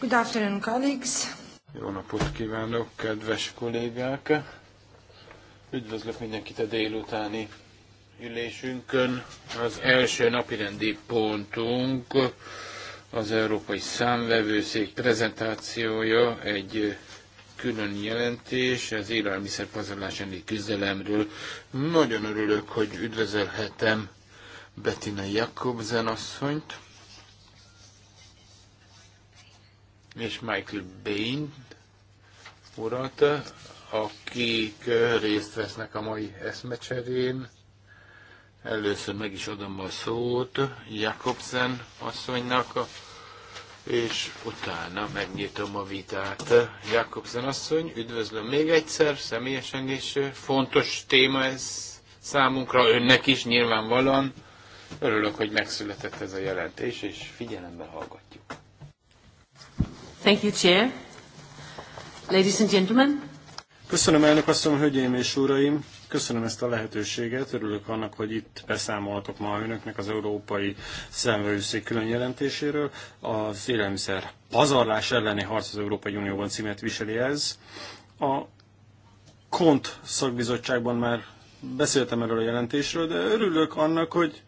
Good afternoon, colleagues. Jó napot kívánok, kedves kollégák! Üdvözlök mindenkit a délutáni ülésünkön. Az első napirendi pontunk az Európai Számvevőszék prezentációja, egy külön jelentés az élelmiszerpazarlás elleni küzdelemről. Nagyon örülök, hogy üdvözölhetem Bettina Jakobzen asszonyt, és Michael Bain urat, akik részt vesznek a mai eszmecserén. Először meg is adom a szót Jakobsen asszonynak, és utána megnyitom a vitát. Jakobsen asszony, üdvözlöm még egyszer, személyesen is fontos téma ez számunkra, önnek is nyilvánvalóan. Örülök, hogy megszületett ez a jelentés, és figyelembe hallgatjuk. Thank you, Chair. Ladies and gentlemen. Köszönöm, elnök asszony, hölgyeim és uraim. Köszönöm ezt a lehetőséget. Örülök annak, hogy itt beszámolhatok ma önöknek az Európai Szemvelőszék külön jelentéséről. Az élelmiszer pazarlás elleni harc az Európai Unióban címet viseli ez. A KONT szakbizottságban már beszéltem erről a jelentésről, de örülök annak, hogy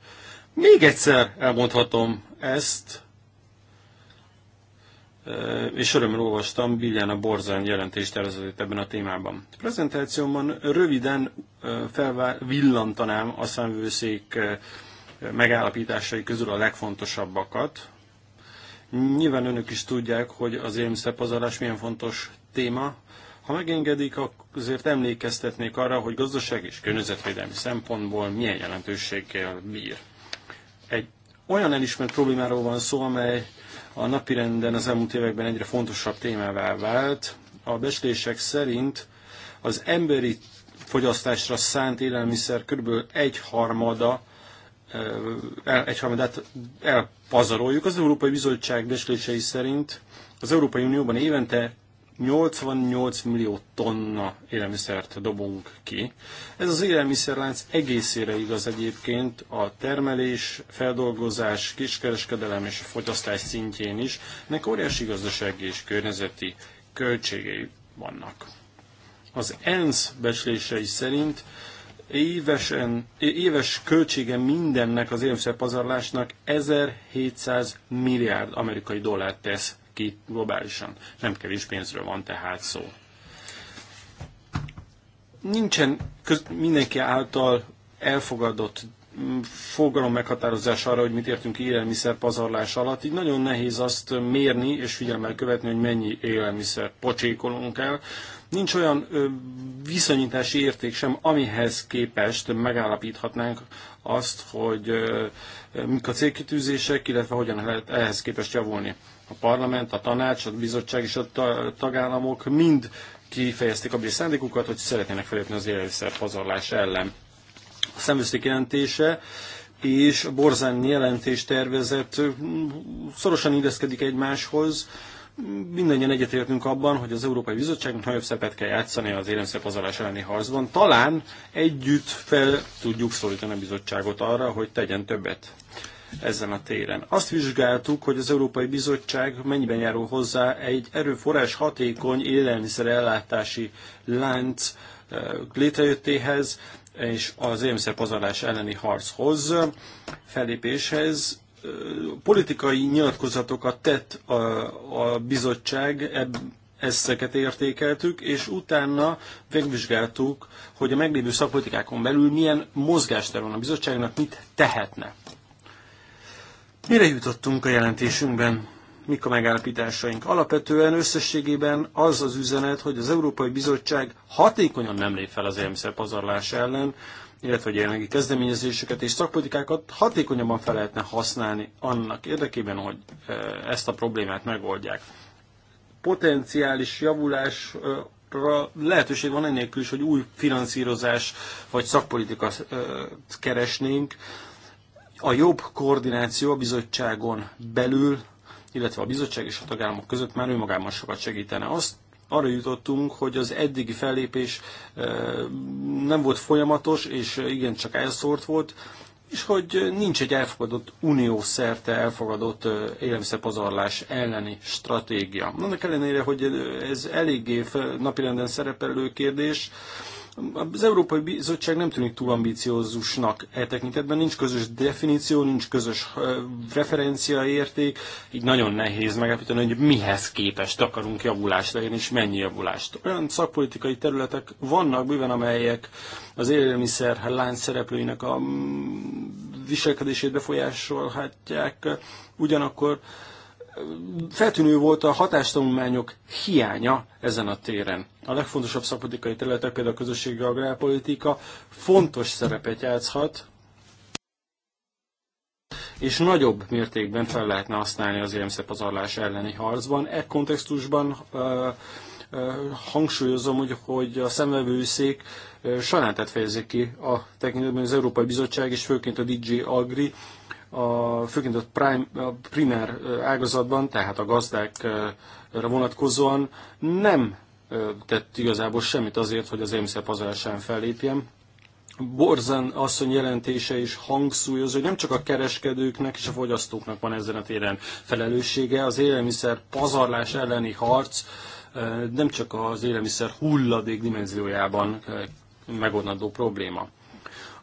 még egyszer elmondhatom ezt és örömmel olvastam Biljana Borzán jelentéstervezetét ebben a témában. A prezentációmban röviden felvillantanám a szemvőszék megállapításai közül a legfontosabbakat. Nyilván önök is tudják, hogy az élmiszerpazarlás milyen fontos téma. Ha megengedik, azért emlékeztetnék arra, hogy gazdaság és környezetvédelmi szempontból milyen jelentőséggel bír. Egy olyan elismert problémáról van szó, amely a napirenden az elmúlt években egyre fontosabb témává vált. A beszélések szerint az emberi fogyasztásra szánt élelmiszer kb. harmada eh, el, harmadát elpazaroljuk. Az Európai Bizottság beszélései szerint az Európai Unióban évente 88 millió tonna élelmiszert dobunk ki. Ez az élelmiszerlánc egészére igaz egyébként a termelés, feldolgozás, kiskereskedelem és a fogyasztás szintjén is, nek óriási gazdasági és környezeti költségei vannak. Az ENSZ becslései szerint évesen, éves költsége mindennek az élelmiszerpazarlásnak 1700 milliárd amerikai dollárt tesz ki globálisan. Nem kevés pénzről van tehát szó. Nincsen köz, mindenki által elfogadott mm, fogalom meghatározás arra, hogy mit értünk élelmiszer pazarlás alatt, így nagyon nehéz azt mérni és figyelmel követni, hogy mennyi élelmiszer pocsékolunk el. Nincs olyan viszonyítási érték sem, amihez képest megállapíthatnánk azt, hogy mik a célkitűzések, illetve hogyan lehet ehhez képest javulni. A parlament, a tanács, a bizottság és a tagállamok mind kifejezték a szándékukat, hogy szeretnének felépni az élelmiszer pazarlás ellen. A szemüsztik jelentése és a Borzán jelentés tervezet hm, szorosan illeszkedik egymáshoz. Mindannyian egyetértünk abban, hogy az Európai Bizottságnak nagyobb szerepet kell játszani az élelmiszerpazarlás elleni harcban. Talán együtt fel tudjuk szólítani a bizottságot arra, hogy tegyen többet ezen a téren. Azt vizsgáltuk, hogy az Európai Bizottság mennyiben járul hozzá egy erőforrás hatékony ellátási lánc létrejöttéhez és az élelmiszerpazarlás elleni harchoz, felépéshez. Politikai nyilatkozatokat tett a, a bizottság, eb, ezeket értékeltük, és utána megvizsgáltuk, hogy a meglévő szakpolitikákon belül milyen mozgáster van a bizottságnak, mit tehetne. Mire jutottunk a jelentésünkben? Mik a megállapításaink? Alapvetően összességében az az üzenet, hogy az Európai Bizottság hatékonyan nem lép fel az élelmiszerpazarlás ellen, illetve a jelenlegi kezdeményezéseket és szakpolitikákat hatékonyabban fel lehetne használni annak érdekében, hogy e, ezt a problémát megoldják. Potenciális javulásra lehetőség van enélkül is, hogy új finanszírozás vagy szakpolitika e, keresnénk. A jobb koordináció a bizottságon belül, illetve a bizottság és a tagállamok között már önmagában sokat segítene. Azt arra jutottunk, hogy az eddigi fellépés nem volt folyamatos, és igencsak elszórt volt, és hogy nincs egy elfogadott unió szerte elfogadott élelmiszerpazarlás elleni stratégia. Annak ellenére, hogy ez eléggé napirenden szerepelő kérdés, az Európai Bizottság nem tűnik túl ambiciózusnak e tekintetben, nincs közös definíció, nincs közös referenciaérték, így nagyon nehéz megállapítani, hogy mihez képest akarunk javulást legyen, és mennyi javulást. Olyan szakpolitikai területek vannak bőven, amelyek az élelmiszer lánc szereplőinek a mm, viselkedését befolyásolhatják, ugyanakkor feltűnő volt a hatástanulmányok hiánya ezen a téren. A legfontosabb szakpolitikai területek, például a közösségi agrárpolitika fontos szerepet játszhat, és nagyobb mértékben fel lehetne használni az EMSZ pazarlás elleni harcban. E kontextusban ö, ö, hangsúlyozom, hogy, hogy a szemvevőszék sajnálatát fejezik ki a tekintetben, az Európai Bizottság és főként a DG Agri a, főként a, prime, a primer ágazatban, tehát a gazdákra vonatkozóan nem tett igazából semmit azért, hogy az émszer pazarásán fellépjen. Borzan asszony jelentése is hangsúlyoz, hogy nem csak a kereskedőknek és a fogyasztóknak van ezen a téren felelőssége, az élelmiszer pazarlás elleni harc nem csak az élelmiszer hulladék dimenziójában megoldandó probléma.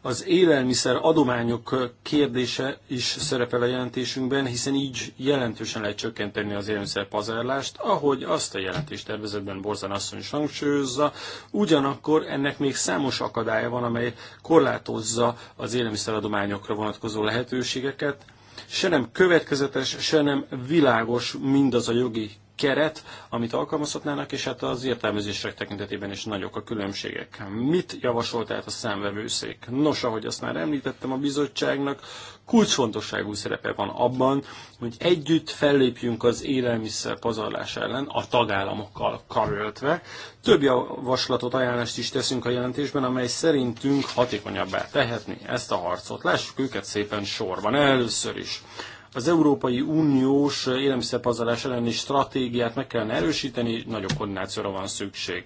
Az élelmiszer adományok kérdése is szerepel a jelentésünkben, hiszen így jelentősen lehet csökkenteni az élelmiszer pazarlást, ahogy azt a tervezetben Borzan asszony is hangsúlyozza, ugyanakkor ennek még számos akadálya van, amely korlátozza az élelmiszeradományokra vonatkozó lehetőségeket, se nem következetes, se nem világos mindaz a jogi keret, amit alkalmazhatnának, és hát az értelmezések tekintetében is nagyok a különbségek. Mit javasolt tehát a számvevőszék? Nos, ahogy azt már említettem, a bizottságnak kulcsfontosságú szerepe van abban, hogy együtt fellépjünk az élelmiszer pazarlás ellen, a tagállamokkal karöltve. Több javaslatot, ajánlást is teszünk a jelentésben, amely szerintünk hatékonyabbá tehetni ezt a harcot. Lássuk őket szépen sorban, először is. Az Európai Uniós élelmiszerpazarlás elleni stratégiát meg kellene erősíteni, nagyobb koordinációra van szükség.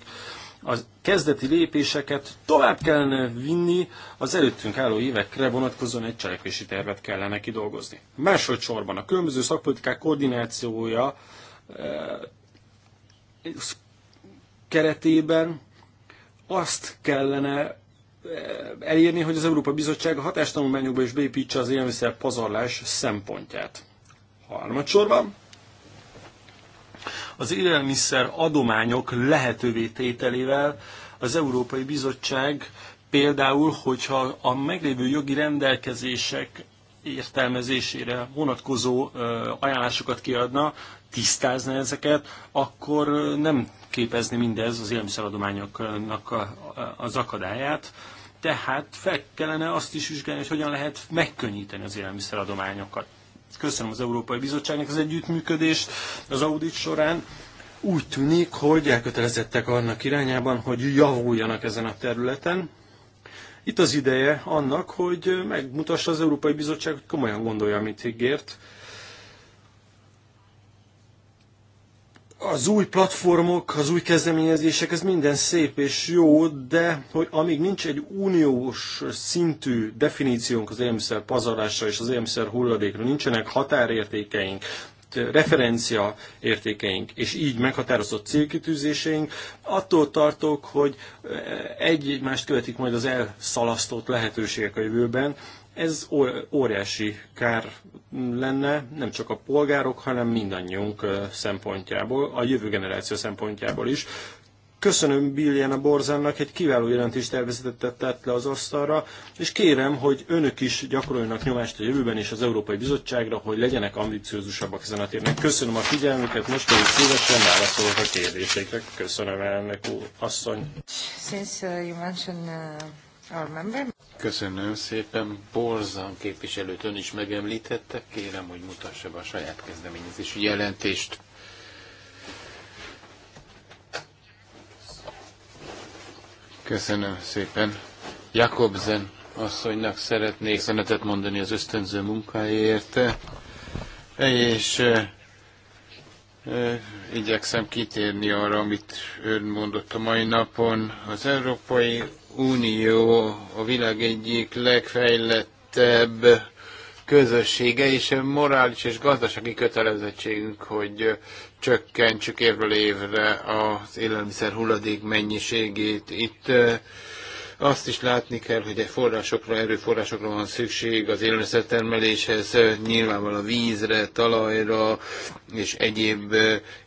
A kezdeti lépéseket tovább kellene vinni, az előttünk álló évekre vonatkozóan egy cselekvési tervet kellene kidolgozni. Másodszorban a különböző szakpolitikák koordinációja eh, keretében azt kellene elérni, hogy az Európa Bizottság a hatástanulmányokba is beépítse az élelmiszer pazarlás szempontját. Harmadsorban az élelmiszer adományok lehetővé tételével az Európai Bizottság például, hogyha a meglévő jogi rendelkezések értelmezésére vonatkozó ajánlásokat kiadna, tisztázna ezeket, akkor nem képezni mindez az élelmiszeradományoknak az akadályát, tehát fel kellene azt is vizsgálni, hogy hogyan lehet megkönnyíteni az élelmiszeradományokat. Köszönöm az Európai Bizottságnak az együttműködést az audit során. Úgy tűnik, hogy elkötelezettek annak irányában, hogy javuljanak ezen a területen. Itt az ideje annak, hogy megmutassa az Európai Bizottság, hogy komolyan gondolja, amit ígért az új platformok, az új kezdeményezések, ez minden szép és jó, de hogy amíg nincs egy uniós szintű definíciónk az élmiszer pazarlásra és az élmiszer hulladékra, nincsenek határértékeink, referencia értékeink, és így meghatározott célkitűzéseink, attól tartok, hogy egy-egymást követik majd az elszalasztott lehetőségek a jövőben, ez óriási kár lenne, nem csak a polgárok, hanem mindannyiunk szempontjából, a jövő generáció szempontjából is. Köszönöm Billiana Borzánnak, egy kiváló tervezetet tett le az asztalra, és kérem, hogy önök is gyakoroljanak nyomást a jövőben és az Európai Bizottságra, hogy legyenek ambiciózusabbak ezen a térnek. Köszönöm a figyelmüket, most pedig szívesen válaszolok a kérdésekre. Köszönöm elnök úr, asszony. Since uh, you mentioned, uh... Köszönöm szépen. Borzan képviselőt ön is megemlítette. Kérem, hogy mutassa be a saját kezdeményezési jelentést. Köszönöm szépen. Jakobzen asszonynak szeretnék szenetet mondani az ösztönző munkáért, és igyekszem kitérni arra, amit ön mondott a mai napon. Az Európai Unió a világ egyik legfejlettebb közössége, és morális és gazdasági kötelezettségünk, hogy csökkentsük évről évre az élelmiszer hulladék mennyiségét. Itt azt is látni kell, hogy egy forrásokra, erőforrásokra van szükség az termeléshez, nyilvánvalóan vízre, talajra és egyéb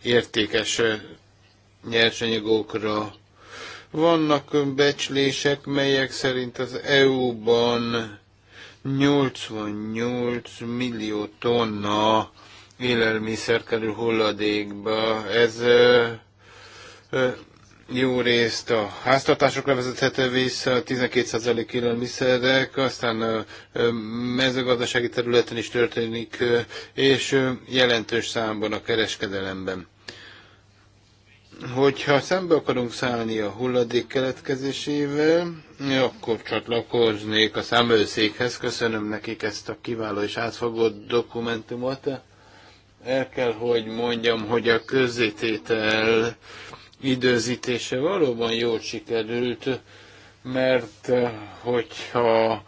értékes nyersanyagokra, vannak becslések, melyek szerint az EU-ban 88 millió tonna élelmiszer kerül hulladékba. Ez ö, ö, jó részt a háztartásokra vezethető vissza, 12% élelmiszerek, aztán a mezőgazdasági területen is történik, és jelentős számban a kereskedelemben hogyha szembe akarunk szállni a hulladék keletkezésével, akkor csatlakoznék a számőszékhez. Köszönöm nekik ezt a kiváló és átfogó dokumentumot. El kell, hogy mondjam, hogy a közzététel időzítése valóban jól sikerült, mert hogyha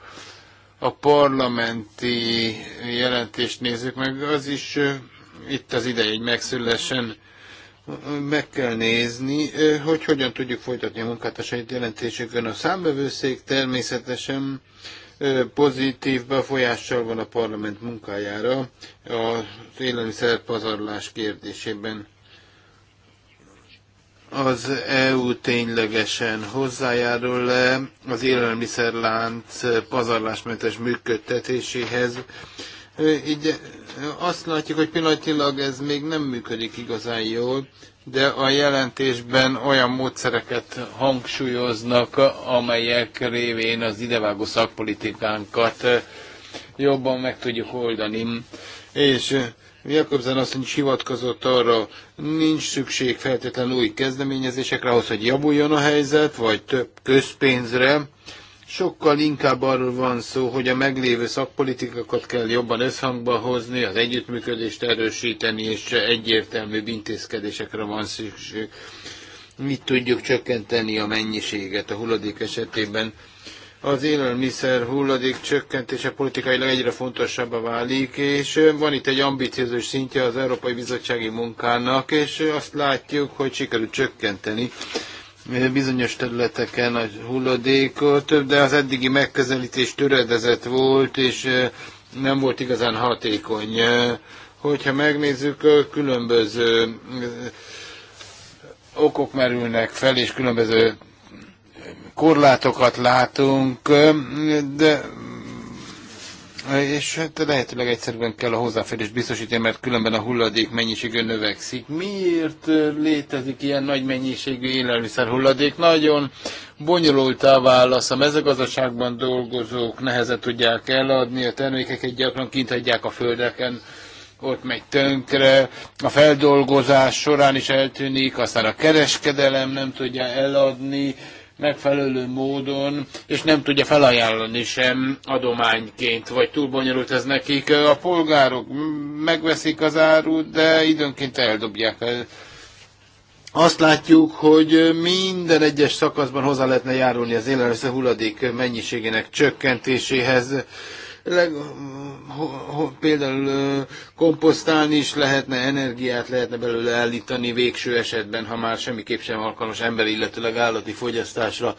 a parlamenti jelentést nézzük meg, az is itt az ideig megszülesen meg kell nézni, hogy hogyan tudjuk folytatni a saját jelentésükön. A számbevőszék természetesen pozitív befolyással van a parlament munkájára az pazarlás kérdésében. Az EU ténylegesen hozzájárul le az élelmiszerlánc pazarlásmentes működtetéséhez. Így azt látjuk, hogy pillanatilag ez még nem működik igazán jól, de a jelentésben olyan módszereket hangsúlyoznak, amelyek révén az idevágó szakpolitikánkat jobban meg tudjuk oldani. És eh, Jakobzen azt is hivatkozott arra, nincs szükség feltétlenül új kezdeményezésekre ahhoz, hogy javuljon a helyzet, vagy több közpénzre, Sokkal inkább arról van szó, hogy a meglévő szakpolitikakat kell jobban összhangba hozni, az együttműködést erősíteni, és egyértelmű intézkedésekre van szükség. Mit tudjuk csökkenteni a mennyiséget a hulladék esetében? az élelmiszer hulladék csökkentése politikailag egyre fontosabbá válik, és van itt egy ambiciózus szintje az Európai Bizottsági munkának, és azt látjuk, hogy sikerült csökkenteni bizonyos területeken a hulladékot, de az eddigi megközelítés töredezett volt, és nem volt igazán hatékony. Hogyha megnézzük, különböző okok merülnek fel, és különböző korlátokat látunk, de és hát lehetőleg egyszerűen kell a hozzáférést biztosítani, mert különben a hulladék mennyisége növekszik. Miért létezik ilyen nagy mennyiségű élelmiszer hulladék? Nagyon bonyolult a válasz. A mezőgazdaságban dolgozók nehezen tudják eladni, a termékeket gyakran kint hagyják a földeken ott megy tönkre, a feldolgozás során is eltűnik, aztán a kereskedelem nem tudja eladni, megfelelő módon, és nem tudja felajánlani sem adományként, vagy túl bonyolult ez nekik. A polgárok megveszik az árut, de időnként eldobják. Azt látjuk, hogy minden egyes szakaszban hozzá lehetne járulni az élelmiszer hulladék mennyiségének csökkentéséhez leg, ho, ho, például komposztálni is lehetne, energiát lehetne belőle állítani végső esetben, ha már semmiképp sem alkalmas ember, illetőleg állati fogyasztásra.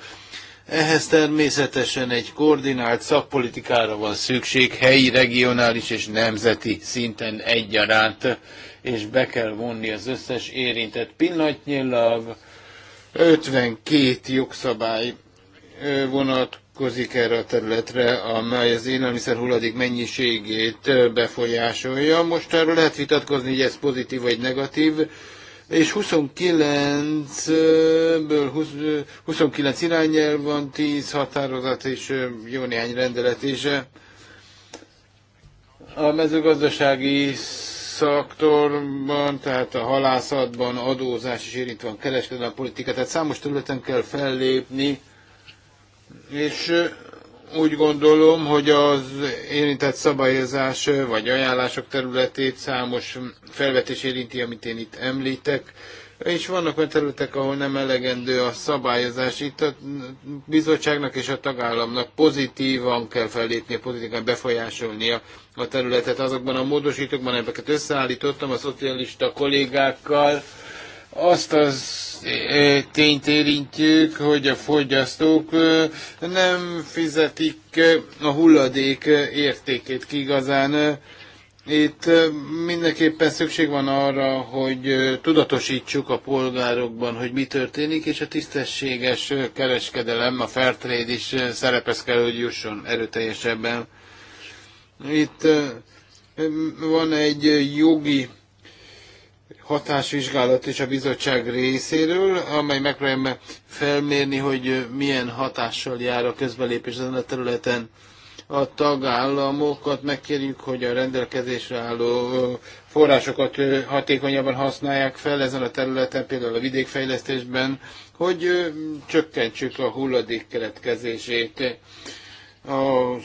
Ehhez természetesen egy koordinált szakpolitikára van szükség, helyi, regionális és nemzeti szinten egyaránt, és be kell vonni az összes érintett pillanatnyilag. 52 jogszabály vonat vonatkozik erre a területre, amely az élelmiszer hulladék mennyiségét befolyásolja. Most erről lehet vitatkozni, hogy ez pozitív vagy negatív, és 29-ből 29 irányel van, 10 határozat és jó néhány rendelet is. A mezőgazdasági szaktorban, tehát a halászatban, adózás is érint van, kereskedelmi politika, tehát számos területen kell fellépni, és úgy gondolom, hogy az érintett szabályozás vagy ajánlások területét számos felvetés érinti, amit én itt említek, és vannak olyan területek, ahol nem elegendő a szabályozás. Itt a bizottságnak és a tagállamnak pozitívan kell fellépnie, pozitívan befolyásolnia a területet. Azokban a módosítókban, amelyeket összeállítottam a szocialista kollégákkal, azt az e, e, tényt érintjük, hogy a fogyasztók e, nem fizetik a hulladék értékét ki igazán. Itt mindenképpen szükség van arra, hogy tudatosítsuk a polgárokban, hogy mi történik, és a tisztességes kereskedelem, a trade is szerepez kell, hogy jusson erőteljesebben. Itt van egy jogi hatásvizsgálat is a bizottság részéről, amely megpróbálja felmérni, hogy milyen hatással jár a közbelépés ezen a területen. A tagállamokat megkérjük, hogy a rendelkezésre álló forrásokat hatékonyabban használják fel ezen a területen, például a vidékfejlesztésben, hogy csökkentsük a hulladék keletkezését. Az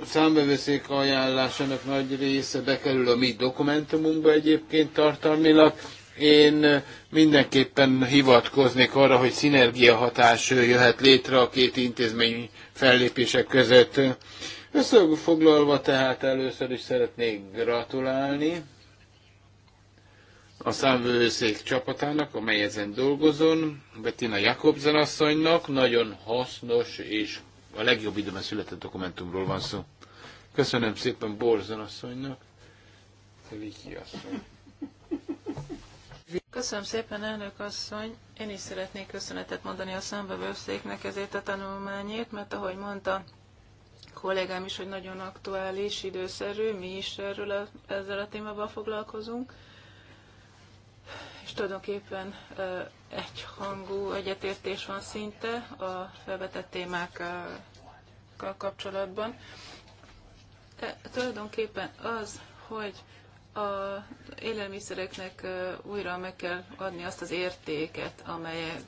számbevőszék ajánlásának nagy része bekerül a mi dokumentumunkba egyébként tartalmilag. Én mindenképpen hivatkoznék arra, hogy szinergiahatás jöhet létre a két intézmény fellépések között. Összefoglalva tehát először is szeretnék gratulálni a számvőszék csapatának, amely ezen dolgozon, Bettina Jakobzen asszonynak, nagyon hasznos és a legjobb időben született dokumentumról van szó. Köszönöm szépen Borzon asszonynak. Viki asszony. Köszönöm szépen, elnök asszony. Én is szeretnék köszönetet mondani a számbevőszéknek ezért a tanulmányért, mert ahogy mondta kollégám is, hogy nagyon aktuális, időszerű, mi is erről a, ezzel a témával foglalkozunk és tulajdonképpen hangú egyetértés van szinte a felvetett témákkal kapcsolatban. De tulajdonképpen az, hogy a élelmiszereknek újra meg kell adni azt az értéket, amelyet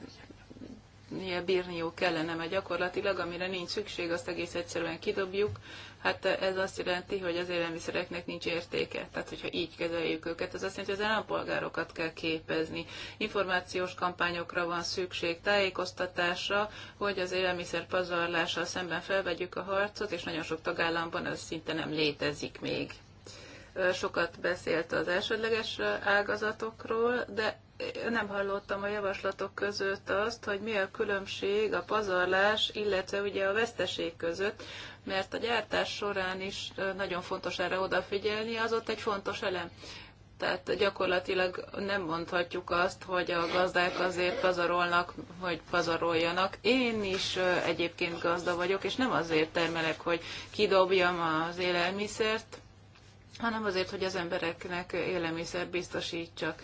fizetnie, bírniuk kellene, mert gyakorlatilag amire nincs szükség, azt egész egyszerűen kidobjuk. Hát ez azt jelenti, hogy az élelmiszereknek nincs értéke. Tehát, hogyha így kezeljük őket, az azt jelenti, hogy az állampolgárokat kell képezni. Információs kampányokra van szükség, tájékoztatásra, hogy az élelmiszer pazarlással szemben felvegyük a harcot, és nagyon sok tagállamban ez szinte nem létezik még sokat beszélt az elsődleges ágazatokról, de nem hallottam a javaslatok között azt, hogy mi a különbség a pazarlás, illetve ugye a veszteség között, mert a gyártás során is nagyon fontos erre odafigyelni, az ott egy fontos elem. Tehát gyakorlatilag nem mondhatjuk azt, hogy a gazdák azért pazarolnak, hogy pazaroljanak. Én is egyébként gazda vagyok, és nem azért termelek, hogy kidobjam az élelmiszert, hanem azért, hogy az embereknek élelmiszer biztosítsak.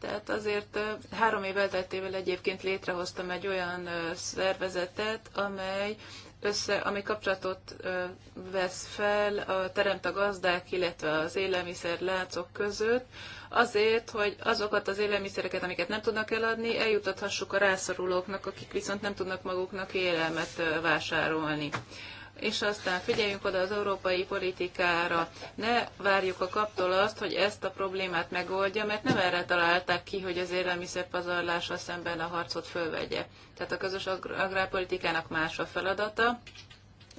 Tehát azért három év elteltével egyébként létrehoztam egy olyan szervezetet, amely össze, ami kapcsolatot vesz fel, a teremt a gazdák, illetve az élelmiszer látszok között, azért, hogy azokat az élelmiszereket, amiket nem tudnak eladni, eljutathassuk a rászorulóknak, akik viszont nem tudnak maguknak élelmet vásárolni és aztán figyeljünk oda az európai politikára. Ne várjuk a kaptól azt, hogy ezt a problémát megoldja, mert nem erre találták ki, hogy az élelmiszerpazarlással szemben a harcot fölvegye. Tehát a közös agrárpolitikának más a feladata.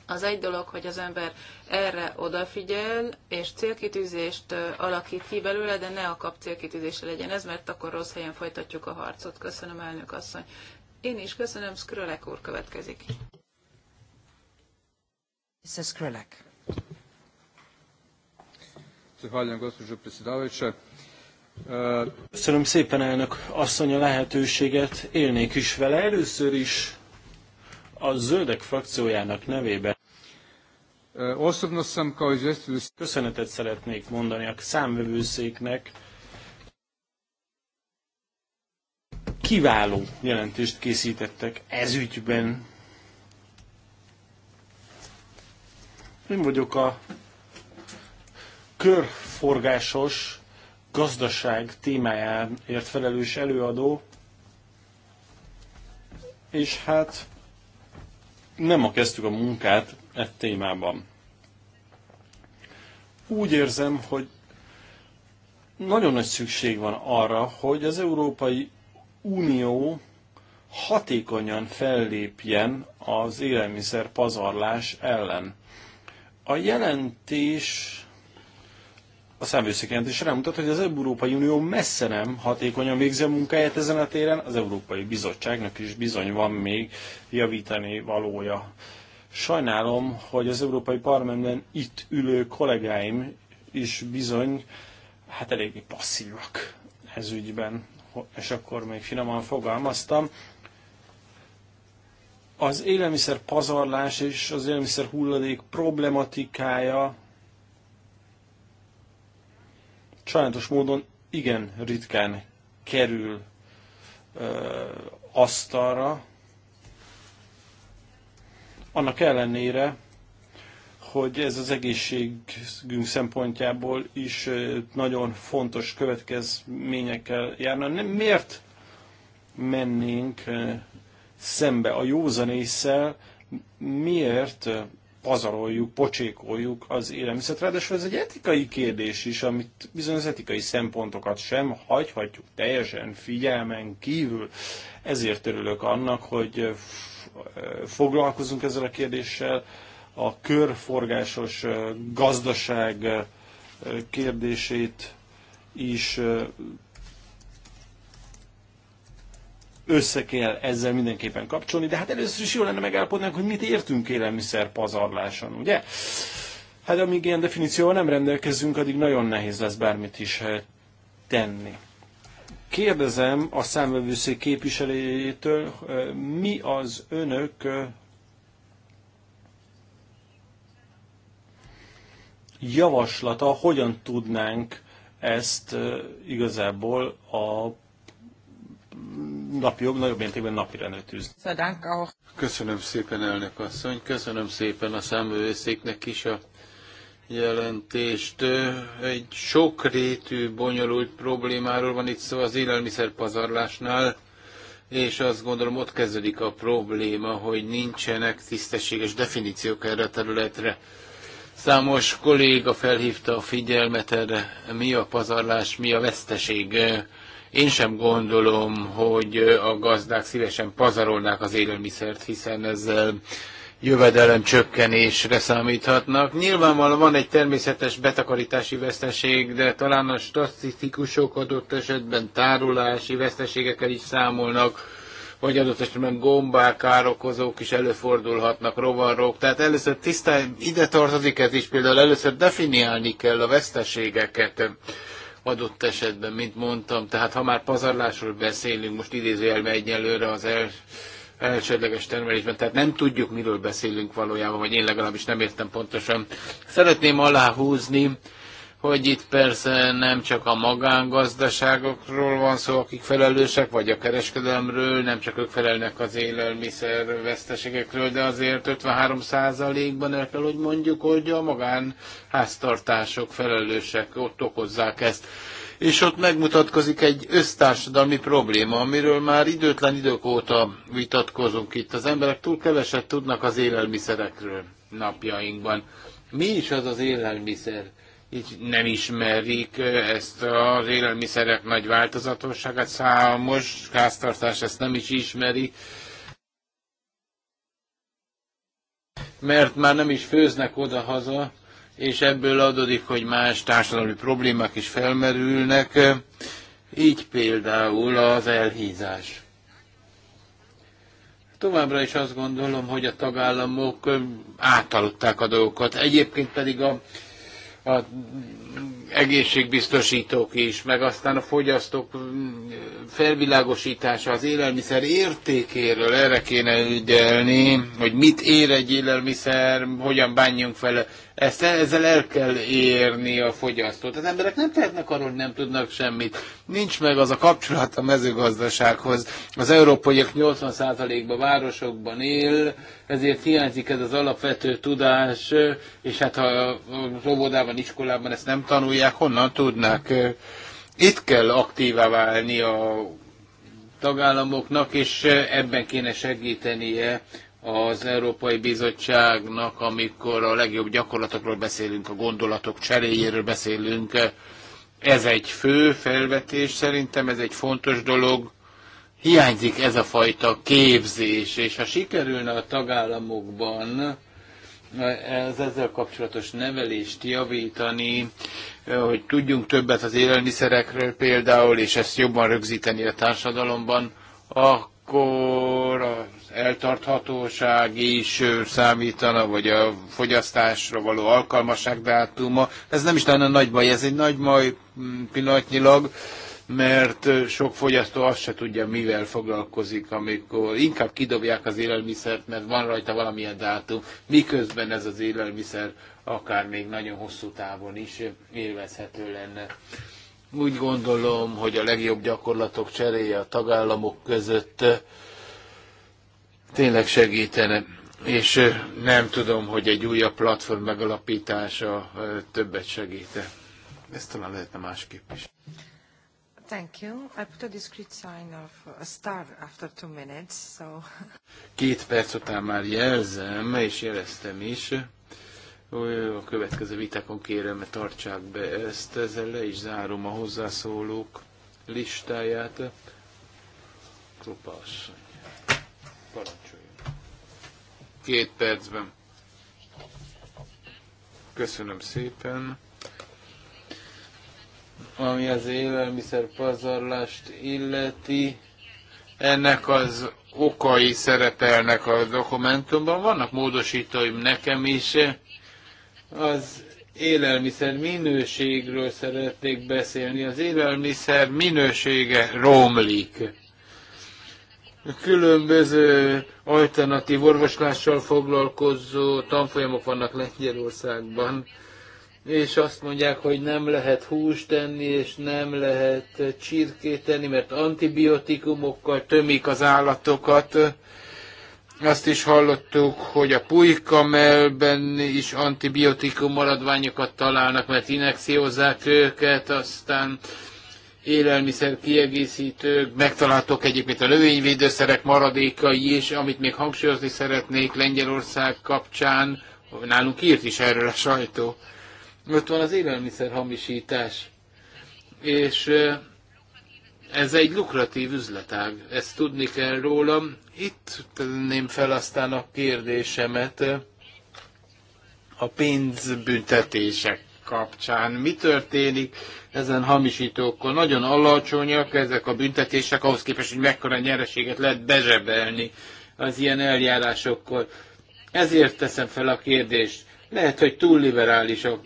Az egy dolog, hogy az ember erre odafigyel, és célkitűzést alakít ki belőle, de ne a kap célkitűzése legyen ez, mert akkor rossz helyen folytatjuk a harcot. Köszönöm, elnök asszony. Én is köszönöm, Skrölek úr következik. Mrs. Krelek. Köszönöm szépen, elnök asszony, a lehetőséget. Élnék is vele. Először is a zöldek frakciójának nevében. Köszönetet szeretnék mondani a számvevőszéknek. Kiváló jelentést készítettek ügyben. Én vagyok a körforgásos gazdaság témájáért felelős előadó, és hát nem a kezdtük a munkát e témában. Úgy érzem, hogy nagyon nagy szükség van arra, hogy az Európai Unió hatékonyan fellépjen az élelmiszer pazarlás ellen. A jelentés a számvőszék jelentésre mutat, hogy az Európai Unió messze nem hatékonyan végzi a munkáját ezen a téren, az Európai Bizottságnak is bizony van még javítani valója. Sajnálom, hogy az Európai Parlamentben itt ülő kollégáim is bizony hát eléggé passzívak ez ügyben, és akkor még finoman fogalmaztam. Az élelmiszer pazarlás és az élelmiszer hulladék problematikája sajnos módon igen ritkán kerül ö, asztalra, annak ellenére, hogy ez az egészségünk szempontjából is nagyon fontos következményekkel járna. Nem, miért mennénk szembe a józan észsel, miért pazaroljuk, pocsékoljuk az élelmiszert. Ráadásul ez egy etikai kérdés is, amit bizonyos etikai szempontokat sem hagyhatjuk teljesen figyelmen kívül. Ezért örülök annak, hogy eh, foglalkozunk ezzel a kérdéssel, a körforgásos eh, gazdaság eh, kérdését is össze kell ezzel mindenképpen kapcsolni, de hát először is jó lenne megállapodnánk, hogy mit értünk élelmiszer pazarláson, ugye? Hát amíg ilyen definícióval nem rendelkezünk, addig nagyon nehéz lesz bármit is eh, tenni. Kérdezem a számvevőszék képviselőjétől, eh, mi az önök eh, javaslata, hogyan tudnánk ezt igazából a napjog nagyobb mértékben napi tűz. Köszönöm szépen, elnök asszony, köszönöm szépen a számvevőszéknek is a jelentést. Egy sokrétű, bonyolult problémáról van itt szó az élelmiszerpazarlásnál, és azt gondolom ott kezdődik a probléma, hogy nincsenek tisztességes definíciók erre a területre. Számos kolléga felhívta a figyelmet erre, mi a pazarlás, mi a veszteség én sem gondolom, hogy a gazdák szívesen pazarolnák az élelmiszert, hiszen ezzel jövedelem csökkenésre számíthatnak. Nyilvánvalóan van egy természetes betakarítási veszteség, de talán a statisztikusok adott esetben tárolási veszteségekkel is számolnak, vagy adott esetben gombák, károkozók is előfordulhatnak, rovarok. Tehát először tisztán ide tartozik ez is, például először definiálni kell a veszteségeket adott esetben, mint mondtam. Tehát ha már pazarlásról beszélünk, most idézőjelme egyelőre az el, elsődleges termelésben, tehát nem tudjuk, miről beszélünk valójában, vagy én legalábbis nem értem pontosan. Szeretném aláhúzni, hogy itt persze nem csak a magángazdaságokról van szó, akik felelősek, vagy a kereskedelemről, nem csak ők felelnek az élelmiszer veszteségekről, de azért 53%-ban el kell, hogy mondjuk, hogy a magánháztartások felelősek, ott okozzák ezt. És ott megmutatkozik egy össztársadalmi probléma, amiről már időtlen idők óta vitatkozunk itt. Az emberek túl keveset tudnak az élelmiszerekről napjainkban. Mi is az az élelmiszer? így nem ismerik ezt az élelmiszerek nagy változatosságát, számos háztartás ezt nem is ismeri, mert már nem is főznek oda-haza, és ebből adódik, hogy más társadalmi problémák is felmerülnek, így például az elhízás. Továbbra is azt gondolom, hogy a tagállamok átaludták a dolgokat. Egyébként pedig a a egészségbiztosítók is, meg aztán a fogyasztók mm, felvilágosítása az élelmiszer értékéről, erre kéne ügyelni, hogy mit ér egy élelmiszer, hogyan bánjunk vele. Ezt, ezzel el kell érni a fogyasztót. Az emberek nem tehetnek arról, hogy nem tudnak semmit. Nincs meg az a kapcsolat a mezőgazdasághoz. Az európaiak 80%-ban városokban él, ezért hiányzik ez az alapvető tudás, és hát ha az óvodában, iskolában ezt nem nem tanulják, honnan tudnák. Itt kell aktívá válni a tagállamoknak, és ebben kéne segítenie az Európai Bizottságnak, amikor a legjobb gyakorlatokról beszélünk, a gondolatok cseréjéről beszélünk. Ez egy fő felvetés, szerintem ez egy fontos dolog. Hiányzik ez a fajta képzés, és ha sikerülne a tagállamokban az ezzel kapcsolatos nevelést javítani, eh, hogy tudjunk többet az élelmiszerekről például, és ezt jobban rögzíteni a társadalomban, akkor az eltarthatóság is eh, számítana, vagy a fogyasztásra való alkalmasság dátuma. Ez nem is lenne nagy baj, ez egy nagy baj mm, pillanatnyilag, mert sok fogyasztó azt se tudja, mivel foglalkozik, amikor inkább kidobják az élelmiszert, mert van rajta valamilyen dátum, miközben ez az élelmiszer akár még nagyon hosszú távon is élvezhető lenne. Úgy gondolom, hogy a legjobb gyakorlatok cseréje a tagállamok között tényleg segítene. És nem tudom, hogy egy újabb platform megalapítása többet segíte. Ezt talán lehetne másképp is. Thank you. I put a discreet sign of a star after two minutes, so... Két perc után már jelzem, és jeleztem is. A következő vitákon kérem, mert tartsák be ezt, ezzel le is zárom a hozzászólók listáját. Krupa Parancsoljon. Két percben. Köszönöm szépen ami az élelmiszer pazarlást illeti. Ennek az okai szerepelnek a dokumentumban, vannak módosítóim nekem is. Az élelmiszer minőségről szeretnék beszélni. Az élelmiszer minősége romlik különböző alternatív orvoslással foglalkozó tanfolyamok vannak Lengyelországban, és azt mondják, hogy nem lehet húst tenni, és nem lehet csirkét tenni, mert antibiotikumokkal tömik az állatokat. Azt is hallottuk, hogy a pulykamelben is antibiotikum maradványokat találnak, mert inekciózzák őket, aztán élelmiszer kiegészítők, megtaláltok egyébként a növényvédőszerek maradékai is, amit még hangsúlyozni szeretnék Lengyelország kapcsán, nálunk írt is erről a sajtó ott van az élelmiszer hamisítás. És ez egy lukratív üzletág, ezt tudni kell rólam. Itt tenném fel aztán a kérdésemet a pénzbüntetések kapcsán. Mi történik ezen hamisítókkal? Nagyon alacsonyak ezek a büntetések, ahhoz képest, hogy mekkora nyereséget lehet bezsebelni az ilyen eljárásokkal. Ezért teszem fel a kérdést. Lehet, hogy túl liberális a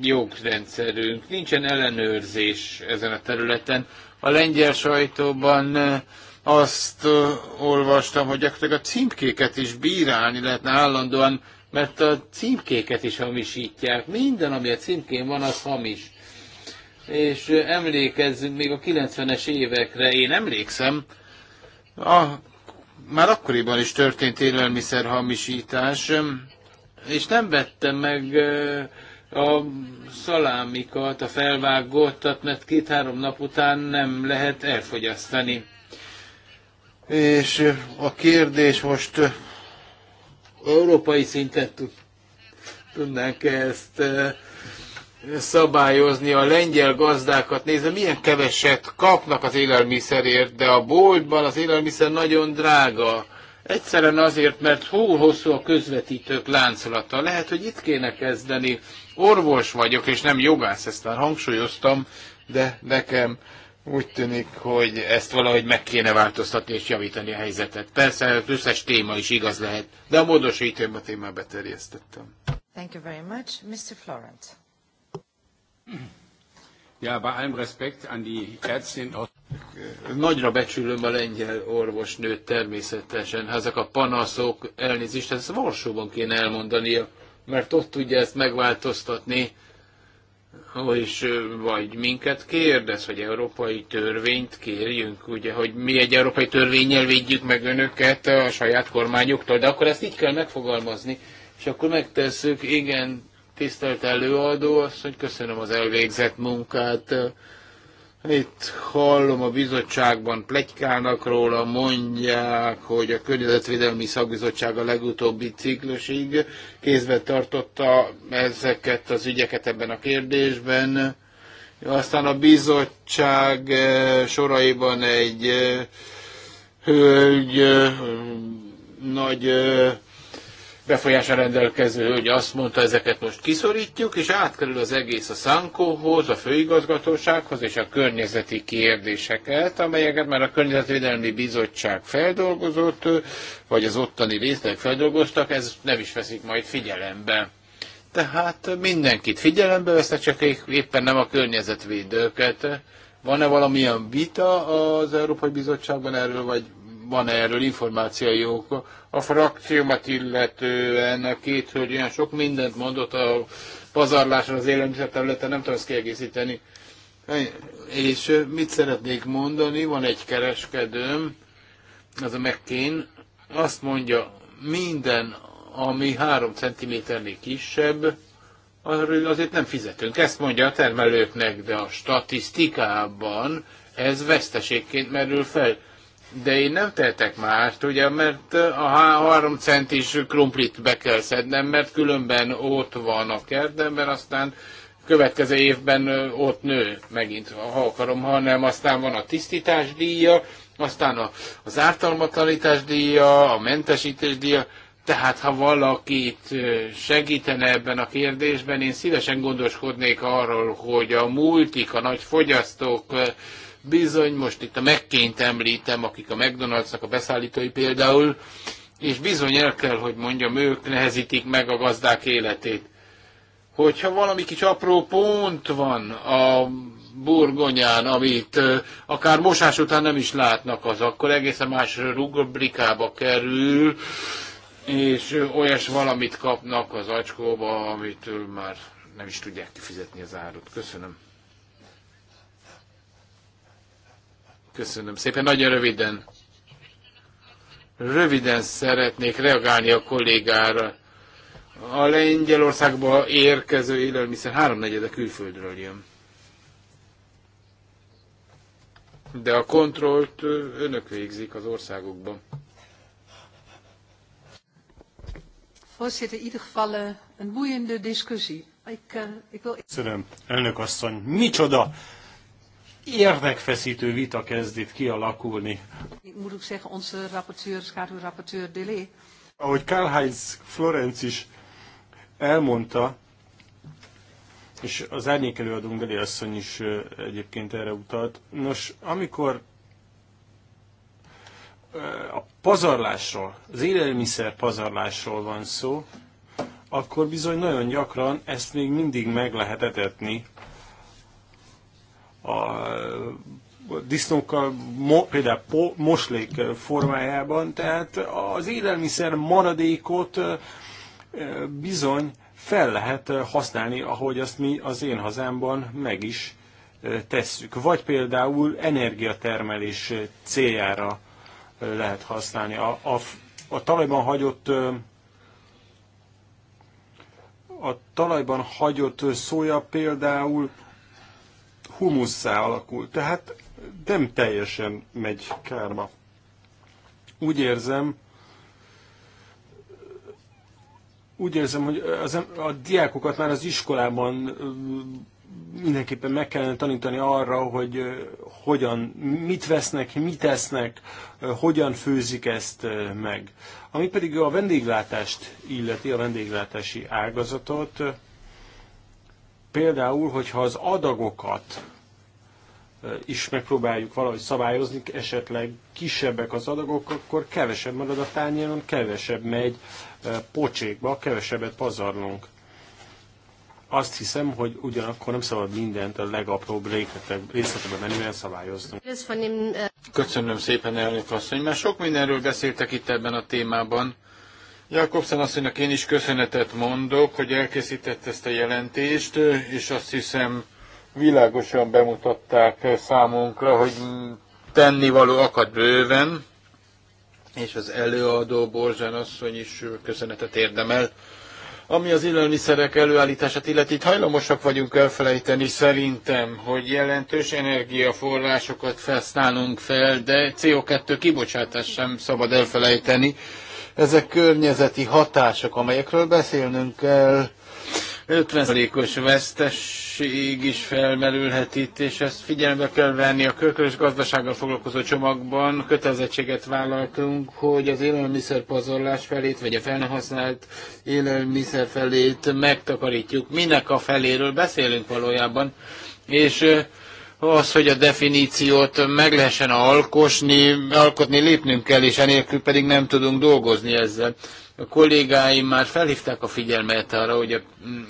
jogrendszerünk, nincsen ellenőrzés ezen a területen. A lengyel sajtóban eh, azt eh, olvastam, hogy gyakorlatilag a címkéket is bírálni lehetne állandóan, mert a címkéket is hamisítják. Minden, ami a címkén van, az hamis. És eh, emlékezzünk még a 90-es évekre, én emlékszem, a, már akkoriban is történt élelmiszer hamisítás, és nem vettem meg a szalámikat, a felvágottat, mert két-három nap után nem lehet elfogyasztani. És a kérdés most európai szinten tudnánk ezt szabályozni a lengyel gazdákat nézve, milyen keveset kapnak az élelmiszerért, de a boltban az élelmiszer nagyon drága. Egyszerűen azért, mert hol hosszú a közvetítők láncolata. Lehet, hogy itt kéne kezdeni orvos vagyok, és nem jogász, ezt már hangsúlyoztam, de nekem úgy tűnik, hogy ezt valahogy meg kéne változtatni és javítani a helyzetet. Persze hát az összes téma is igaz lehet, de a módosítőm a témát beterjesztettem. Thank you very much. Mr. Florent. Ja, bei allem Respekt an die Ärztin aus Nagyra becsülöm a lengyel orvosnőt természetesen. Ezek a panaszok, elnézést, ezt Varsóban kéne elmondania mert ott tudja ezt megváltoztatni, és vagy minket kérdez, hogy európai törvényt kérjünk, ugye, hogy mi egy európai törvényel védjük meg önöket a saját kormányoktól, de akkor ezt így kell megfogalmazni, és akkor megtesszük, igen, tisztelt előadó, azt, hogy köszönöm az elvégzett munkát, itt hallom a bizottságban, plegykálnak róla, mondják, hogy a Környezetvédelmi Szakbizottság a legutóbbi ciklusig kézbe tartotta ezeket az ügyeket ebben a kérdésben. Aztán a bizottság eh, soraiban egy eh, hölgy eh, nagy befolyása rendelkező hogy azt mondta, ezeket most kiszorítjuk, és átkerül az egész a Szankóhoz, a főigazgatósághoz és a környezeti kérdéseket, amelyeket már a Környezetvédelmi Bizottság feldolgozott, vagy az ottani részleg feldolgoztak, ez nem is veszik majd figyelembe. Tehát mindenkit figyelembe vesznek, csak éppen nem a környezetvédőket. Van-e valamilyen vita az Európai Bizottságban erről, vagy van-e erről információjuk? A frakciómat illetően a két hölgy olyan sok mindent mondott a pazarlásra az élelmiszer területen, nem tudom ezt kiegészíteni. És mit szeretnék mondani, van egy kereskedőm, az a McCain, azt mondja, minden, ami három centiméternél kisebb, arról azért nem fizetünk. Ezt mondja a termelőknek, de a statisztikában ez veszteségként merül fel. De én nem tehetek mást, ugye, mert a három centis krumplit be kell szednem, mert különben ott van a mert aztán következő évben ott nő megint, ha akarom, hanem aztán van a tisztítás díja, aztán a, az ártalmatlanítás díja, a mentesítés díja, tehát ha valakit segítene ebben a kérdésben, én szívesen gondoskodnék arról, hogy a multik, a nagy fogyasztók Bizony, most itt a megként említem, akik a McDonald'snak a beszállítói például, és bizony el kell, hogy mondjam, ők nehezítik meg a gazdák életét. Hogyha valami kis apró pont van a burgonyán, amit akár mosás után nem is látnak az, akkor egészen más rubrikába kerül, és olyas valamit kapnak az acskóba, amit már nem is tudják kifizetni az árut. Köszönöm. Köszönöm szépen. Nagyon röviden. Röviden szeretnék reagálni a kollégára. A Lengyelországba érkező élelmiszer háromnegyede külföldről jön. De a kontrollt önök végzik az országokban. Voorzitter, in ieder geval eh, een boeiende discussie. Eh, Köszönöm, elnök asszony. Micsoda érdekfeszítő vita kezd itt kialakulni. Ahogy Karl-Heinz Florenc is elmondta, és az árnyék előadónk Deli asszony is egyébként erre utalt. Nos, amikor a pazarlásról, az élelmiszer pazarlásról van szó, akkor bizony nagyon gyakran ezt még mindig meg lehet etetni a disznókkal, mo, például po, moslék formájában, tehát az élelmiszer maradékot bizony fel lehet használni, ahogy azt mi az én hazámban meg is tesszük. Vagy például energiatermelés céljára lehet használni. A, a, a talajban hagyott a talajban hagyott szója például humusszá alakul, tehát nem teljesen megy kárba. Úgy érzem, úgy érzem, hogy az, a diákokat már az iskolában mindenképpen meg kellene tanítani arra, hogy hogyan, mit vesznek, mit esznek, hogyan főzik ezt meg. Ami pedig a vendéglátást illeti, a vendéglátási ágazatot, Például, hogyha az adagokat is megpróbáljuk valahogy szabályozni, esetleg kisebbek az adagok, akkor kevesebb marad a tányéron, kevesebb megy pocsékba, kevesebbet pazarlunk. Azt hiszem, hogy ugyanakkor nem szabad mindent a legapróbb részletekbe menően szabályozni. Köszönöm szépen, elnök asszony, mert sok mindenről beszéltek itt ebben a témában. Jakobszen asszonynak én is köszönetet mondok, hogy elkészített ezt a jelentést, és azt hiszem világosan bemutatták számunkra, hogy tennivaló akad bőven, és az előadó Borzsán asszony is köszönetet érdemel. Ami az élelmiszerek előállítását illeti, itt hajlamosak vagyunk elfelejteni szerintem, hogy jelentős energiaforrásokat használunk fel, de CO2 kibocsátás sem szabad elfelejteni. Ezek környezeti hatások, amelyekről beszélnünk kell. 50%-os vesztesség is felmerülhet itt, és ezt figyelembe kell venni. A körkörös gazdasággal foglalkozó csomagban kötelezettséget vállaltunk, hogy az élelmiszer pazarlás felét, vagy a fel használt élelmiszer felét megtakarítjuk. Minek a feléről beszélünk valójában? És az, hogy a definíciót meg lehessen alkosni, alkotni lépnünk kell, és enélkül pedig nem tudunk dolgozni ezzel. A kollégáim már felhívták a figyelmet arra, hogy a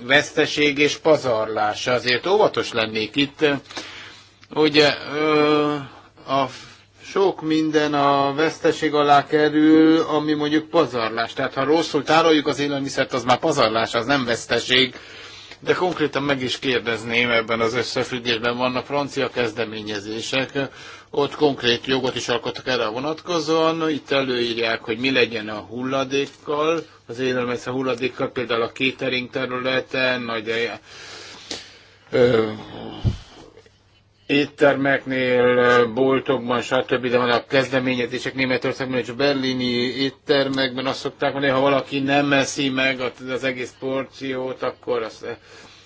veszteség és pazarlás, azért óvatos lennék itt. Ugye a sok minden a veszteség alá kerül, ami mondjuk pazarlás. Tehát ha rosszul tároljuk az élelmiszert, az már pazarlás, az nem veszteség de konkrétan meg is kérdezném ebben az összefüggésben, vannak francia kezdeményezések, ott konkrét jogot is alkottak erre vonatkozóan, itt előírják, hogy mi legyen a hulladékkal, az élelmiszer hulladékkal, például a kétering területen, nagy éttermeknél, boltokban, stb. De vannak kezdeményezések Németországban és berlini éttermekben azt szokták mondani, ha valaki nem eszi meg az egész porciót, akkor azt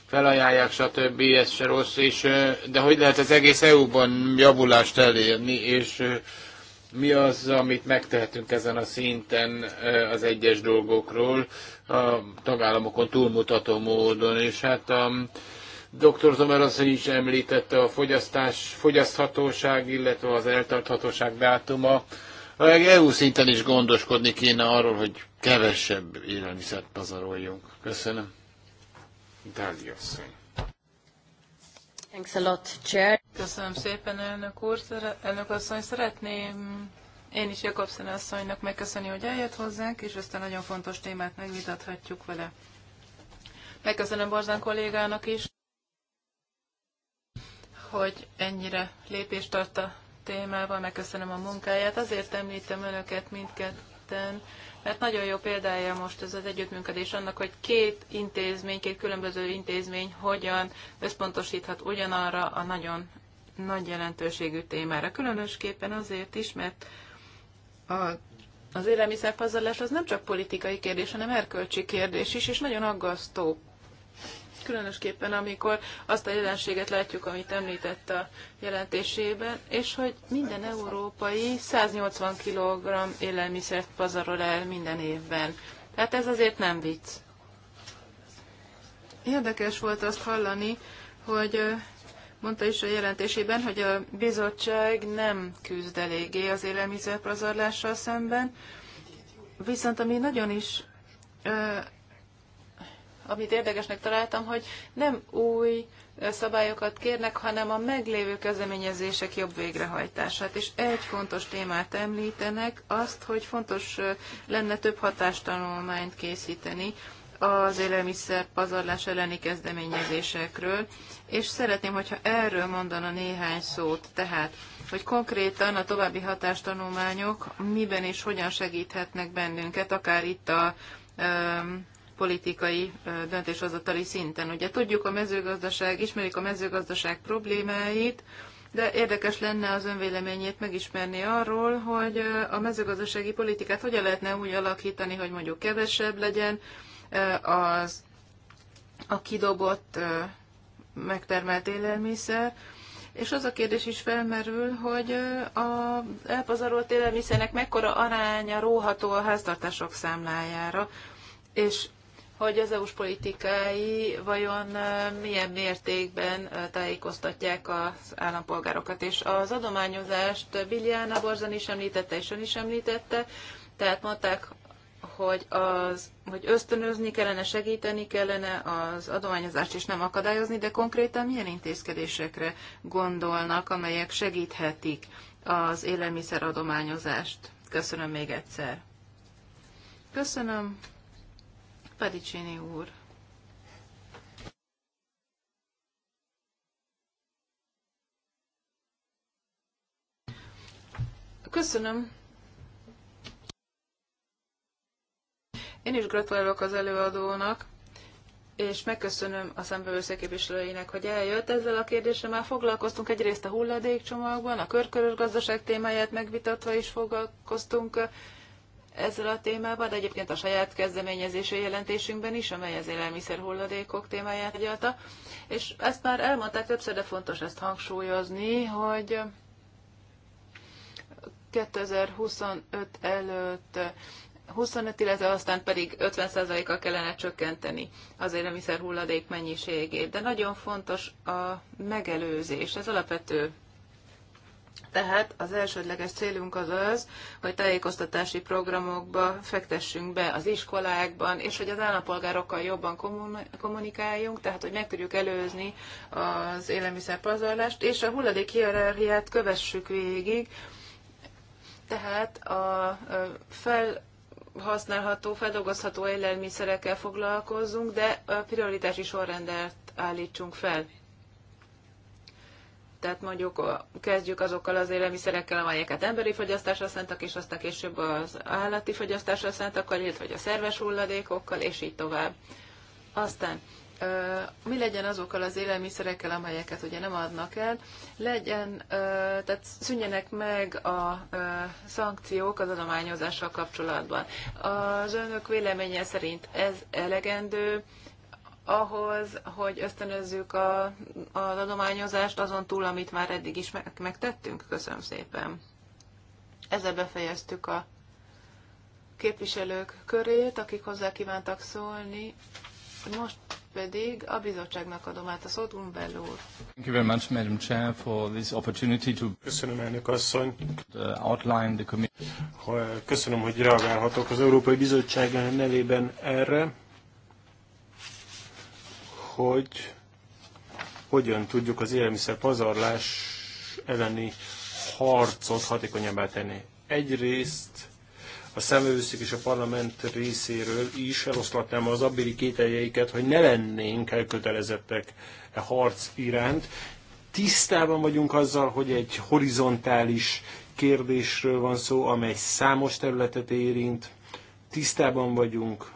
felajánlják, stb. Ez se rossz, és, de hogy lehet az egész EU-ban javulást elérni, és mi az, amit megtehetünk ezen a szinten az egyes dolgokról, a tagállamokon túlmutató módon, és hát a, Dr. Zomer asszony is említette a fogyasztás, fogyaszthatóság, illetve az eltarthatóság dátuma. A EU szinten is gondoskodni kéne arról, hogy kevesebb élelmiszert pazaroljunk. Köszönöm. Dáli asszony. Thanks a lot, Chair. Köszönöm szépen, elnök úr. Elnök asszony, szeretném én is Jakobszen asszonynak megköszönni, hogy eljött hozzánk, és ezt a nagyon fontos témát megvitathatjuk vele. Megköszönöm Borzán kollégának is hogy ennyire lépést tart a témával, megköszönöm a munkáját. Azért említem önöket mindketten, mert nagyon jó példája most ez az együttműködés annak, hogy két intézmény, két különböző intézmény hogyan összpontosíthat ugyanarra a nagyon nagy jelentőségű témára. Különösképpen azért is, mert a, az élelmiszerpazarlás az nem csak politikai kérdés, hanem erkölcsi kérdés is, és nagyon aggasztó különösképpen amikor azt a jelenséget látjuk, amit említett a jelentésében, és hogy minden európai 180 kg élelmiszert pazarol el minden évben. Tehát ez azért nem vicc. Érdekes volt azt hallani, hogy mondta is a jelentésében, hogy a bizottság nem küzd eléggé az élelmiszerpazarlással szemben, viszont ami nagyon is amit érdekesnek találtam, hogy nem új szabályokat kérnek, hanem a meglévő kezdeményezések jobb végrehajtását. És egy fontos témát említenek, azt, hogy fontos lenne több hatástanulmányt készíteni, az élelmiszer pazarlás elleni kezdeményezésekről, és szeretném, hogyha erről mondana néhány szót, tehát, hogy konkrétan a további hatástanulmányok miben és hogyan segíthetnek bennünket, akár itt a politikai döntéshozatali szinten. Ugye tudjuk a mezőgazdaság, ismerik a mezőgazdaság problémáit, de érdekes lenne az önvéleményét megismerni arról, hogy a mezőgazdasági politikát hogyan lehetne úgy alakítani, hogy mondjuk kevesebb legyen az a kidobott megtermelt élelmiszer, és az a kérdés is felmerül, hogy a elpazarolt élelmiszernek mekkora aránya róható a háztartások számlájára, és hogy az EU-s politikái vajon milyen mértékben tájékoztatják az állampolgárokat. És az adományozást Biljana Borzan is említette, és ön is említette, tehát mondták, hogy, az, hogy ösztönözni kellene, segíteni kellene az adományozást, és nem akadályozni, de konkrétan milyen intézkedésekre gondolnak, amelyek segíthetik az élelmiszer adományozást. Köszönöm még egyszer. Köszönöm, Pedicini úr. Köszönöm. Én is gratulálok az előadónak, és megköszönöm a szembevőszék képviselőinek, hogy eljött. Ezzel a kérdéssel már foglalkoztunk egyrészt a hulladékcsomagban, a körkörös gazdaság témáját megvitatva is foglalkoztunk ezzel a témával, de egyébként a saját kezdeményezésű jelentésünkben is, amely az élelmiszer hulladékok témáját tegyelta. És ezt már elmondták többször, de fontos ezt hangsúlyozni, hogy 2025 előtt 25, illetve aztán pedig 50%-kal kellene csökkenteni az élelmiszer hulladék mennyiségét. De nagyon fontos a megelőzés, ez alapvető tehát az elsődleges célunk az az, hogy tájékoztatási programokba fektessünk be az iskolákban, és hogy az állampolgárokkal jobban kommunikáljunk, tehát hogy meg tudjuk előzni az élelmiszerpazarlást, és a hulladék hierarchiát kövessük végig, tehát a fel használható, feldolgozható élelmiszerekkel foglalkozzunk, de a prioritási sorrendet állítsunk fel. Tehát mondjuk kezdjük azokkal az élelmiszerekkel, amelyeket emberi fogyasztásra szántak, és aztán később az állati fogyasztásra szántak, illetve a szerves hulladékokkal, és így tovább. Aztán mi legyen azokkal az élelmiszerekkel, amelyeket ugye nem adnak el, legyen, tehát szűnjenek meg a szankciók az adományozással kapcsolatban. Az önök véleménye szerint ez elegendő, ahhoz, hogy ösztönözzük a, az adományozást azon túl, amit már eddig is megtettünk? Köszönöm szépen. Ezzel befejeztük a képviselők körét, akik hozzá kívántak szólni. Most pedig a bizottságnak adom át a szót, Gumbel úr. Thank you very much, Madam Chair, for this opportunity to... Köszönöm, elnök asszony. Uh, outline the committee. Köszönöm, hogy reagálhatok az Európai Bizottság nevében erre hogy hogyan tudjuk az élelmiszer pazarlás elleni harcot hatékonyabbá tenni. Egyrészt a szemőszék és a parlament részéről is eloszlatnám az abbéri kételjeiket, hogy ne lennénk elkötelezettek a e harc iránt. Tisztában vagyunk azzal, hogy egy horizontális kérdésről van szó, amely számos területet érint. Tisztában vagyunk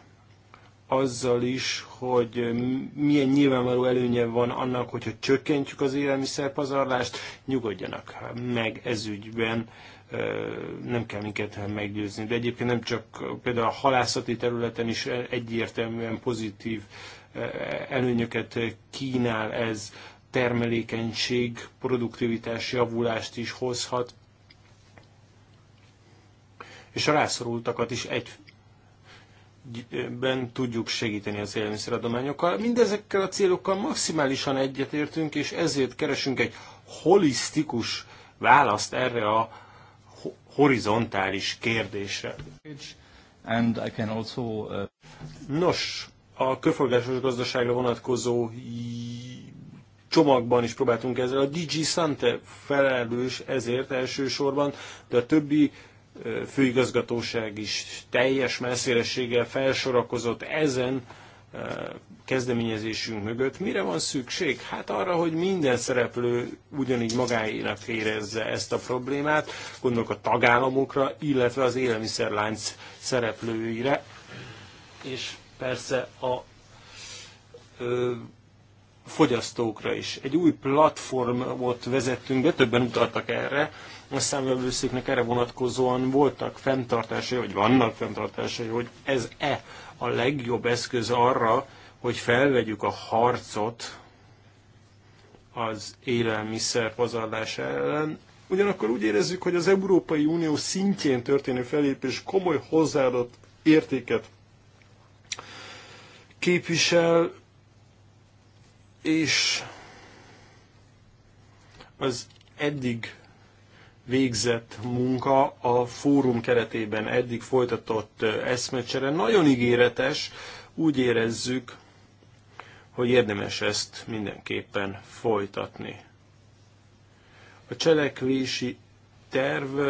azzal is, hogy milyen nyilvánvaló előnye van annak, hogyha csökkentjük az élelmiszerpazarlást, nyugodjanak meg ezügyben, nem kell minket meggyőzni. De egyébként nem csak például a halászati területen is egyértelműen pozitív előnyöket kínál ez, termelékenység, produktivitás javulást is hozhat, és a rászorultakat is egy ben tudjuk segíteni az élelmiszeradományokkal. Mindezekkel a célokkal maximálisan egyetértünk, és ezért keresünk egy holisztikus választ erre a horizontális kérdésre. And I can also, uh... Nos, a körforgásos gazdaságra vonatkozó csomagban is próbáltunk ezzel. A DG Sante felelős ezért elsősorban, de a többi uh, főigazgatóság is teljes messzélességgel felsorakozott ezen kezdeményezésünk mögött. Mire van szükség? Hát arra, hogy minden szereplő ugyanígy magáénak érezze ezt a problémát, gondolok a tagállamokra, illetve az élelmiszerlánc szereplőire, és persze a fogyasztókra is. Egy új platformot vezettünk be, többen utaltak erre, a számvevőszéknek erre vonatkozóan voltak fenntartásai, vagy vannak fenntartásai, hogy ez-e a legjobb eszköz arra, hogy felvegyük a harcot az élelmiszer pazarlás ellen. Ugyanakkor úgy érezzük, hogy az Európai Unió szintjén történő felépés komoly hozzáadott értéket képvisel, és az eddig végzett munka a fórum keretében eddig folytatott eszmecsere nagyon ígéretes, úgy érezzük, hogy érdemes ezt mindenképpen folytatni. A cselekvési terv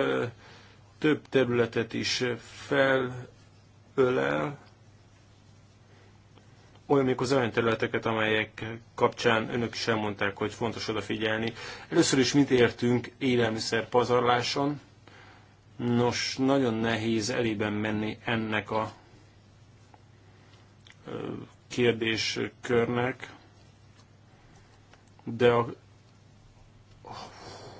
több területet is felölel, olyan, az olyan területeket, amelyek kapcsán önök is elmondták, hogy fontos odafigyelni. Először is mit értünk élelmiszer pazarláson? Nos, nagyon nehéz elében menni ennek a kérdéskörnek, de a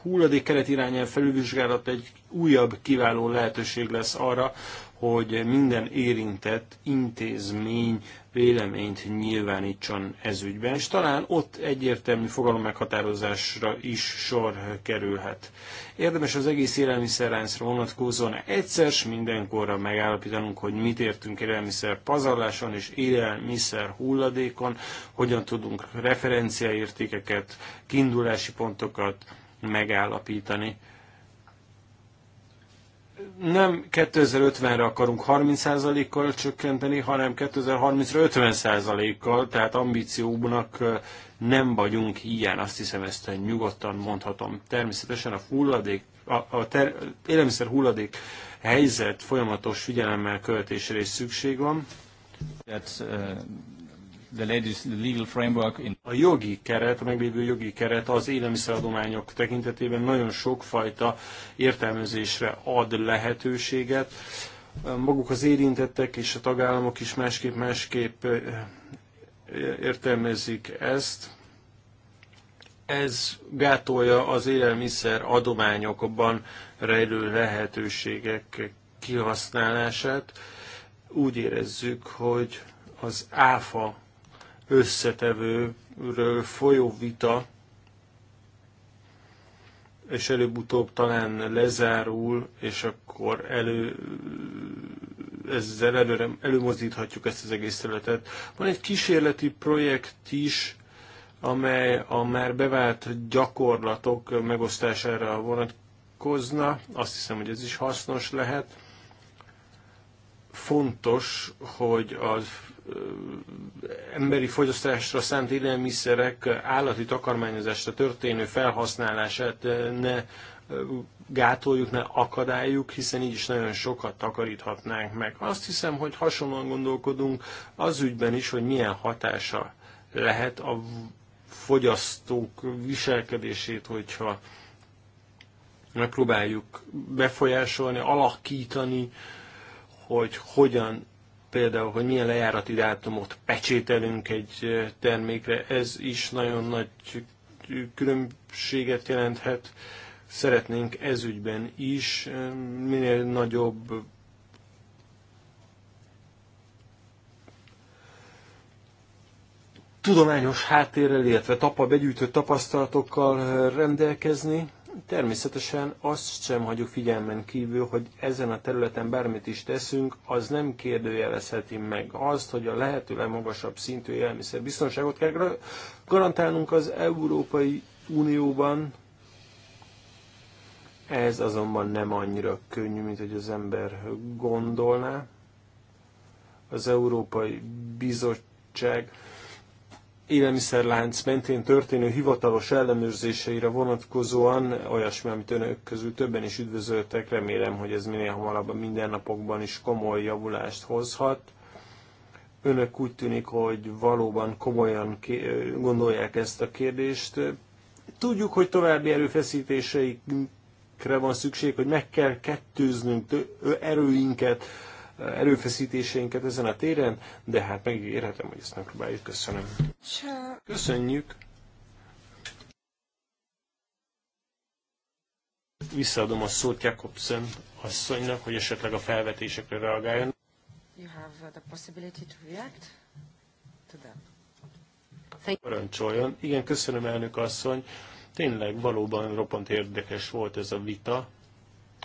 hulladék keret irányán felülvizsgálat egy újabb kiváló lehetőség lesz arra, hogy minden érintett intézmény véleményt nyilvánítson ezügyben, és talán ott egyértelmű fogalom meghatározásra is sor kerülhet. Érdemes az egész élelmiszerláncra vonatkozóan egyszer s mindenkorra megállapítanunk, hogy mit értünk élelmiszer pazarláson és élelmiszer hulladékon, hogyan tudunk referenciaértékeket, kiindulási pontokat megállapítani nem 2050-re akarunk 30%-kal csökkenteni, hanem 2030-ra 50%-kal, tehát ambíciónak nem vagyunk ilyen, azt hiszem ezt nyugodtan mondhatom. Természetesen a hulladék, a, a ter, élelmiszer hulladék helyzet folyamatos figyelemmel követésre is szükség van. uh a jogi keret, a meglévő jogi keret az élelmiszeradományok tekintetében nagyon sokfajta értelmezésre ad lehetőséget. Maguk az érintettek és a tagállamok is másképp-másképp eh, értelmezik ezt. Ez gátolja az élelmiszer adományokban rejlő lehetőségek kihasználását. Úgy érezzük, hogy az áfa összetevőről folyó vita, és előbb-utóbb talán lezárul, és akkor elő, ezzel előre, előmozdíthatjuk ezt az egész területet. Van egy kísérleti projekt is, amely a már bevált gyakorlatok megosztására vonatkozna. Azt hiszem, hogy ez is hasznos lehet. Fontos, hogy az emberi fogyasztásra szánt élelmiszerek állati takarmányozásra történő felhasználását eh, ne eh, gátoljuk, ne akadályuk, hiszen így is nagyon sokat takaríthatnánk meg. Azt hiszem, hogy hasonlóan gondolkodunk az ügyben is, hogy milyen hatása lehet a fogyasztók viselkedését, hogyha megpróbáljuk befolyásolni, alakítani, hogy hogyan például, hogy milyen lejárati dátumot pecsételünk egy termékre, ez is nagyon nagy különbséget jelenthet. Szeretnénk ezügyben is minél nagyobb tudományos háttérrel, illetve tapa begyűjtött tapasztalatokkal rendelkezni természetesen azt sem hagyjuk figyelmen kívül, hogy ezen a területen bármit is teszünk, az nem kérdőjelezheti meg azt, hogy a lehető legmagasabb szintű biztonságot kell garantálnunk az Európai Unióban. Ez azonban nem annyira könnyű, mint hogy az ember gondolná. Az Európai Bizottság élelmiszerlánc mentén történő hivatalos ellenőrzéseire vonatkozóan olyasmi, amit önök közül többen is üdvözöltek, remélem, hogy ez minél hamarabb a mindennapokban is komoly javulást hozhat. Önök úgy tűnik, hogy valóban komolyan gondolják ezt a kérdést. Tudjuk, hogy további erőfeszítéseikre van szükség, hogy meg kell kettőznünk erőinket, erőfeszítéseinket ezen a téren, de hát megígérhetem, hogy ezt megpróbáljuk. Köszönöm. Köszönjük. Visszaadom a szót Jakobsen asszonynak, hogy esetleg a felvetésekre reagáljon. You have uh, the possibility to react to them. Parancsoljon. Igen, köszönöm elnök asszony. Tényleg valóban roppant érdekes volt ez a vita.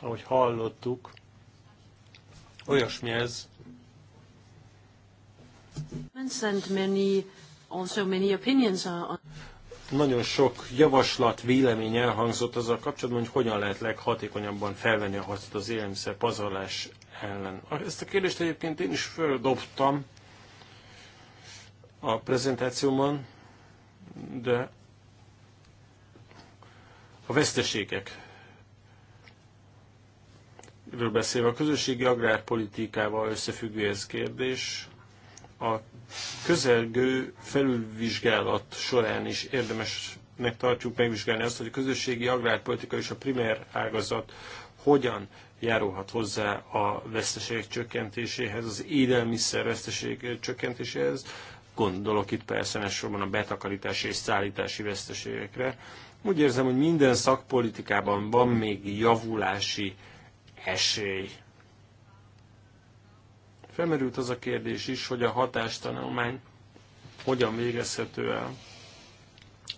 Ahogy hallottuk, Olyasmi ez. Nagyon sok javaslat, vélemény elhangzott azzal kapcsolatban, hogy hogyan lehet leghatékonyabban felvenni a harcot az élelmiszer pazarlás ellen. Ezt a kérdést egyébként én is földobtam a prezentációban, de a veszteségek ről beszélve, a közösségi agrárpolitikával összefüggő ez kérdés. A közelgő felülvizsgálat során is érdemesnek tartjuk megvizsgálni azt, hogy a közösségi agrárpolitika és a primér ágazat hogyan járulhat hozzá a veszteségek csökkentéséhez, az élelmiszer veszteség csökkentéséhez. Gondolok itt persze elsősorban a betakarítási és szállítási veszteségekre. Úgy érzem, hogy minden szakpolitikában van még javulási esély. Felmerült az a kérdés is, hogy a hatástanulmány hogyan végezhető el.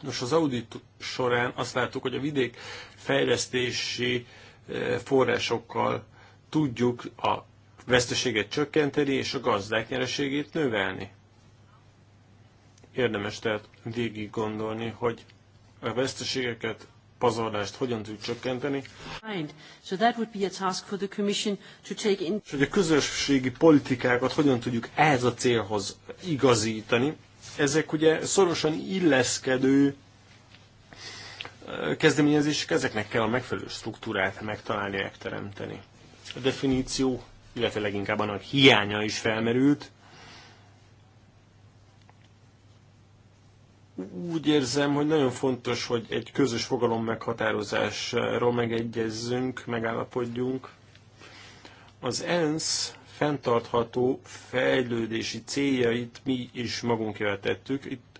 Nos, az audit során azt láttuk, hogy a vidék fejlesztési eh, forrásokkal tudjuk a veszteséget csökkenteni és a gazdák nyereségét növelni. Érdemes tehát végig gondolni, hogy a veszteségeket pazarlást hogyan tudjuk csökkenteni. So that would be a task for the commission to take in... hogy a közösségi politikákat hogyan tudjuk ehhez a célhoz igazítani. Ezek ugye szorosan illeszkedő kezdeményezések, ezeknek kell a megfelelő struktúrát megtalálni, megteremteni. A definíció, illetve leginkább annak hiánya is felmerült, úgy érzem, hogy nagyon fontos, hogy egy közös fogalom meghatározásról megegyezzünk, megállapodjunk. Az ENSZ fenntartható fejlődési céljait mi is magunk tettük. Itt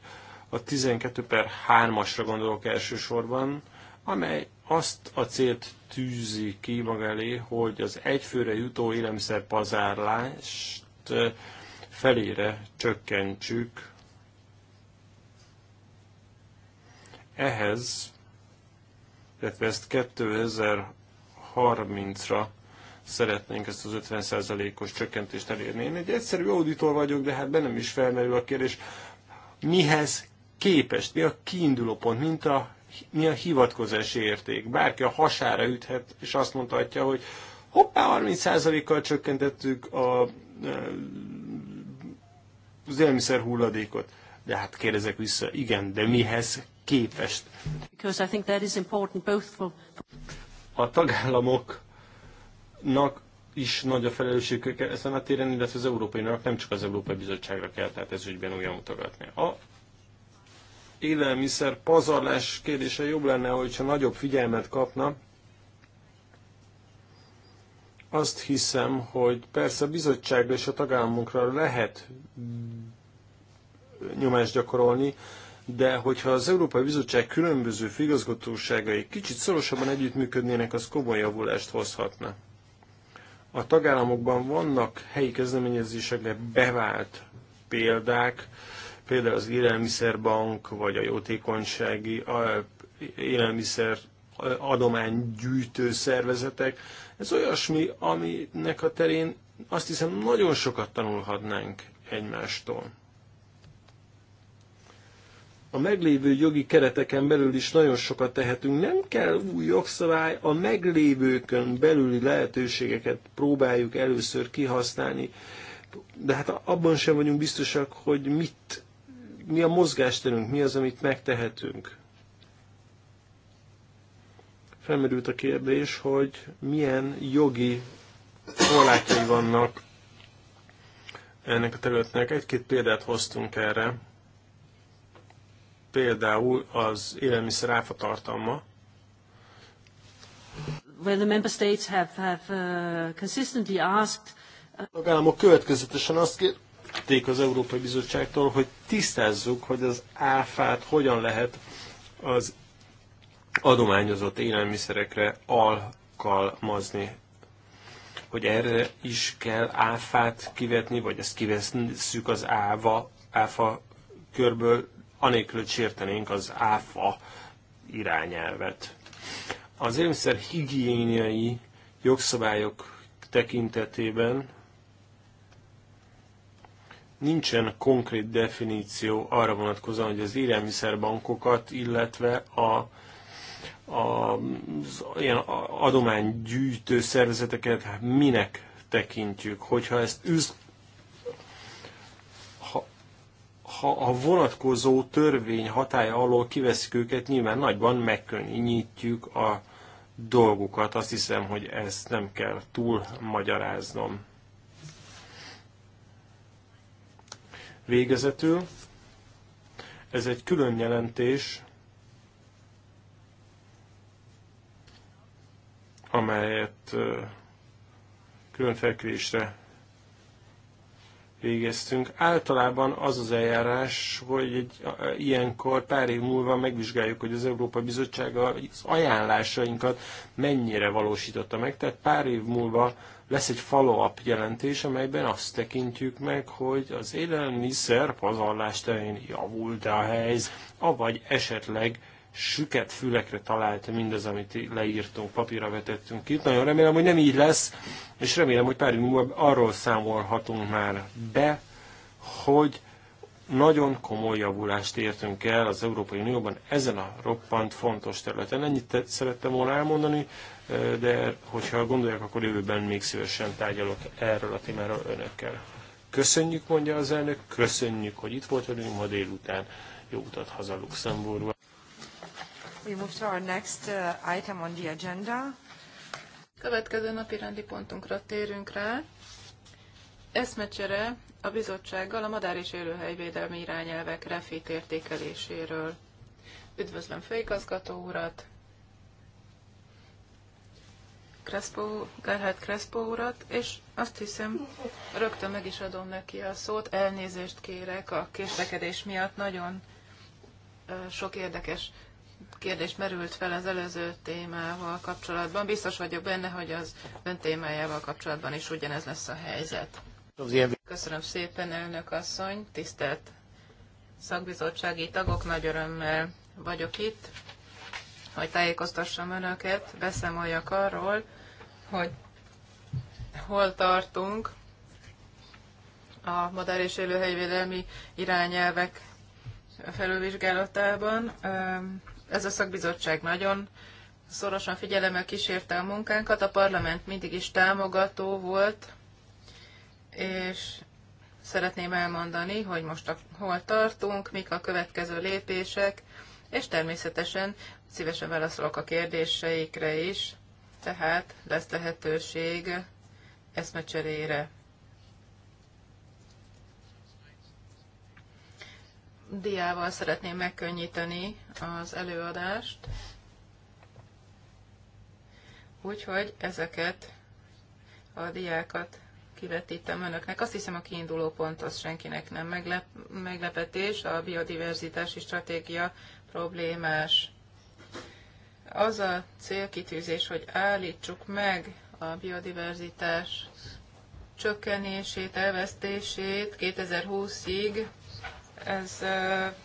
a 12 per 3-asra gondolok elsősorban, amely azt a célt tűzi ki maga elé, hogy az egyfőre jutó élelmiszer pazárlást eh, felére csökkentsük Ehhez, illetve ezt 2030-ra szeretnénk ezt az 50%-os csökkentést elérni. Én egy egyszerű auditor vagyok, de hát bennem is felmerül a kérdés, mihez képest, mi a kiinduló pont, mint a, mi a hivatkozási érték. Bárki a hasára üthet, és azt mondhatja, hogy hoppá, 30%-kal csökkentettük a, eh, az élmiszer hulladékot. De hát kérdezek vissza, igen, de mihez képest. A tagállamoknak is nagy a felelősségük ezen a téren, illetve az Európai Uniónak nem csak az Európai Bizottságra kell, tehát ez ügyben újra mutogatni. A élelmiszer pazarlás kérdése jobb lenne, hogyha nagyobb figyelmet kapna. Azt hiszem, hogy persze a bizottságra és a tagállamokra lehet nyomást gyakorolni, de hogyha az Európai Bizottság különböző figazgatóságai kicsit szorosabban együttműködnének, az komoly javulást hozhatna. A tagállamokban vannak helyi kezdeményezésekre bevált példák, például az élelmiszerbank, vagy a jótékonysági élelmiszer adománygyűjtő szervezetek. Ez olyasmi, aminek a terén azt hiszem nagyon sokat tanulhatnánk egymástól a meglévő jogi kereteken belül is nagyon sokat tehetünk. Nem kell új jogszabály, a meglévőkön belüli lehetőségeket próbáljuk először kihasználni. De hát abban sem vagyunk biztosak, hogy mit, mi a mozgásterünk, mi az, amit megtehetünk. Felmerült a kérdés, hogy milyen jogi korlátjai vannak ennek a területnek. Egy-két példát hoztunk erre például az élelmiszer áfa tartalma, where the member states have, have uh, consistently asked uh, a tagállamok következetesen azt kérték az Európai Bizottságtól, hogy tisztázzuk, hogy az áfát hogyan lehet az adományozott élelmiszerekre alkalmazni. Hogy erre is kell áfát kivetni, vagy ezt kivesszük az áva, áfa körből, anélkül, hogy sértenénk az áfa irányelvet. Az élmiszer higiéniai jogszabályok tekintetében nincsen konkrét definíció arra vonatkozóan, hogy az élelmiszerbankokat, illetve a, a, az ilyen adománygyűjtő szervezeteket minek tekintjük. Hogyha ezt üz, ha a vonatkozó törvény hatája alól kiveszik őket, nyilván nagyban megkönnyítjük a dolgukat. Azt hiszem, hogy ezt nem kell túl magyaráznom. Végezetül, ez egy külön jelentés, amelyet külön felkérésre végeztünk. Általában az az eljárás, hogy egy, ilyenkor pár év múlva megvizsgáljuk, hogy az Európa bizottsága az ajánlásainkat mennyire valósította meg. Tehát pár év múlva lesz egy follow-up jelentés, amelyben azt tekintjük meg, hogy az élelmiszer pazarlás terén javult a helyz, avagy esetleg süket fülekre talált mindez, amit leírtunk, papírra vetettünk itt. Nagyon remélem, hogy nem így lesz, és remélem, hogy pár múlva arról számolhatunk már be, hogy nagyon komoly javulást értünk el az Európai Unióban ezen a roppant fontos területen. Ennyit szerettem volna elmondani, de hogyha gondolják, akkor jövőben még szívesen tárgyalok erről a témáról önökkel. Köszönjük, mondja az elnök, köszönjük, hogy itt volt velünk ma délután. Jó utat haza Luxemburgba. We move to our next uh, item on the agenda. Következő napi rendi pontunkra térünk rá. Eszmecsere a bizottsággal a madár és élőhelyvédelmi irányelvek refit értékeléséről. Üdvözlöm főigazgató urat, Crespo, Gerhard Crespo urat, és azt hiszem, rögtön meg is adom neki a szót, elnézést kérek a késlekedés miatt, nagyon sok érdekes kérdés merült fel az előző témával kapcsolatban. Biztos vagyok benne, hogy az ön témájával kapcsolatban is ugyanez lesz a helyzet. Köszönöm szépen, elnök asszony, tisztelt szakbizottsági tagok, nagy örömmel vagyok itt, hogy tájékoztassam önöket, beszámoljak arról, hogy hol tartunk a madár és élőhelyvédelmi irányelvek felülvizsgálatában ez a szakbizottság nagyon szorosan figyelemmel kísérte a munkánkat, a parlament mindig is támogató volt, és szeretném elmondani, hogy most a, hol tartunk, mik a következő lépések, és természetesen szívesen válaszolok a kérdéseikre is, tehát lesz lehetőség eszmecserére. diával szeretném megkönnyíteni az előadást, úgyhogy ezeket a diákat kivetítem önöknek. Azt hiszem a kiinduló pont az senkinek nem meglep meglepetés, a biodiverzitási stratégia problémás. Az a célkitűzés, hogy állítsuk meg a biodiverzitás csökkenését, elvesztését 2020-ig ez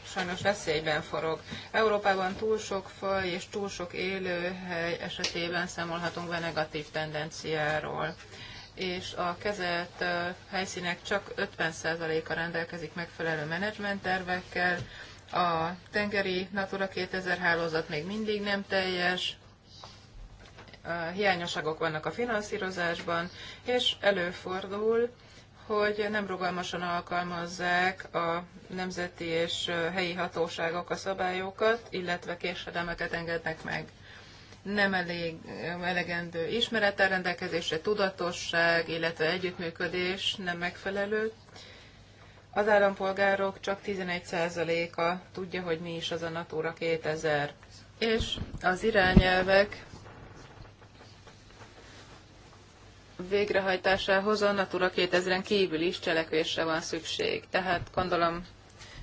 sajnos veszélyben forog. Európában túl sok faj és túl sok élőhely esetében számolhatunk be negatív tendenciáról és a kezelt helyszínek csak 50%-a rendelkezik megfelelő menedzsmenttervekkel, a tengeri Natura 2000 hálózat még mindig nem teljes, hiányosságok vannak a finanszírozásban, és előfordul, hogy nem rugalmasan alkalmazzák a nemzeti és helyi hatóságok a szabályokat, illetve késedelmeket engednek meg. Nem elég elegendő ismerettel rendelkezésre, tudatosság, illetve együttműködés nem megfelelő. Az állampolgárok csak 11%-a tudja, hogy mi is az a Natura 2000. És az irányelvek végrehajtásához a Natura 2000-en kívül is cselekvésre van szükség. Tehát gondolom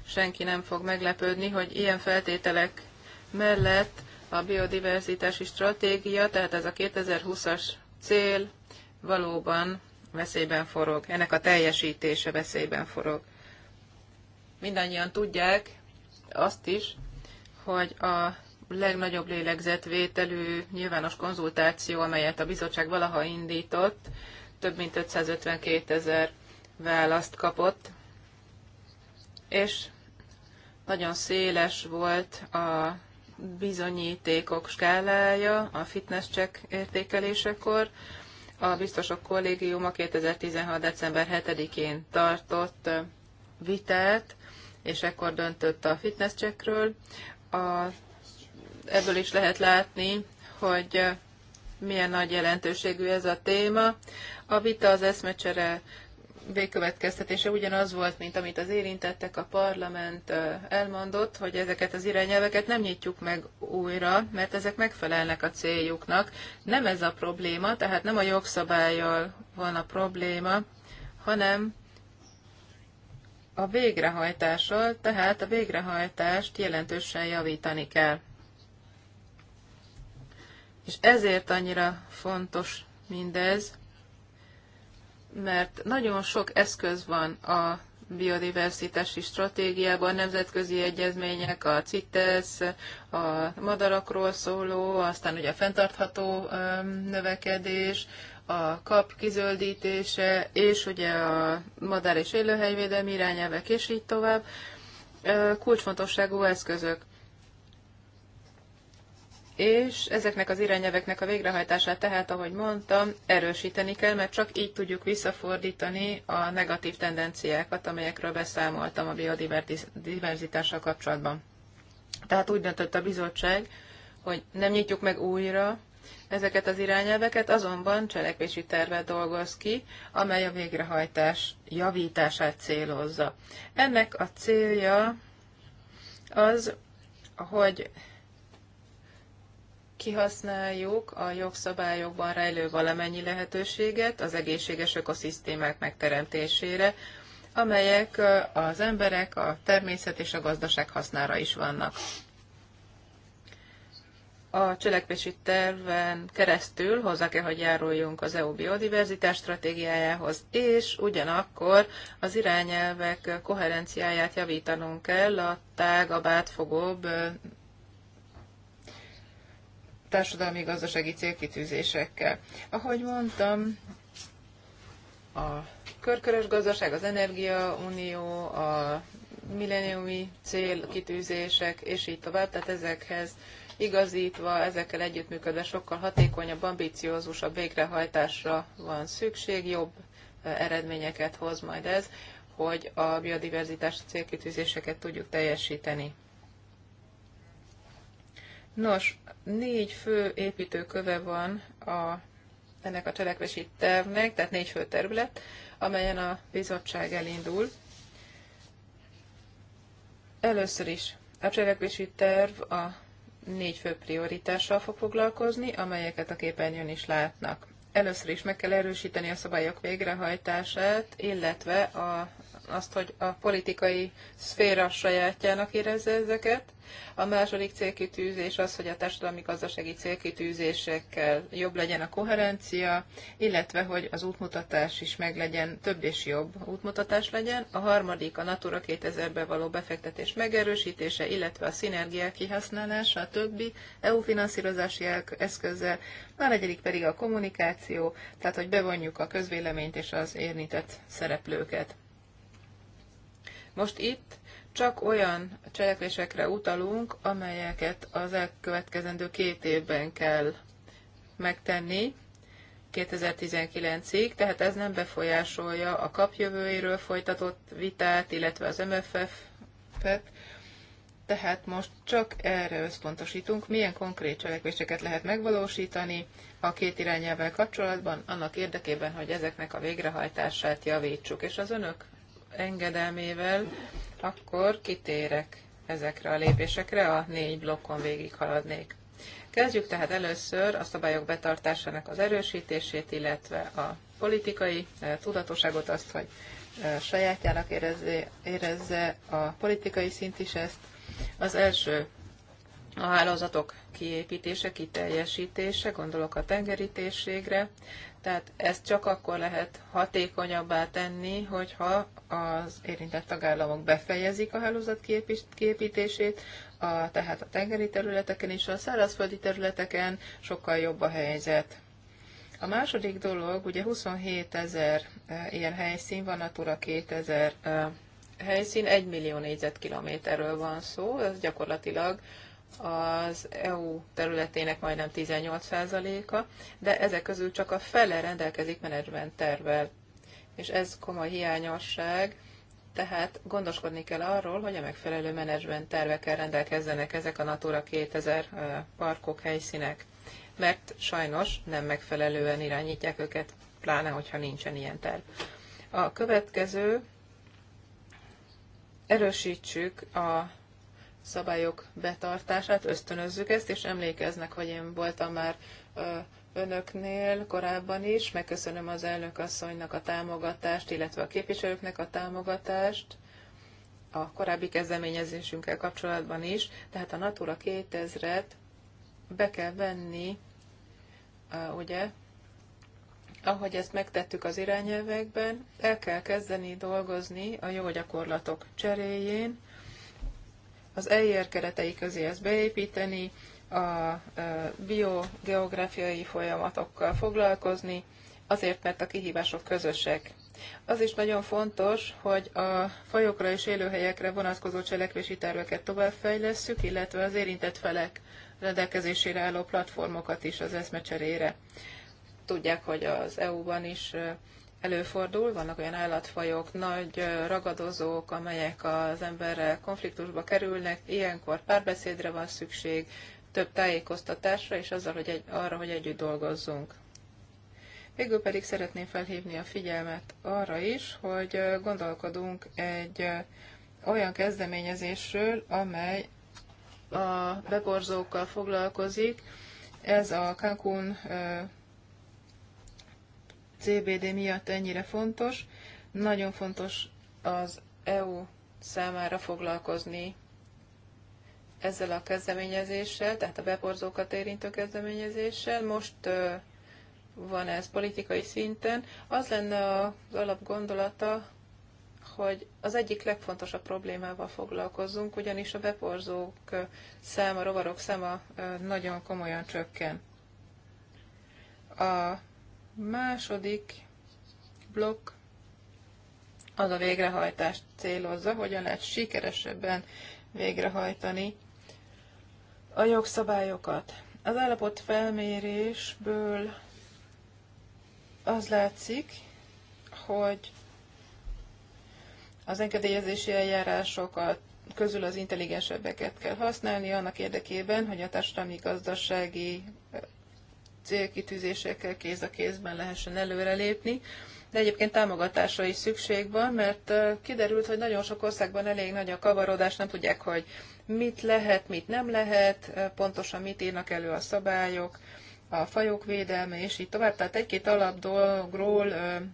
senki nem fog meglepődni, hogy ilyen feltételek mellett a biodiverzitási stratégia, tehát ez a 2020-as cél valóban veszélyben forog. Ennek a teljesítése veszélyben forog. Mindannyian tudják azt is, hogy a legnagyobb lélegzetvételű nyilvános konzultáció, amelyet a bizottság valaha indított, több mint 552 ezer választ kapott, és nagyon széles volt a bizonyítékok skálája a fitness check értékelésekor. A biztosok kollégiuma 2016. december 7-én tartott vitát, és ekkor döntött a fitness checkről. A ebből is lehet látni, hogy eh, milyen nagy jelentőségű ez a téma. A vita az eszmecsere végkövetkeztetése ugyanaz volt, mint amit az érintettek, a parlament eh, elmondott, hogy ezeket az irányelveket nem nyitjuk meg újra, mert ezek megfelelnek a céljuknak. Nem ez a probléma, tehát nem a jogszabályjal van a probléma, hanem a végrehajtással, tehát a végrehajtást jelentősen javítani kell. És ezért annyira fontos mindez, mert nagyon sok eszköz van a biodiversitási stratégiában, a nemzetközi egyezmények, a CITES, a madarakról szóló, aztán ugye a fenntartható növekedés, a kap kizöldítése, és ugye a madár és élőhelyvédelmi irányelvek, és így tovább, kulcsfontosságú eszközök és ezeknek az irányelveknek a végrehajtását tehát, ahogy mondtam, erősíteni kell, mert csak így tudjuk visszafordítani a negatív tendenciákat, amelyekről beszámoltam a biodiverzitással kapcsolatban. Tehát úgy döntött a bizottság, hogy nem nyitjuk meg újra ezeket az irányelveket, azonban cselekvési terve dolgoz ki, amely a végrehajtás javítását célozza. Ennek a célja az, hogy kihasználjuk a jogszabályokban rejlő valamennyi lehetőséget az egészséges ökoszisztémák megteremtésére, amelyek az emberek, a természet és a gazdaság hasznára is vannak. A cselekvési terven keresztül hozzá kell, hogy járuljunk az EU biodiverzitás stratégiájához, és ugyanakkor az irányelvek koherenciáját javítanunk kell a tágabb, átfogóbb társadalmi-gazdasági célkitűzésekkel. Ahogy mondtam, a körkörös gazdaság, az energiaunió, a milleniumi célkitűzések, és így tovább, tehát ezekhez igazítva, ezekkel együttműködve sokkal hatékonyabb, ambiciózusabb végrehajtásra van szükség, jobb eredményeket hoz majd ez, hogy a biodiverzitás célkitűzéseket tudjuk teljesíteni. Nos, négy fő építőköve van a, ennek a cselekvési tervnek, tehát négy fő terület, amelyen a bizottság elindul. Először is a cselekvési terv a négy fő prioritással fog foglalkozni, amelyeket a képernyőn is látnak. Először is meg kell erősíteni a szabályok végrehajtását, illetve a azt, hogy a politikai szféra sajátjának érezze ezeket. A második célkitűzés az, hogy a társadalmi-gazdasági célkitűzésekkel jobb legyen a koherencia, illetve hogy az útmutatás is meglegyen, több és jobb útmutatás legyen. A harmadik a Natura 2000-be való befektetés megerősítése, illetve a szinergiák kihasználása a többi EU finanszírozási eszközzel. A negyedik pedig a kommunikáció, tehát hogy bevonjuk a közvéleményt és az érintett szereplőket. Most itt csak olyan cselekvésekre utalunk, amelyeket az elkövetkezendő két évben kell megtenni, 2019-ig, tehát ez nem befolyásolja a kapjövőiről folytatott vitát, illetve az MFF-et, tehát most csak erre összpontosítunk, milyen konkrét cselekvéseket lehet megvalósítani a két irányelvvel kapcsolatban, annak érdekében, hogy ezeknek a végrehajtását javítsuk. És az önök engedelmével, akkor kitérek ezekre a lépésekre, a négy blokkon haladnék. Kezdjük tehát először a szabályok betartásának az erősítését, illetve a politikai eh, tudatosságot, azt, hogy eh, sajátjának érezze, érezze a politikai szint is ezt. Az első a hálózatok kiépítése, kiteljesítése, gondolok a tengerítésségre, tehát ezt csak akkor lehet hatékonyabbá tenni, hogyha az érintett tagállamok befejezik a hálózat kiépítését, a, tehát a tengeri területeken és a szárazföldi területeken sokkal jobb a helyzet. A második dolog, ugye 27 ezer e, ilyen helyszín van, a Tura 2000 helyszín, 1 millió négyzetkilométerről van szó, ez gyakorlatilag az EU területének majdnem 18%-a, de ezek közül csak a fele rendelkezik menedzsment tervvel. És ez komoly hiányosság, tehát gondoskodni kell arról, hogy a megfelelő menedzsment tervekkel rendelkezzenek ezek a Natura 2000 parkok, helyszínek, mert sajnos nem megfelelően irányítják őket, pláne, hogyha nincsen ilyen terv. A következő, erősítsük a szabályok betartását, ösztönözzük ezt, és emlékeznek, hogy én voltam már önöknél korábban is. Megköszönöm az elnök asszonynak a támogatást, illetve a képviselőknek a támogatást a korábbi kezdeményezésünkkel kapcsolatban is. Tehát a Natura 2000-et be kell venni, ugye, ahogy ezt megtettük az irányelvekben, el kell kezdeni dolgozni a jó gyakorlatok cseréjén, az EIR keretei közé ezt beépíteni, a biogeográfiai folyamatokkal foglalkozni, azért, mert a kihívások közösek. Az is nagyon fontos, hogy a fajokra és élőhelyekre vonatkozó cselekvési terveket továbbfejlesszük, illetve az érintett felek rendelkezésére álló platformokat is az eszmecserére. Tudják, hogy az EU-ban is előfordul, vannak olyan állatfajok, nagy ragadozók, amelyek az emberrel konfliktusba kerülnek, ilyenkor párbeszédre van szükség, több tájékoztatásra és azzal, hogy egy, arra, hogy együtt dolgozzunk. Végül pedig szeretném felhívni a figyelmet arra is, hogy gondolkodunk egy olyan kezdeményezésről, amely a beborzókkal foglalkozik. Ez a Cancún CBD miatt ennyire fontos. Nagyon fontos az EU számára foglalkozni ezzel a kezdeményezéssel, tehát a beporzókat érintő kezdeményezéssel. Most van ez politikai szinten. Az lenne az alapgondolata, hogy az egyik legfontosabb problémával foglalkozzunk, ugyanis a beporzók száma, rovarok száma nagyon komolyan csökken. A második blokk az a végrehajtást célozza, hogyan lehet sikeresebben végrehajtani a jogszabályokat. Az állapot felmérésből az látszik, hogy az engedélyezési eljárásokat közül az intelligensebbeket kell használni annak érdekében, hogy a társadalmi gazdasági célkitűzésekkel kéz a kézben lehessen előrelépni. De egyébként támogatásra is szükség van, mert kiderült, hogy nagyon sok országban elég nagy a kavarodás, nem tudják, hogy mit lehet, mit nem lehet, pontosan mit írnak elő a szabályok, a fajok védelme, és így tovább. Tehát egy-két alapdolgról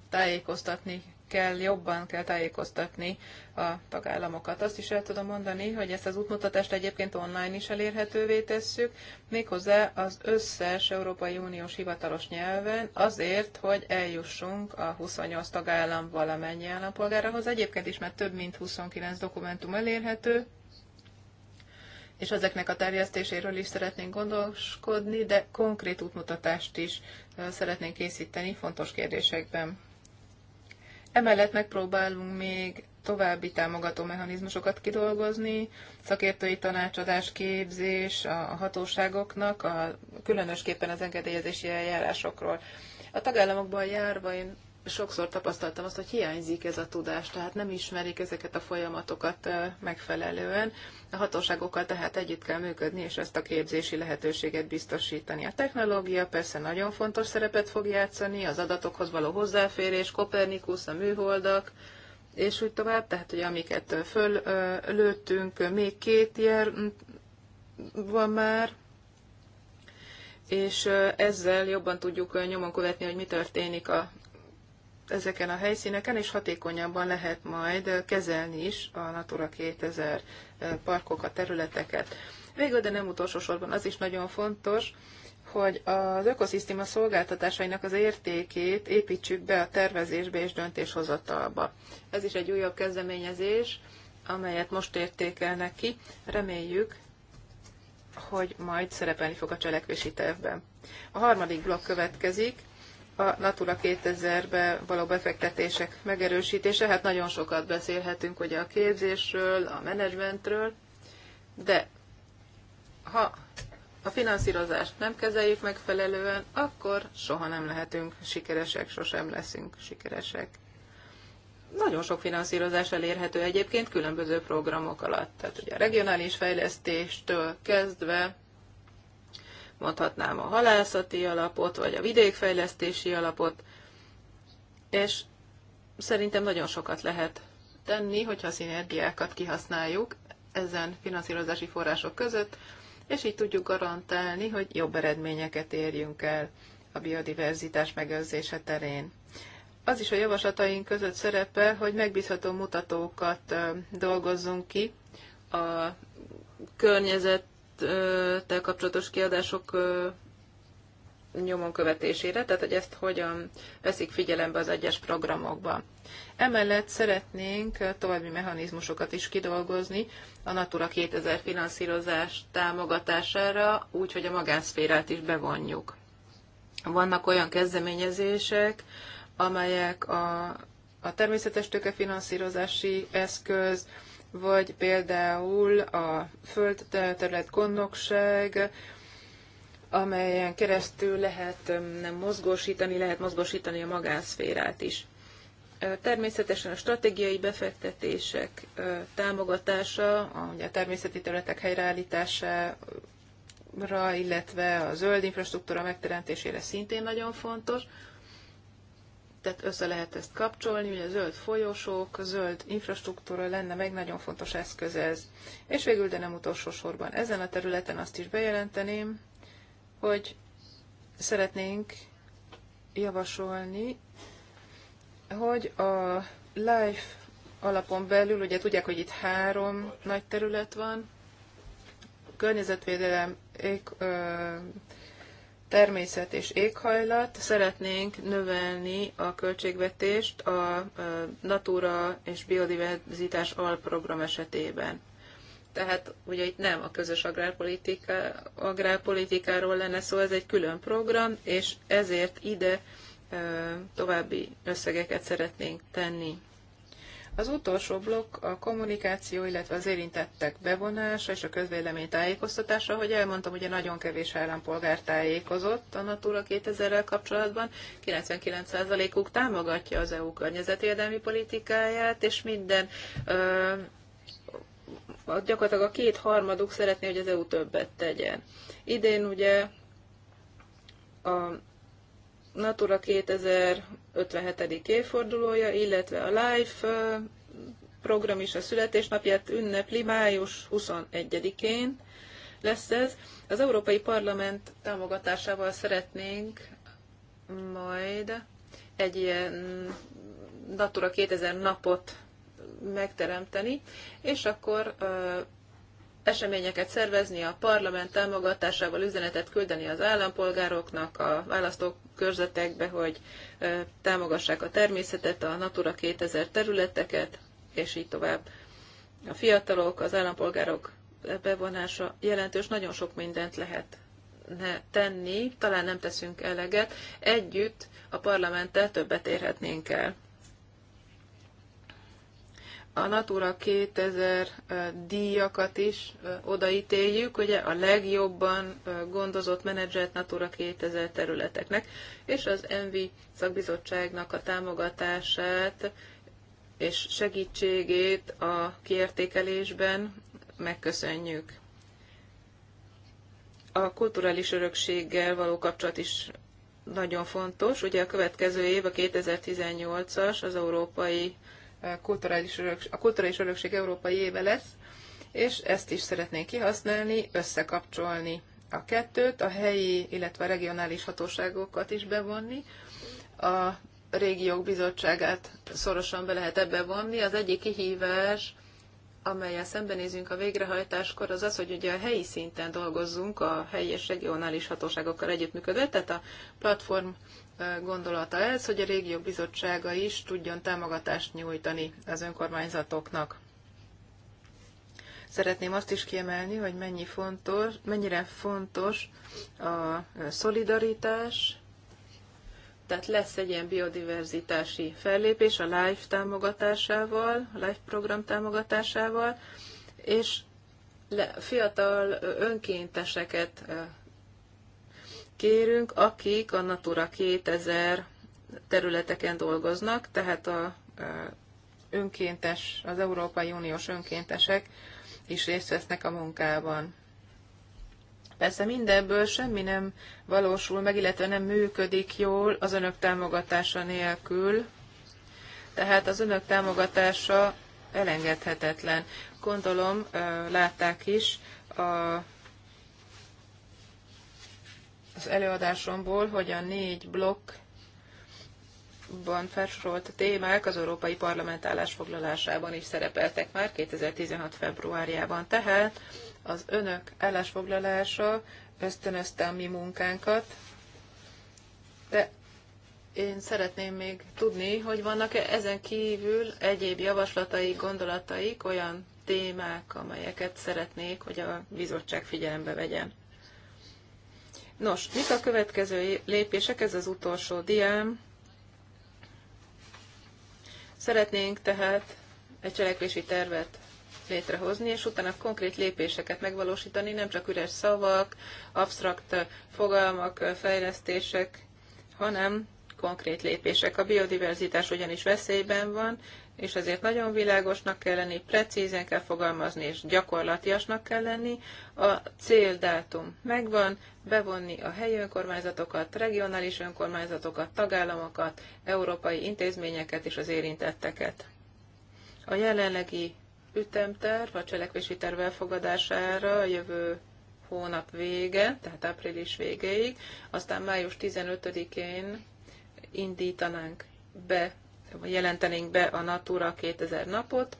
tájékoztatni kell jobban kell tájékoztatni a tagállamokat. Azt is el tudom mondani, hogy ezt az útmutatást egyébként online is elérhetővé tesszük, méghozzá az összes Európai Uniós hivatalos nyelven azért, hogy eljussunk a 28 tagállam valamennyi állampolgárahoz. Egyébként is már több mint 29 dokumentum elérhető, és ezeknek a terjesztéséről is szeretnénk gondoskodni, de konkrét útmutatást is szeretnénk készíteni fontos kérdésekben. Emellett megpróbálunk még további támogató mechanizmusokat kidolgozni, szakértői tanácsadás, képzés a hatóságoknak, a, különösképpen az engedélyezési eljárásokról. A tagállamokban járva én sokszor tapasztaltam azt, hogy hiányzik ez a tudás, tehát nem ismerik ezeket a folyamatokat megfelelően. A hatóságokkal tehát együtt kell működni, és ezt a képzési lehetőséget biztosítani. A technológia persze nagyon fontos szerepet fog játszani, az adatokhoz való hozzáférés, Kopernikus, a műholdak, és úgy tovább, tehát hogy amiket föllőttünk, még két ilyen van már, és ezzel jobban tudjuk nyomon követni, hogy mi történik a ezeken a helyszíneken, és hatékonyabban lehet majd kezelni is a Natura 2000 parkokat, területeket. Végül, de nem utolsó sorban az is nagyon fontos, hogy az ökoszisztéma szolgáltatásainak az értékét építsük be a tervezésbe és döntéshozatalba. Ez is egy újabb kezdeményezés, amelyet most értékelnek ki. Reméljük, hogy majd szerepelni fog a cselekvési tervben. A harmadik blokk következik, a Natura 2000-be való befektetések megerősítése. Hát nagyon sokat beszélhetünk ugye a képzésről, a menedzsmentről, de ha a finanszírozást nem kezeljük megfelelően, akkor soha nem lehetünk sikeresek, sosem leszünk sikeresek. Nagyon sok finanszírozás elérhető egyébként különböző programok alatt. Tehát ugye a regionális fejlesztéstől kezdve mondhatnám a halászati alapot, vagy a vidékfejlesztési alapot, és szerintem nagyon sokat lehet tenni, hogyha a szinergiákat kihasználjuk ezen finanszírozási források között, és így tudjuk garantálni, hogy jobb eredményeket érjünk el a biodiverzitás megőrzése terén. Az is a javaslataink között szerepel, hogy megbízható mutatókat dolgozzunk ki a környezet tel kapcsolatos kiadások nyomon követésére, tehát hogy ezt hogyan veszik figyelembe az egyes programokban. Emellett szeretnénk további mechanizmusokat is kidolgozni a Natura 2000 finanszírozás támogatására, úgy, hogy a magánszférát is bevonjuk. Vannak olyan kezdeményezések, amelyek a, a természetes tökefinanszírozási eszköz, vagy például a földterület gondnokság, amelyen keresztül lehet nem mozgósítani, lehet mozgósítani a magánszférát is. Természetesen a stratégiai befektetések támogatása, a természeti területek helyreállítására, illetve a zöld infrastruktúra megteremtésére szintén nagyon fontos tehát össze lehet ezt kapcsolni, ugye zöld folyosók, zöld infrastruktúra lenne meg nagyon fontos eszköz ez. És végül, de nem utolsó sorban, ezen a területen azt is bejelenteném, hogy szeretnénk javasolni, hogy a life alapon belül, ugye tudják, hogy itt három nagy terület van, környezetvédelem, ék, ö, természet és éghajlat. Szeretnénk növelni a költségvetést a Natura és Biodiverzitás alprogram esetében. Tehát ugye itt nem a közös agrárpolitika, agrárpolitikáról lenne szó, ez egy külön program, és ezért ide további összegeket szeretnénk tenni. Az utolsó blokk a kommunikáció, illetve az érintettek bevonása és a közvélemény tájékoztatása. Ahogy elmondtam, ugye nagyon kevés állampolgár tájékozott a Natura 2000-rel kapcsolatban. 99%-uk támogatja az EU környezetvédelmi politikáját, és minden ö, gyakorlatilag a két harmaduk szeretné, hogy az EU többet tegyen. Idén ugye a Natura 2057. évfordulója, illetve a LIFE program is a születésnapját ünnepli május 21-én lesz ez. Az Európai Parlament támogatásával szeretnénk majd egy ilyen Natura 2000 napot megteremteni, és akkor eseményeket szervezni, a parlament támogatásával üzenetet küldeni az állampolgároknak, a választókörzetekbe, hogy támogassák a természetet, a Natura 2000 területeket, és így tovább. A fiatalok, az állampolgárok bevonása jelentős, nagyon sok mindent lehet tenni, talán nem teszünk eleget, együtt a parlamenttel többet érhetnénk el a Natura 2000 díjakat is odaítéljük, ugye a legjobban gondozott menedzselt Natura 2000 területeknek, és az ENVI szakbizottságnak a támogatását és segítségét a kiértékelésben megköszönjük. A kulturális örökséggel való kapcsolat is nagyon fontos. Ugye a következő év, a 2018-as, az Európai kulturális örökség, a kulturális örökség európai éve lesz, és ezt is szeretnénk kihasználni, összekapcsolni a kettőt, a helyi, illetve a regionális hatóságokat is bevonni. A régiók bizottságát szorosan be lehet ebbe vonni. Az egyik kihívás, amelyel szembenézünk a végrehajtáskor, az az, hogy ugye a helyi szinten dolgozzunk a helyi és regionális hatóságokkal együttműködve, tehát a platform gondolata ez, hogy a régiók bizottsága is tudjon támogatást nyújtani az önkormányzatoknak. Szeretném azt is kiemelni, hogy mennyi fontos, mennyire fontos a szolidaritás, tehát lesz egy ilyen biodiverzitási fellépés a LIFE támogatásával, a LIFE program támogatásával, és fiatal önkénteseket kérünk, akik a Natura 2000 területeken dolgoznak, tehát a önkéntes, az Európai Uniós önkéntesek is részt vesznek a munkában. Persze mindebből semmi nem valósul meg, illetve nem működik jól az önök támogatása nélkül, tehát az önök támogatása elengedhetetlen. Gondolom, látták is a az előadásomból, hogy a négy blokkban felsorolt témák az Európai Parlament állásfoglalásában is szerepeltek már 2016. februárjában. Tehát az önök állásfoglalása ösztönözte a mi munkánkat, de én szeretném még tudni, hogy vannak-e ezen kívül egyéb javaslatai, gondolataik, olyan témák, amelyeket szeretnék, hogy a bizottság figyelembe vegyen. Nos, mik a következő lépések? Ez az utolsó diám. Szeretnénk tehát egy cselekvési tervet létrehozni, és utána konkrét lépéseket megvalósítani, nem csak üres szavak, absztrakt fogalmak, fejlesztések, hanem konkrét lépések. A biodiverzitás ugyanis veszélyben van, és ezért nagyon világosnak kell lenni, precízen kell fogalmazni, és gyakorlatiasnak kell lenni. A céldátum megvan, bevonni a helyi önkormányzatokat, regionális önkormányzatokat, tagállamokat, európai intézményeket és az érintetteket. A jelenlegi ütemterv a cselekvési terv elfogadására a jövő hónap vége, tehát április végéig, aztán május 15-én indítanánk be jelentenénk be a Natura 2000 napot,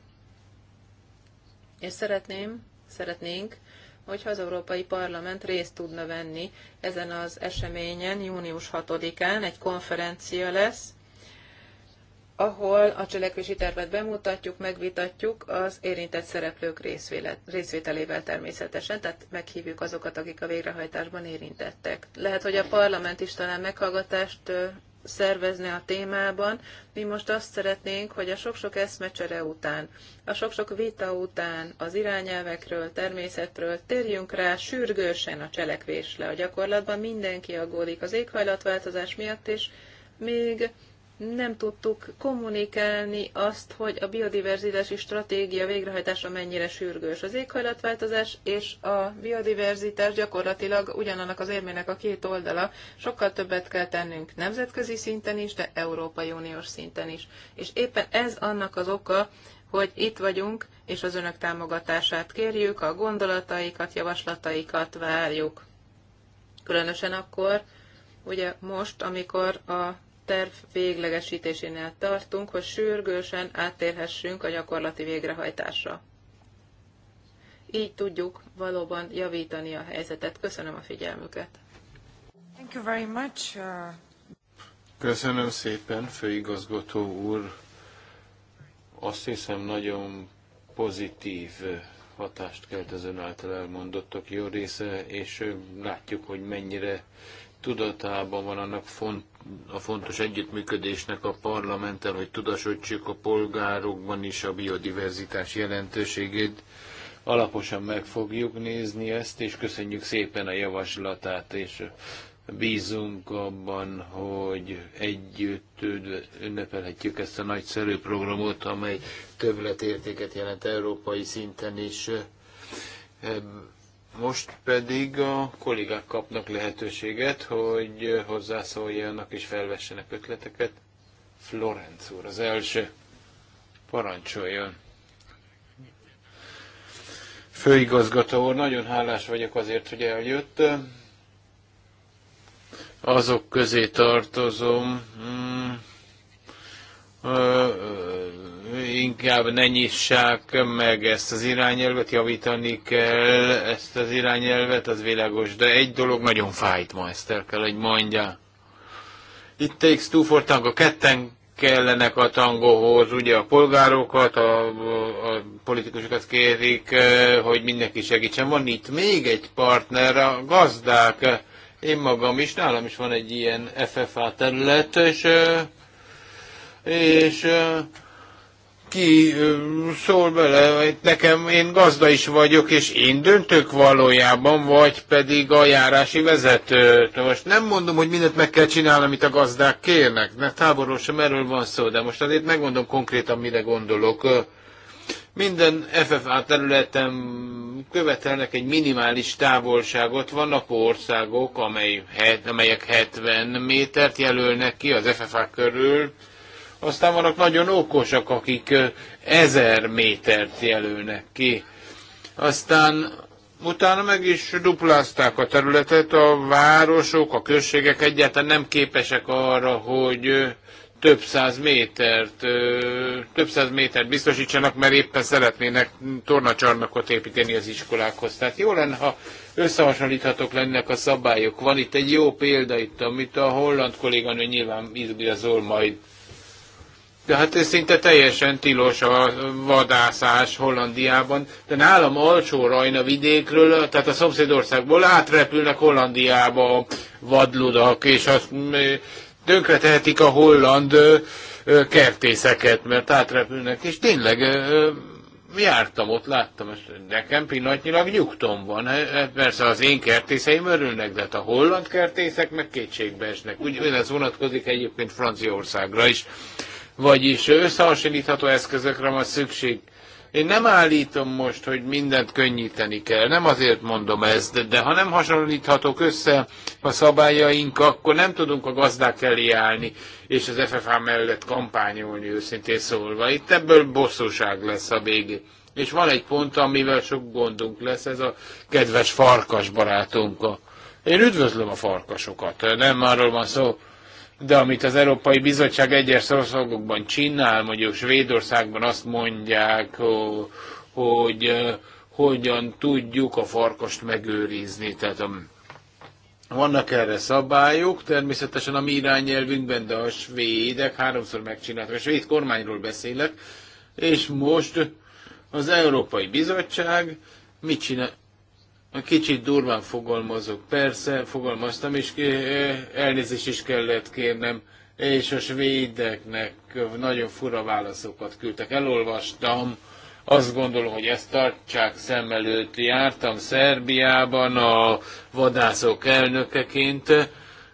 és szeretném, szeretnénk, hogyha az Európai Parlament részt tudna venni ezen az eseményen, június 6-án egy konferencia lesz, ahol a cselekvési tervet bemutatjuk, megvitatjuk az érintett szereplők részvételével természetesen, tehát meghívjuk azokat, akik a végrehajtásban érintettek. Lehet, hogy a parlament is talán meghallgatást szervezni a témában. Mi most azt szeretnénk, hogy a sok-sok eszmecsere után, a sok-sok vita után, az irányelvekről, természetről térjünk rá sürgősen a cselekvésre. A gyakorlatban mindenki aggódik az éghajlatváltozás miatt, és még nem tudtuk kommunikálni azt, hogy a biodiverzitási stratégia végrehajtása mennyire sürgős. Az éghajlatváltozás és a biodiverzitás gyakorlatilag ugyanannak az érmének a két oldala. Sokkal többet kell tennünk nemzetközi szinten is, de Európai Uniós szinten is. És éppen ez annak az oka, hogy itt vagyunk, és az önök támogatását kérjük, a gondolataikat, javaslataikat várjuk. Különösen akkor, ugye most, amikor a terv véglegesítésénél tartunk, hogy sürgősen áttérhessünk a gyakorlati végrehajtásra. Így tudjuk valóban javítani a helyzetet. Köszönöm a figyelmüket. Thank you very much. Uh, Köszönöm szépen, főigazgató úr. Azt hiszem, nagyon pozitív hatást kelt az ön által elmondottak jó része, és látjuk, hogy mennyire tudatában van annak font, a fontos együttműködésnek a parlamenttel, hogy tudasítsuk a polgárokban is a biodiverzitás jelentőségét. Alaposan meg fogjuk nézni ezt, és köszönjük szépen a javaslatát, és bízunk abban, hogy együtt ünnepelhetjük ezt a nagyszerű programot, amely többletértéket jelent európai szinten is most pedig a kollégák kapnak lehetőséget, hogy hozzászóljanak és felvessenek ötleteket. Florenc úr az első. Parancsoljon. Főigazgató úr, nagyon hálás vagyok azért, hogy eljött. Azok közé tartozom, hmm, inkább ne nyissák meg ezt az irányelvet, javítani kell ezt az irányelvet, az világos, de egy dolog nagyon fájt ma, ezt el kell, hogy mondja. Itt takes two for tango, ketten kellenek a tangóhoz, ugye a polgárokat, a, a politikusokat kérik, eh, hogy mindenki segítsen. Van itt még egy partner, a gazdák. Én magam is, nálam is van egy ilyen FFA terület, és, eh, és eh, ki szól bele, nekem én gazda is vagyok, és én döntök valójában, vagy pedig a járási vezető. Most nem mondom, hogy mindent meg kell csinálni, amit a gazdák kérnek, mert táborról sem erről van szó, de most azért megmondom konkrétan, mire gondolok. Minden FFA területen követelnek egy minimális távolságot. Vannak országok, amely, amelyek 70 métert jelölnek ki az FFA körül, aztán vannak nagyon okosak, akik ezer métert jelölnek ki. Aztán utána meg is duplázták a területet, a városok, a községek egyáltalán nem képesek arra, hogy több száz métert, több száz métert biztosítsanak, mert éppen szeretnének tornacsarnokot építeni az iskolákhoz. Tehát jó lenne, ha összehasonlíthatók lennek a szabályok. Van itt egy jó példa itt, amit a holland kolléganő nyilván izgazol majd de hát ez szinte teljesen tilos a vadászás Hollandiában, de nálam alsó rajna vidékről, tehát a szomszédországból átrepülnek Hollandiába a vadludak, és azt mm, tönkretehetik a holland kertészeket, mert átrepülnek, és tényleg jártam ott, láttam, és nekem pillanatnyilag nyugtom van. Hát, hát persze az én kertészeim örülnek, de hát a holland kertészek meg kétségbe esnek. Ugyanez vonatkozik egyébként Franciaországra is. Vagyis összehasonlítható eszközökre van szükség. Én nem állítom most, hogy mindent könnyíteni kell, nem azért mondom ezt, de ha nem hasonlíthatók össze a szabályaink, akkor nem tudunk a gazdák elé állni, és az FFA mellett kampányolni őszintén szólva. Itt ebből bosszúság lesz a végé. És van egy pont, amivel sok gondunk lesz, ez a kedves farkas barátunk. Én üdvözlöm a farkasokat, nem arról van szó, de amit az Európai Bizottság egyes országokban csinál, mondjuk Svédországban azt mondják, hogy, hogyan tudjuk a farkast megőrizni. Tehát a, um, vannak erre szabályok, természetesen a mi irányelvünkben, de a svédek háromszor megcsináltak. A svéd kormányról beszélek, és most az Európai Bizottság mit csinál? Kicsit durván fogalmazok, persze, fogalmaztam, és elnézést is kellett kérnem, és a svédeknek nagyon fura válaszokat küldtek. Elolvastam, azt gondolom, hogy ezt tartsák szem előtt. Jártam Szerbiában a vadászok elnökeként,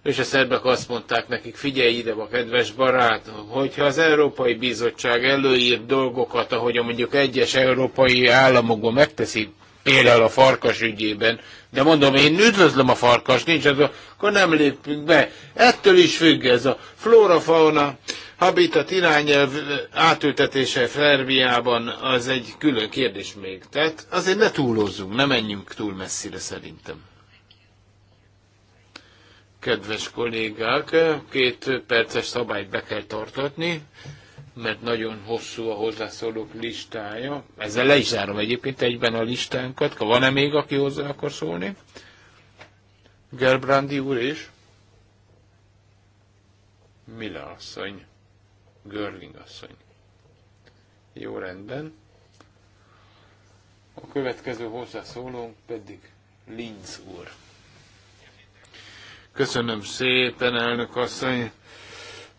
és a szerbek azt mondták nekik, figyelj ide, a kedves barát, hogyha az Európai Bizottság előír dolgokat, ahogy mondjuk egyes európai államokban megteszik, például a farkas ügyében, de mondom, én üdvözlöm a farkas, nincs az, akkor nem lépünk be. Ettől is függ ez a flóra-fauna habitat irányelv átültetése Ferbiában, az egy külön kérdés még. Tehát azért ne túlozzunk, ne menjünk túl messzire szerintem. Kedves kollégák, két perces szabályt be kell tartatni mert nagyon hosszú a hozzászólók listája. Ezzel le is zárom egyébként egyben a listánkat. Ha van-e még, aki hozzá akar szólni? Gerbrandi úr és Mila asszony, Görling asszony. Jó rendben. A következő hozzászólónk pedig Linz úr. Köszönöm szépen, elnök asszony.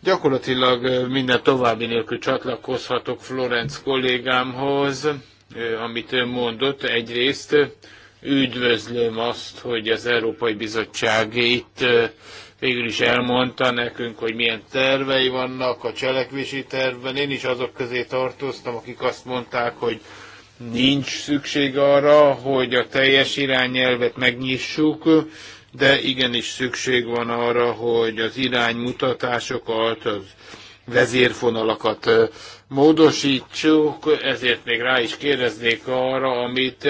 Gyakorlatilag minden további nélkül csatlakozhatok Florenc kollégámhoz, amit ő mondott. Egyrészt üdvözlöm azt, hogy az Európai Bizottság itt végül is elmondta nekünk, hogy milyen tervei vannak a cselekvési tervben. Én is azok közé tartoztam, akik azt mondták, hogy nincs szükség arra, hogy a teljes irányelvet megnyissuk, de igenis szükség van arra, hogy az iránymutatásokat, az vezérfonalakat módosítsuk, ezért még rá is kérdeznék arra, amit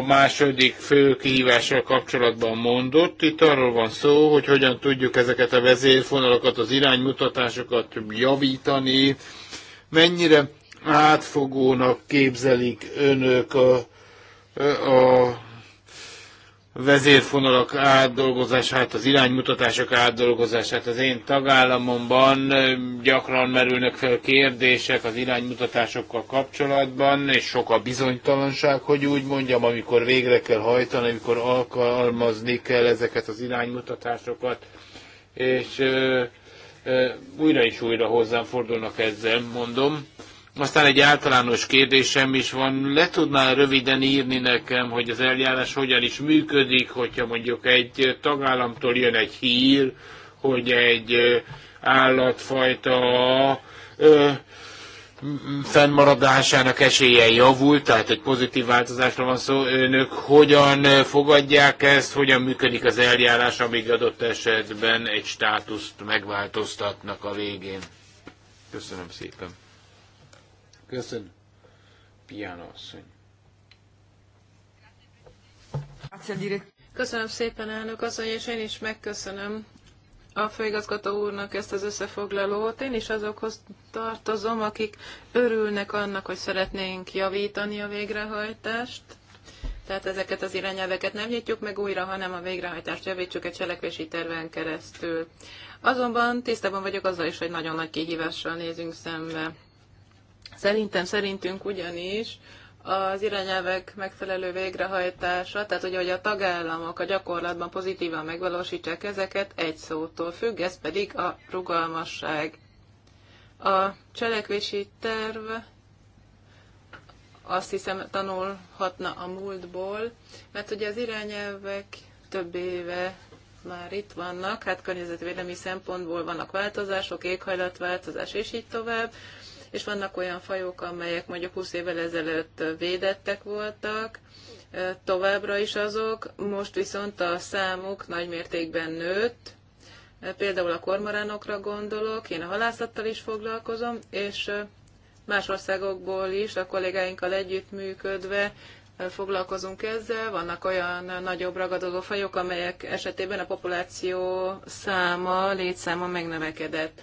a második fő kihívással kapcsolatban mondott. Itt arról van szó, hogy hogyan tudjuk ezeket a vezérfonalakat, az iránymutatásokat javítani, mennyire átfogónak képzelik önök a, a vezérfonalak átdolgozását, az iránymutatások átdolgozását. Az én tagállamomban gyakran merülnek fel kérdések az iránymutatásokkal kapcsolatban, és sok a bizonytalanság, hogy úgy mondjam, amikor végre kell hajtani, amikor alkalmazni kell ezeket az iránymutatásokat, és ö, ö, újra és újra hozzám fordulnak ezzel, mondom. Aztán egy általános kérdésem is van. Le tudná röviden írni nekem, hogy az eljárás hogyan is működik, hogyha mondjuk egy tagállamtól jön egy hír, hogy egy állatfajta fennmaradásának esélye javult, tehát egy pozitív változásra van szó. Önök hogyan fogadják ezt, hogyan működik az eljárás, amíg adott esetben egy státuszt megváltoztatnak a végén? Köszönöm szépen. Köszön. Piano asszony. Köszönöm szépen, elnök asszony, és én is megköszönöm a főigazgató úrnak ezt az összefoglalót. Én is azokhoz tartozom, akik örülnek annak, hogy szeretnénk javítani a végrehajtást. Tehát ezeket az irányelveket nem nyitjuk meg újra, hanem a végrehajtást javítsuk egy cselekvési terven keresztül. Azonban tisztában vagyok azzal is, hogy nagyon nagy kihívással nézünk szembe. Szerintem, szerintünk ugyanis az irányelvek megfelelő végrehajtása, tehát hogy a tagállamok a gyakorlatban pozitívan megvalósítsák ezeket, egy szótól függ, ez pedig a rugalmasság. A cselekvési terv azt hiszem tanulhatna a múltból, mert ugye az irányelvek több éve már itt vannak, hát környezetvédelmi szempontból vannak változások, éghajlatváltozás és így tovább, és vannak olyan fajok, amelyek mondjuk 20 évvel ezelőtt védettek voltak, továbbra is azok, most viszont a számuk nagy mértékben nőtt, például a kormoránokra gondolok, én a halászattal is foglalkozom, és más országokból is a kollégáinkkal együttműködve foglalkozunk ezzel. Vannak olyan nagyobb ragadozó fajok, amelyek esetében a populáció száma, létszáma megnövekedett.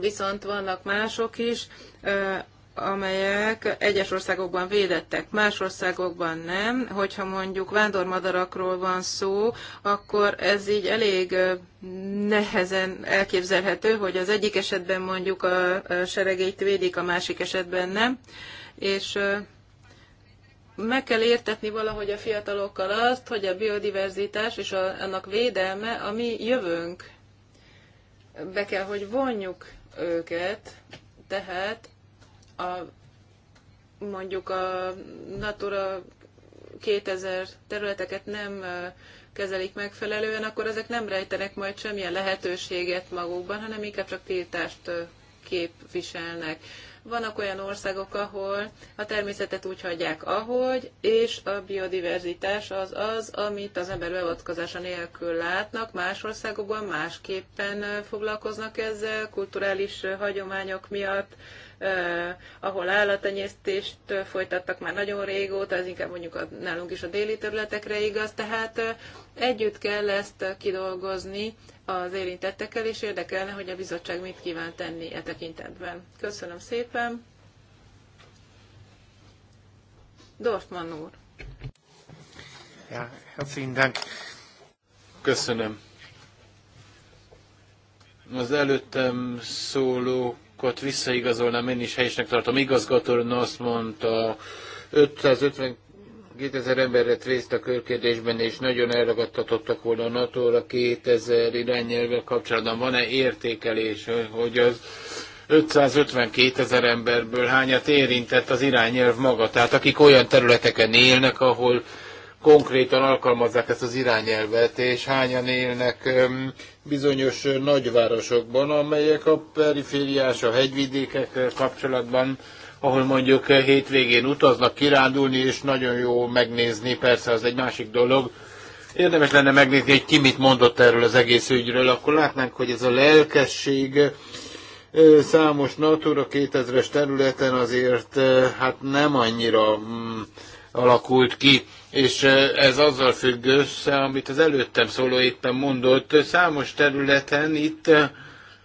Viszont vannak mások is, amelyek egyes országokban védettek, más országokban nem. Hogyha mondjuk vándormadarakról van szó, akkor ez így elég nehezen elképzelhető, hogy az egyik esetben mondjuk a seregét védik, a másik esetben nem. És meg kell értetni valahogy a fiatalokkal azt, hogy a biodiverzitás és a, annak védelme a mi jövőnk. Be kell, hogy vonjuk őket, tehát a, mondjuk a Natura 2000 területeket nem kezelik megfelelően, akkor ezek nem rejtenek majd semmilyen lehetőséget magukban, hanem inkább csak tiltást képviselnek. Vannak olyan országok, ahol a természetet úgy hagyják, ahogy, és a biodiverzitás az az, amit az ember beavatkozása nélkül látnak. Más országokban másképpen foglalkoznak ezzel, kulturális hagyományok miatt, eh, ahol állatenyésztést folytattak már nagyon régóta, ez inkább mondjuk a, nálunk is a déli területekre igaz, tehát eh, együtt kell ezt kidolgozni az érintettekkel, és érdekelne, hogy a bizottság mit kíván tenni e tekintetben. Köszönöm szépen. Dorfman úr. Ja, herzlichen Dank. Köszönöm. Az előttem szólókat visszaigazolnám, én is helyesnek tartom. Igazgató azt mondta, 550 2000 ember vett részt a körkérdésben, és nagyon elragadtatottak volna a nato a 2000 irányelve kapcsolatban. Van-e értékelés, hogy az 552 ezer emberből hányat érintett az irányelv maga? Tehát akik olyan területeken élnek, ahol konkrétan alkalmazzák ezt az irányelvet, és hányan élnek bizonyos nagyvárosokban, amelyek a perifériás, a hegyvidékek kapcsolatban ahol mondjuk eh, hétvégén utaznak kirándulni, és nagyon jó megnézni, persze az egy másik dolog. Érdemes lenne megnézni, hogy ki mit mondott erről az egész ügyről, akkor látnánk, hogy ez a lelkesség eh, számos Natura 2000-es területen azért eh, hát nem annyira mm, alakult ki, és ez azzal függ össze, amit az előttem szóló éppen mondott. Számos területen itt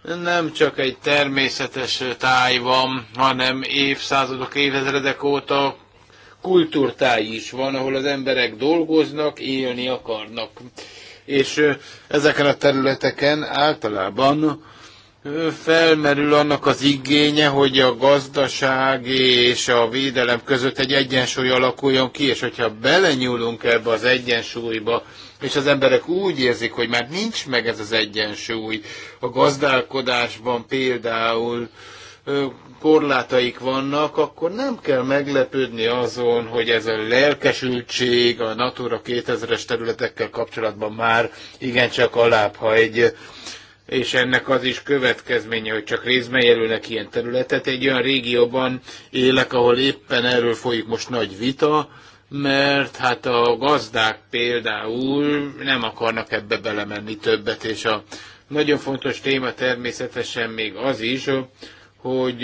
nem csak egy természetes táj van, hanem évszázadok, évezredek óta kultúrtáj is van, ahol az emberek dolgoznak, élni akarnak. És ezeken a területeken általában felmerül annak az igénye, hogy a gazdaság és a védelem között egy egyensúly alakuljon ki, és hogyha belenyúlunk ebbe az egyensúlyba, és az emberek úgy érzik, hogy már nincs meg ez az egyensúly. A gazdálkodásban például korlátaik vannak, akkor nem kell meglepődni azon, hogy ez a lelkesültség a Natura 2000-es területekkel kapcsolatban már igencsak alábbhagy, és ennek az is következménye, hogy csak részben jelölnek ilyen területet. Egy olyan régióban élek, ahol éppen erről folyik most nagy vita, mert hát a gazdák például nem akarnak ebbe belemenni többet, és a nagyon fontos téma természetesen még az is, hogy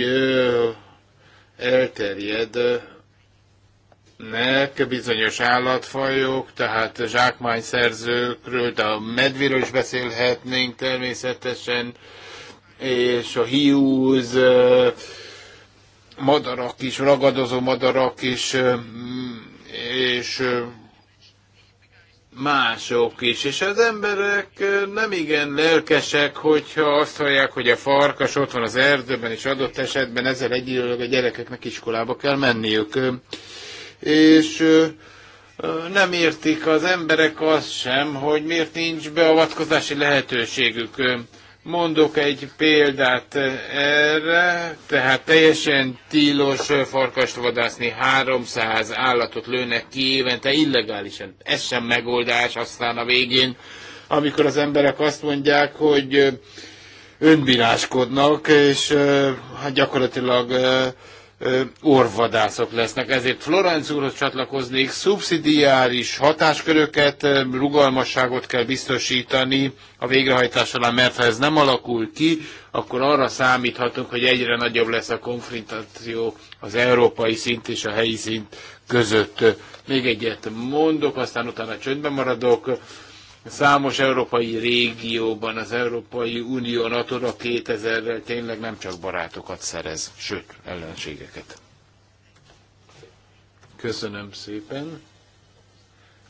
elterjed nek bizonyos állatfajok, tehát zsákmányszerzőkről, de a medvéről is beszélhetnénk természetesen, és a hiúz, madarak is, ragadozó madarak is és mások is, és az emberek nem igen lelkesek, hogyha azt hallják, hogy a farkas ott van az erdőben, és adott esetben ezzel egyidőleg a gyerekeknek iskolába kell menniük. És nem értik az emberek azt sem, hogy miért nincs beavatkozási lehetőségük. Mondok egy példát erre, tehát teljesen tilos farkast vadászni, 300 állatot lőnek ki évente illegálisan. Ez sem megoldás aztán a végén, amikor az emberek azt mondják, hogy önbíráskodnak, és hát gyakorlatilag orvadászok lesznek. Ezért Florenc úrhoz csatlakoznék, szubszidiáris hatásköröket, rugalmasságot kell biztosítani a végrehajtás alá, mert ha ez nem alakul ki, akkor arra számíthatunk, hogy egyre nagyobb lesz a konfrontáció az európai szint és a helyi szint között. Még egyet mondok, aztán utána csöndben maradok. Számos európai régióban az Európai Unió Natura 2000-rel tényleg nem csak barátokat szerez, sőt, ellenségeket. Köszönöm szépen.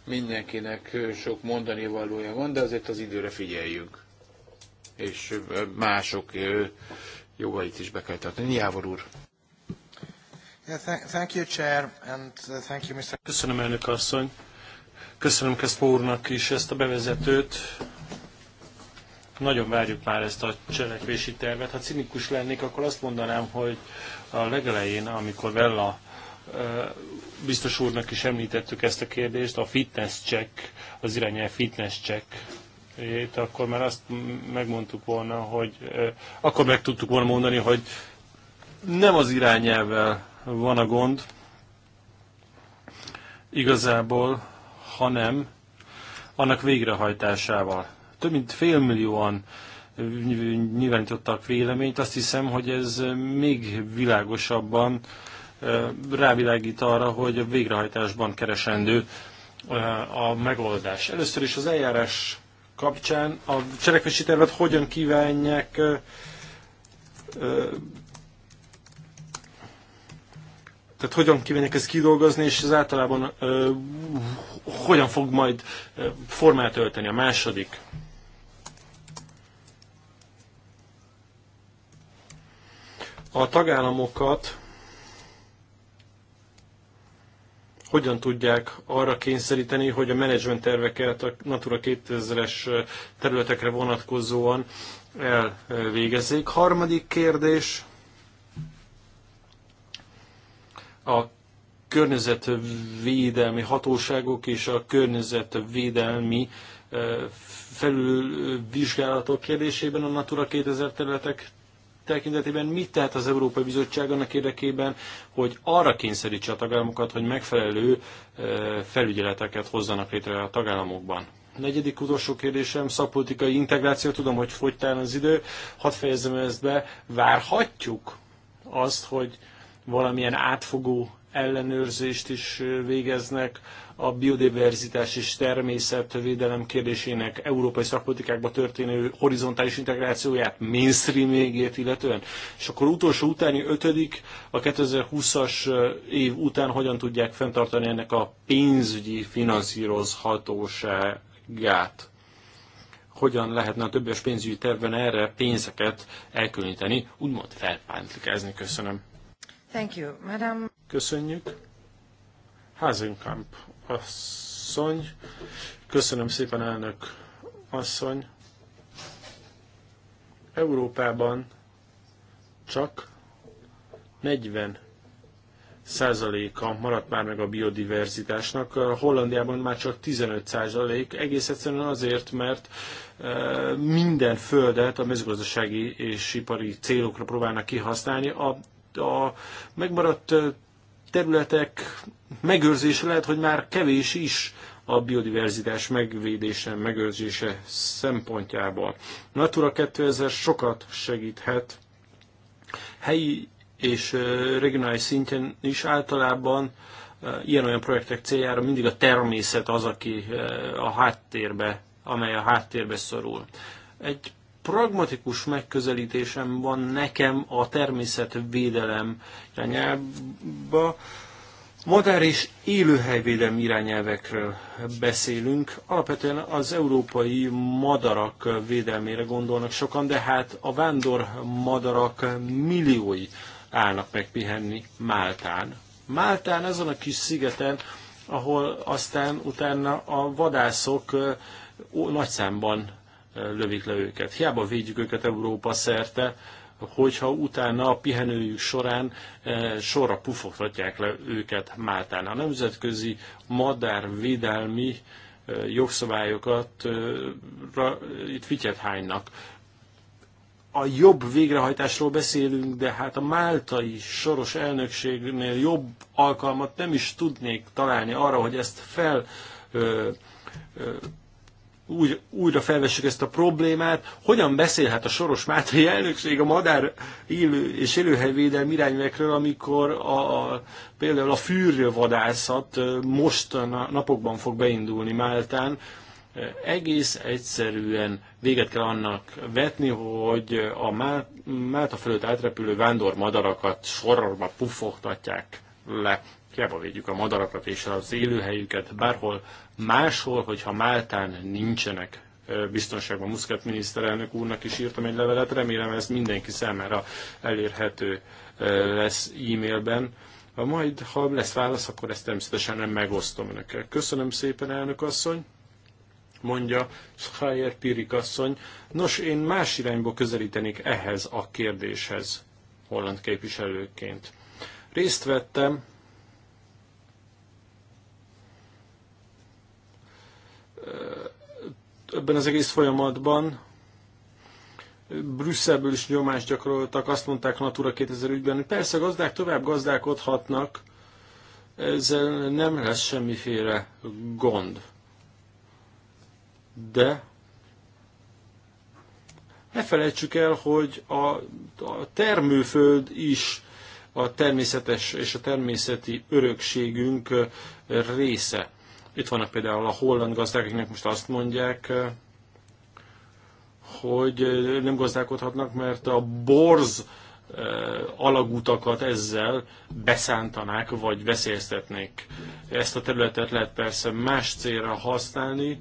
Mindenkinek sok mondani valója van, de azért az időre figyeljünk. És mások jogait is be kell tartani. Jávor úr. Köszönöm, elnök asszony. Köszönöm Keszpó úrnak is ezt a bevezetőt. Nagyon várjuk már ezt a cselekvési tervet. Ha cinikus lennék, akkor azt mondanám, hogy a legelején, amikor Vella biztos úrnak is említettük ezt a kérdést, a fitness check, az irányel fitness check itt akkor már azt megmondtuk volna, hogy akkor meg tudtuk volna mondani, hogy nem az irányelvvel van a gond. Igazából hanem annak végrehajtásával. Több mint félmillióan nyilvánítottak véleményt, azt hiszem, hogy ez még világosabban rávilágít arra, hogy a végrehajtásban keresendő a megoldás. Először is az eljárás kapcsán a cselekvési tervet hogyan kívánják tehát hogyan kívánják ezt kidolgozni, és ez általában ö, hogyan fog majd formát ölteni a második. A tagállamokat hogyan tudják arra kényszeríteni, hogy a menedzsment terveket a Natura 2000-es területekre vonatkozóan elvégezzék. Harmadik kérdés, a környezetvédelmi hatóságok és a környezetvédelmi eh, felülvizsgálatok kérdésében a Natura 2000 területek tekintetében mit tehet az Európai Bizottság annak érdekében, hogy arra kényszerítse a tagállamokat, hogy megfelelő eh, felügyeleteket hozzanak létre a tagállamokban? negyedik utolsó kérdésem, szakpolitikai integráció, tudom, hogy fogytál az idő, hadd fejezem ezt be, várhatjuk azt, hogy valamilyen átfogó ellenőrzést is végeznek, a biodiverzitás és természetvédelem kérdésének európai szakpolitikákba történő horizontális integrációját, mainstream végét illetően. És akkor utolsó utáni ötödik, a 2020-as év után hogyan tudják fenntartani ennek a pénzügyi finanszírozhatóságát? hogyan lehetne a többes pénzügyi tervben erre pénzeket elkülöníteni, úgymond felpántlikázni. Köszönöm. Thank you, madam. Köszönjük. Házinkamp asszony. Köszönöm szépen, elnök asszony. Európában csak 40 százaléka maradt már meg a biodiverzitásnak. Hollandiában már csak 15 százalék, egész egyszerűen azért, mert e, minden földet a mezőgazdasági és ipari célokra próbálnak kihasználni. A a megmaradt területek megőrzése lehet, hogy már kevés is a biodiverzitás megvédése, megőrzése szempontjából. Natura 2000 sokat segíthet helyi és regionális szinten is általában ilyen-olyan projektek céljára mindig a természet az, aki a háttérbe, amely a háttérbe szorul. Egy pragmatikus megközelítésem van nekem a természetvédelem irányába. Madár és élőhelyvédelmi irányelvekről beszélünk. Alapvetően az európai madarak védelmére gondolnak sokan, de hát a vándor madarak milliói állnak megpihenni Máltán. Máltán azon a kis szigeten, ahol aztán utána a vadászok nagy számban lövik le őket. Hiába védjük őket Európa szerte, hogyha utána a pihenőjük során sorra pufogtatják le őket Máltán. A nemzetközi madárvédelmi jogszabályokat itt vityet hánynak. A jobb végrehajtásról beszélünk, de hát a máltai soros elnökségnél jobb alkalmat nem is tudnék találni arra, hogy ezt fel ö, ö, úgy, újra felvessük ezt a problémát, hogyan beszélhet a Soros Mátai elnökség a madár élő és élőhelyvédelmi irányvekről, amikor a, a, például a vadászat most a napokban fog beindulni Máltán, egész egyszerűen véget kell annak vetni, hogy a Málta fölött átrepülő vándormadarakat sorba pufogtatják le hiába védjük a madarakat és az élőhelyüket bárhol máshol, hogyha Máltán nincsenek biztonságban Muszket miniszterelnök úrnak is írtam egy levelet, remélem ez mindenki számára elérhető lesz e-mailben. Ha majd, ha lesz válasz, akkor ezt természetesen nem megosztom önökkel. Köszönöm szépen, elnök asszony, mondja Schreier Pirik asszony. Nos, én más irányból közelítenék ehhez a kérdéshez holland képviselőként. Részt vettem ebben az egész folyamatban Brüsszelből is nyomást gyakoroltak, azt mondták Natura 2000 ügyben, hogy persze gazdák tovább gazdálkodhatnak, ezzel nem lesz semmiféle gond. De ne felejtsük el, hogy a, a termőföld is a természetes és a természeti örökségünk része. Itt vannak például a holland gazdák, akiknek most azt mondják, eh, hogy eh, nem gazdálkodhatnak, mert a borz eh, alagutakat ezzel beszántanák, vagy veszélyeztetnék. Ezt a területet lehet persze más célra használni,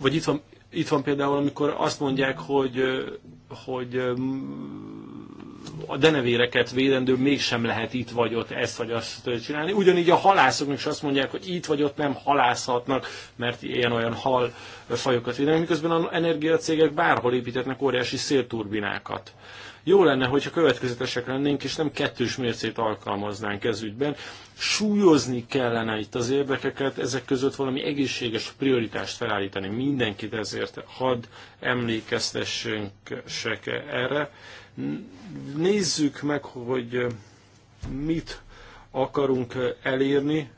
vagy itt van, itt van például, amikor azt mondják, hogy, hogy a denevéreket védendő mégsem lehet itt vagy ott ezt vagy azt csinálni. Ugyanígy a halászoknak is azt mondják, hogy itt vagy ott nem halászhatnak, mert ilyen-olyan hal fajokat védenek, miközben az energiacégek bárhol építetnek óriási szélturbinákat. Jó lenne, hogyha következetesek lennénk, és nem kettős mércét alkalmaznánk ez ügyben. Súlyozni kellene itt az érdekeket, ezek között valami egészséges prioritást felállítani. Mindenkit ezért hadd emlékeztessünk erre Nézzük meg, hogy mit akarunk elérni,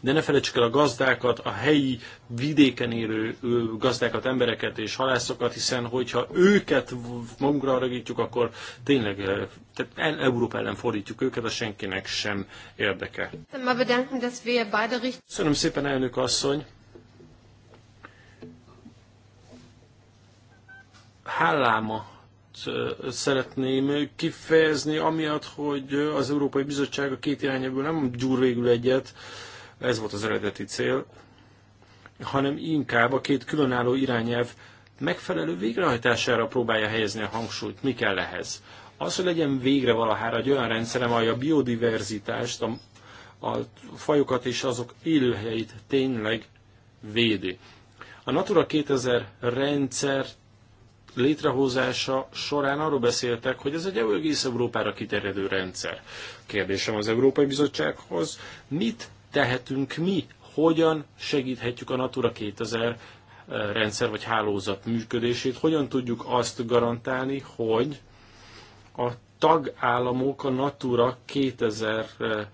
de ne felejtsük el a gazdákat, a helyi vidéken élő gazdákat, embereket és halászokat, hiszen hogyha őket magunkra ragítjuk, akkor tényleg tehát el, Európa ellen fordítjuk őket, a senkinek sem érdeke. Köszönöm szépen, elnök asszony! hálámat szeretném kifejezni, amiatt, hogy az Európai Bizottság a két irányából nem gyúr végül egyet, ez volt az eredeti cél, hanem inkább a két különálló irányelv megfelelő végrehajtására próbálja helyezni a hangsúlyt. Mi kell ehhez? Az, hogy legyen végre valahára egy olyan rendszerem, amely a biodiverzitást, a, a fajokat és azok élőhelyeit tényleg védi. A Natura 2000 rendszert létrehozása során arról beszéltek, hogy ez egy egész Európára kiterjedő rendszer. Kérdésem az Európai Bizottsághoz, mit tehetünk mi, hogyan segíthetjük a Natura 2000 eh, rendszer vagy hálózat működését, hogyan tudjuk azt garantálni, hogy a tagállamok a Natura 2000 eh, eh,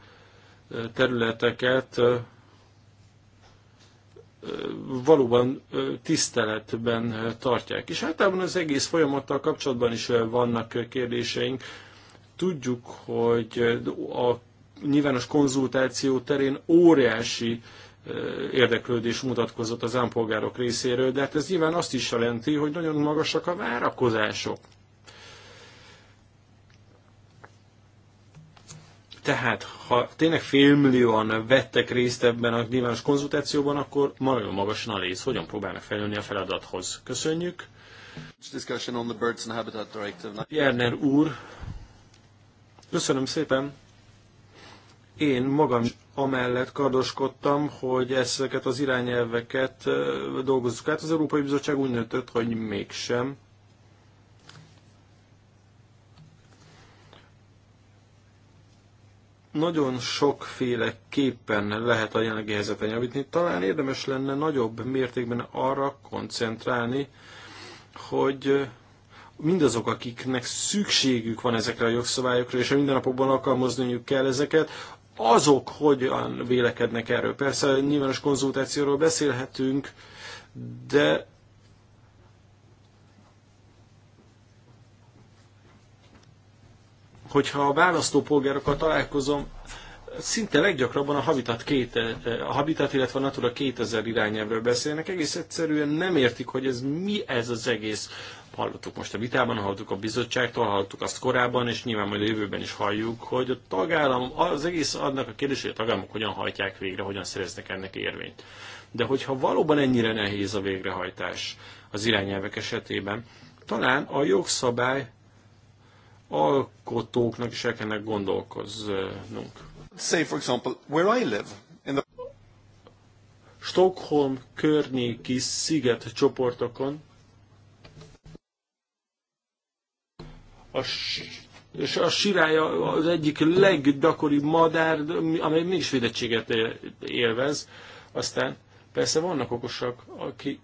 területeket valóban tiszteletben tartják. És általában az egész folyamattal kapcsolatban is vannak kérdéseink. Tudjuk, hogy a nyilvános konzultáció terén óriási érdeklődés mutatkozott az állampolgárok részéről, de hát ez nyilván azt is jelenti, hogy nagyon magasak a várakozások. Tehát, ha tényleg félmillióan vettek részt ebben a nyilvános konzultációban, akkor nagyon magasan a léz, hogyan próbálnak felülni a feladathoz. Köszönjük. Jerner úr, köszönöm szépen. Én magam amellett kardoskodtam, hogy ezeket az irányelveket dolgozzuk át. Az Európai Bizottság úgy nőtött, hogy mégsem Nagyon sokféleképpen lehet a jelenlegi helyzetet javítani. Talán érdemes lenne nagyobb mértékben arra koncentrálni, hogy mindazok, akiknek szükségük van ezekre a jogszabályokra, és a mindennapokban alkalmazniuk kell ezeket, azok hogyan vélekednek erről. Persze nyilvános konzultációról beszélhetünk, de hogyha a választópolgárokkal találkozom, szinte leggyakrabban a Habitat, két, eh, eh, a Habitat illetve a Natura 2000 irányelvről beszélnek, egész egyszerűen nem értik, hogy ez mi ez az egész. Hallottuk most a vitában, hallottuk a bizottságtól, hallottuk azt korábban, és nyilván majd a jövőben is halljuk, hogy a tagállam, az egész adnak a kérdés, hogy a tagállamok hogyan hajtják végre, hogyan szereznek ennek érvényt. De hogyha valóban ennyire nehéz a végrehajtás az irányelvek esetében, talán a jogszabály alkotóknak is el kellene gondolkoznunk. Say for example, where I live, in the... Stockholm környéki sziget csoportokon a, és a sirája az egyik leggyakoribb madár, amely mégis védettséget élvez. Aztán persze vannak okosak, akik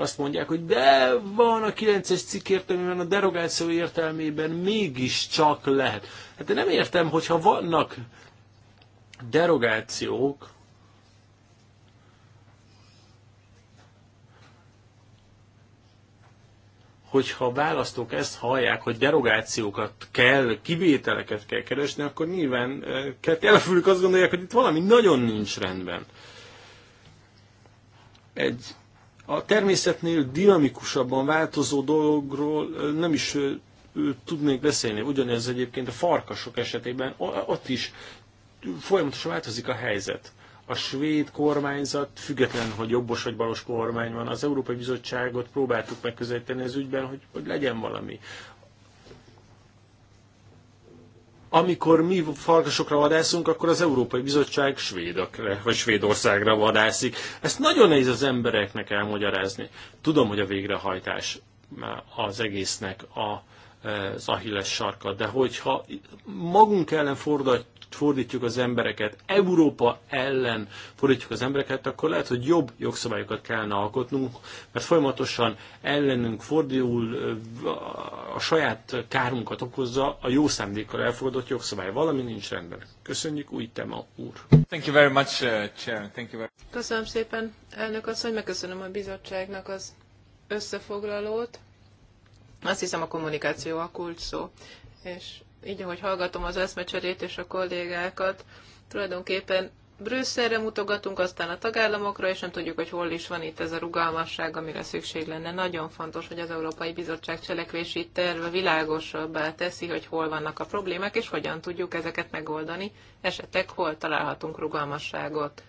azt mondják, hogy de van a 9-es cikk értelmében, a derogáció értelmében mégiscsak lehet. Hát de nem értem, hogyha vannak derogációk, hogyha a választók ezt hallják, hogy derogációkat kell, kivételeket kell keresni, akkor nyilván eh, elfülük azt gondolják, hogy itt valami nagyon nincs rendben. Egy a természetnél dinamikusabban változó dologról nem is tudnék beszélni. Ugyanez egyébként a farkasok esetében, ott is folyamatosan változik a helyzet. A svéd kormányzat, független, hogy jobbos vagy balos kormány van, az Európai Bizottságot próbáltuk megközelíteni az ügyben, hogy, hogy legyen valami amikor mi farkasokra vadászunk, akkor az Európai Bizottság svédokra, vagy Svédországra vadászik. Ezt nagyon nehéz az embereknek elmagyarázni. Tudom, hogy a végrehajtás az egésznek a, e, az ahilles sarka, de hogyha magunk ellen fordat, fordítjuk az embereket, Európa ellen fordítjuk az embereket, akkor lehet, hogy jobb jogszabályokat kellene alkotnunk, mert folyamatosan ellenünk fordul, a saját kárunkat okozza a jó szándékkal elfogadott jogszabály. Valami nincs rendben. Köszönjük, új tema úr. Thank you very much, uh, Chair. Thank you very... Köszönöm szépen, elnök asszony, megköszönöm a bizottságnak az összefoglalót. Azt hiszem a kommunikáció a kulcs szó. És így ahogy hallgatom az eszmecserét és a kollégákat, tulajdonképpen Brüsszelre mutogatunk, aztán a tagállamokra, és nem tudjuk, hogy hol is van itt ez a rugalmasság, amire szükség lenne. Nagyon fontos, hogy az Európai Bizottság cselekvési terve világosabbá teszi, hogy hol vannak a problémák, és hogyan tudjuk ezeket megoldani, esetleg hol találhatunk rugalmasságot.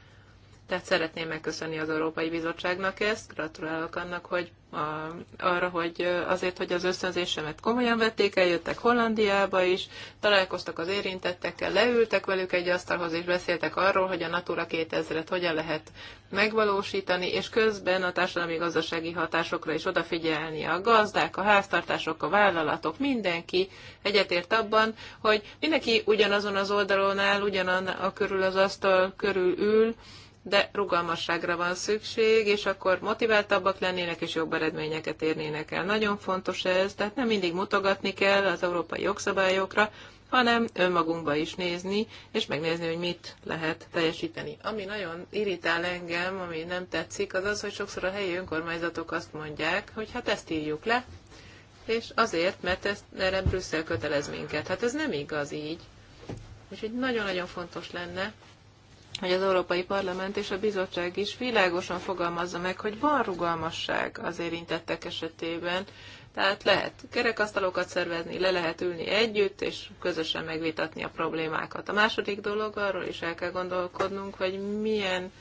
Tehát szeretném megköszönni az Európai Bizottságnak ezt, gratulálok annak, hogy a, arra, hogy azért, hogy az ösztönzésemet komolyan vették, eljöttek Hollandiába is, találkoztak az érintettekkel, leültek velük egy asztalhoz, és beszéltek arról, hogy a Natura 2000-et hogyan lehet megvalósítani, és közben a társadalmi gazdasági hatásokra is odafigyelni. A gazdák, a háztartások, a vállalatok, mindenki egyetért abban, hogy mindenki ugyanazon az oldalon áll, ugyanan a körül az asztal körül ül, de rugalmasságra van szükség, és akkor motiváltabbak lennének, és jobb eredményeket érnének el. Nagyon fontos ez, tehát nem mindig mutogatni kell az európai jogszabályokra, hanem önmagunkba is nézni, és megnézni, hogy mit lehet teljesíteni. Ami nagyon irritál engem, ami nem tetszik, az az, hogy sokszor a helyi önkormányzatok azt mondják, hogy hát ezt írjuk le, és azért, mert ezt, erre Brüsszel kötelez minket. Hát ez nem igaz így. Úgyhogy nagyon-nagyon fontos lenne, hogy az Európai Parlament és a Bizottság is világosan fogalmazza meg, hogy van rugalmasság az érintettek esetében, tehát lehet kerekasztalokat szervezni, le lehet ülni együtt, és közösen megvitatni a problémákat. A második dolog, arról is el kell gondolkodnunk, hogy milyen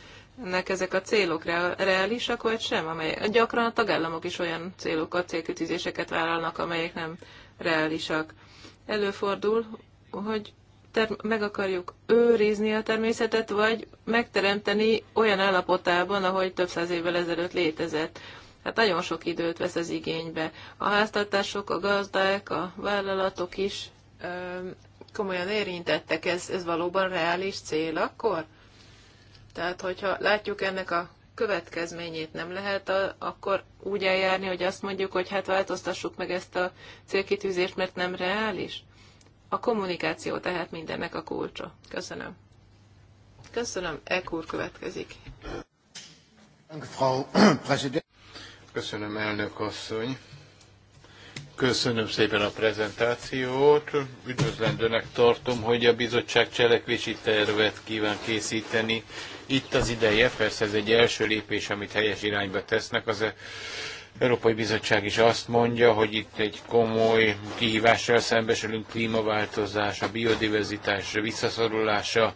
ennek ezek a célok reálisak, vagy sem, amely gyakran a tagállamok is olyan célokat, célkütizéseket vállalnak, amelyek nem reálisak. Előfordul, hogy ter- meg akarjuk őrizni a természetet, vagy megteremteni olyan állapotában, ahogy több száz évvel ezelőtt létezett. Hát nagyon sok időt vesz az igénybe. A háztartások, a gazdák, a vállalatok is ö, komolyan érintettek. Ez, ez valóban reális cél akkor? Tehát, hogyha látjuk ennek a következményét nem lehet, a, akkor úgy eljárni, hogy azt mondjuk, hogy hát változtassuk meg ezt a célkitűzést, mert nem reális? A kommunikáció tehát mindennek a kulcsa. Köszönöm. Köszönöm. Ekúr következik. Köszönöm, elnök asszony. Köszönöm szépen a prezentációt. Üdvözlendőnek tartom, hogy a bizottság cselekvési tervet kíván készíteni. Itt az ideje, persze ez egy első lépés, amit helyes irányba tesznek. Az Európai Bizottság is azt mondja, hogy itt egy komoly kihívással szembesülünk, klímaváltozás, a biodiverzitás visszaszorulása,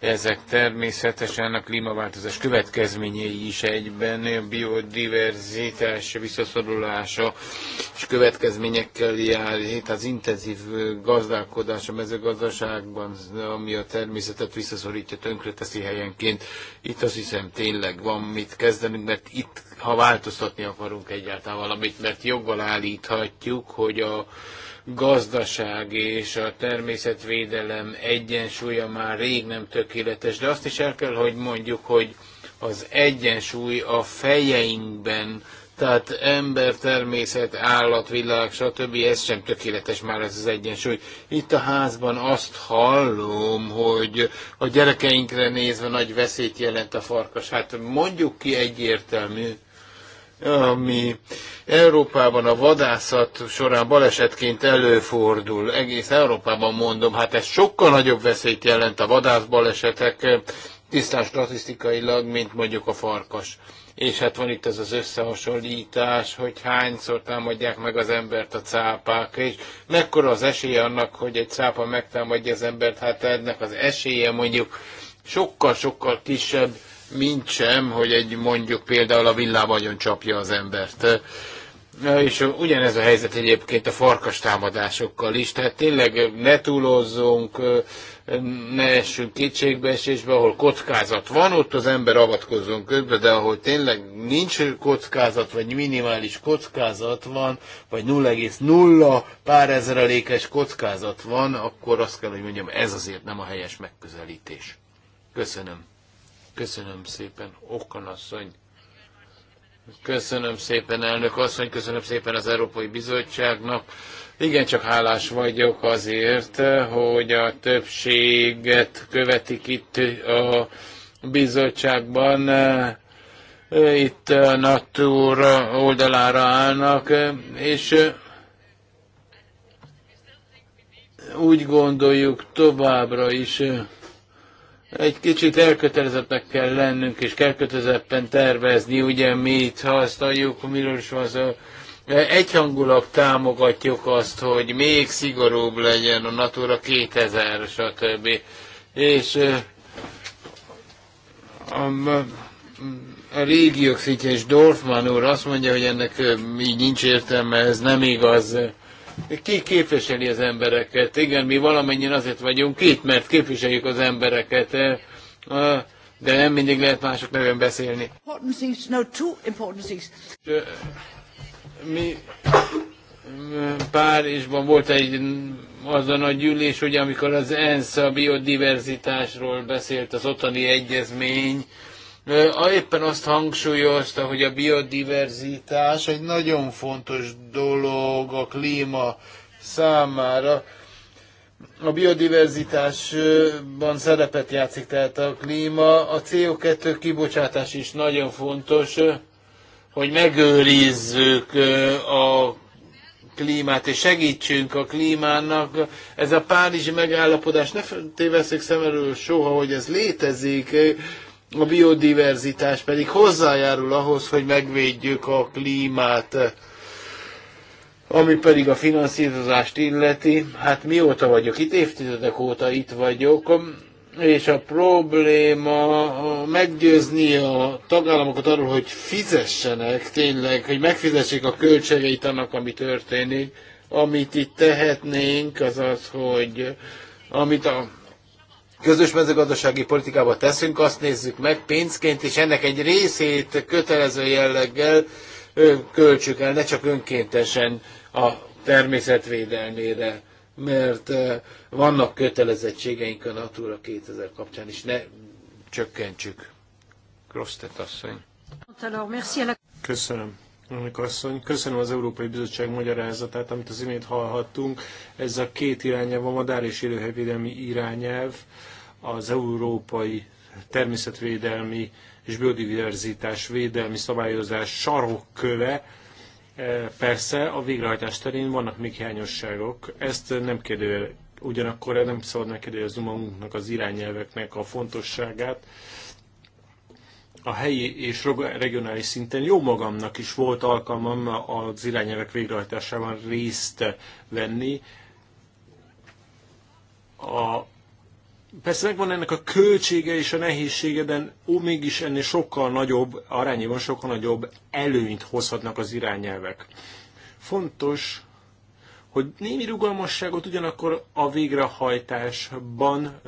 ezek természetesen a klímaváltozás következményei is egyben, a biodiverzitás visszaszorulása és következményekkel jár, itt az intenzív gazdálkodás a mezőgazdaságban, ami a természetet visszaszorítja, tönkreteszi helyenként. Itt azt hiszem tényleg van mit kezdenünk, mert itt, ha változtatni akarunk egyáltalán valamit, mert joggal állíthatjuk, hogy a gazdaság és a természetvédelem egyensúlya már rég nem tökéletes, de azt is el kell, hogy mondjuk, hogy az egyensúly a fejeinkben, tehát ember, természet, állatvilág, stb. Ez sem tökéletes már ez az egyensúly. Itt a házban azt hallom, hogy a gyerekeinkre nézve nagy veszélyt jelent a farkas. Hát mondjuk ki egyértelmű, ami Európában a vadászat során balesetként előfordul. Egész Európában mondom, hát ez sokkal nagyobb veszélyt jelent a vadászbalesetek tisztán statisztikailag, mint mondjuk a farkas. És hát van itt ez az összehasonlítás, hogy hányszor támadják meg az embert a cápák, és mekkora az esélye annak, hogy egy cápa megtámadja az embert, hát ennek az esélye mondjuk sokkal-sokkal kisebb, mint sem, hogy egy mondjuk például a villám csapja az embert. Na, és ugyanez a helyzet egyébként a farkas támadásokkal is, tehát tényleg ne túlozzunk, ne essünk kétségbeesésbe, ahol kockázat van, ott az ember avatkozzon közbe, de ahol tényleg nincs kockázat, vagy minimális kockázat van, vagy 0,0 pár ezerelékes kockázat van, akkor azt kell, hogy mondjam, ez azért nem a helyes megközelítés. Köszönöm. Köszönöm szépen, Okkan asszony. Köszönöm szépen, elnök asszony, köszönöm szépen az Európai Bizottságnak. Igen, csak hálás vagyok azért, hogy a többséget követik itt a bizottságban. Itt a Natura oldalára állnak, és úgy gondoljuk továbbra is, egy kicsit elkötelezettnek kell lennünk, és kell kötelezetten tervezni, ugye mi itt használjuk, miről is van szó, egyhangulag támogatjuk azt, hogy még szigorúbb legyen a Natura 2000, stb. És a, a régiók szintje, és Dorfman úr azt mondja, hogy ennek így nincs értelme, ez nem igaz. Ki képviseli az embereket? Igen, mi valamennyien azért vagyunk itt, mert képviseljük az embereket, eh? ah, de nem mindig lehet mások nevén beszélni. Mi Párizsban volt egy az a nagy gyűlés, hogy amikor az ENSZ a biodiverzitásról beszélt, az ottani egyezmény, éppen azt hangsúlyozta, hogy a biodiverzitás egy nagyon fontos dolog a klíma számára. A biodiverzitásban szerepet játszik tehát a klíma, a CO2 kibocsátás is nagyon fontos, hogy megőrizzük a klímát, és segítsünk a klímának. Ez a párizsi megállapodás, ne téveszik szem soha, hogy ez létezik, a biodiverzitás pedig hozzájárul ahhoz, hogy megvédjük a klímát, ami pedig a finanszírozást illeti. Hát mióta vagyok itt, évtizedek óta itt vagyok, és a probléma meggyőzni a tagállamokat arról, hogy fizessenek tényleg, hogy megfizessék a költségeit annak, ami történik. Amit itt tehetnénk, az az, hogy amit a közös mezőgazdasági politikába teszünk, azt nézzük meg pénzként, és ennek egy részét kötelező jelleggel költsük el, ne csak önkéntesen a természetvédelmére, mert vannak kötelezettségeink a Natura 2000 kapcsán is, ne csökkentsük. Krosztet asszony. Köszönöm. asszony, köszönöm az Európai Bizottság magyarázatát, amit az imént hallhattunk. Ez a két irányelv, a madár és élőhelyvédelmi irányelv, az európai természetvédelmi és biodiverzitás védelmi szabályozás sarokköve, e, Persze a végrehajtás terén vannak még hiányosságok, ezt nem kérdő, ugyanakkor nem szabad megkérdőjelezni magunknak az irányelveknek a fontosságát. A helyi és regionális szinten jó magamnak is volt alkalmam az irányelvek végrehajtásában részt venni. A Persze megvan ennek a költsége és a nehézsége, de ó, mégis ennél sokkal nagyobb, arányban, sokkal nagyobb előnyt hozhatnak az irányelvek. Fontos, hogy némi rugalmasságot ugyanakkor a végrehajtásban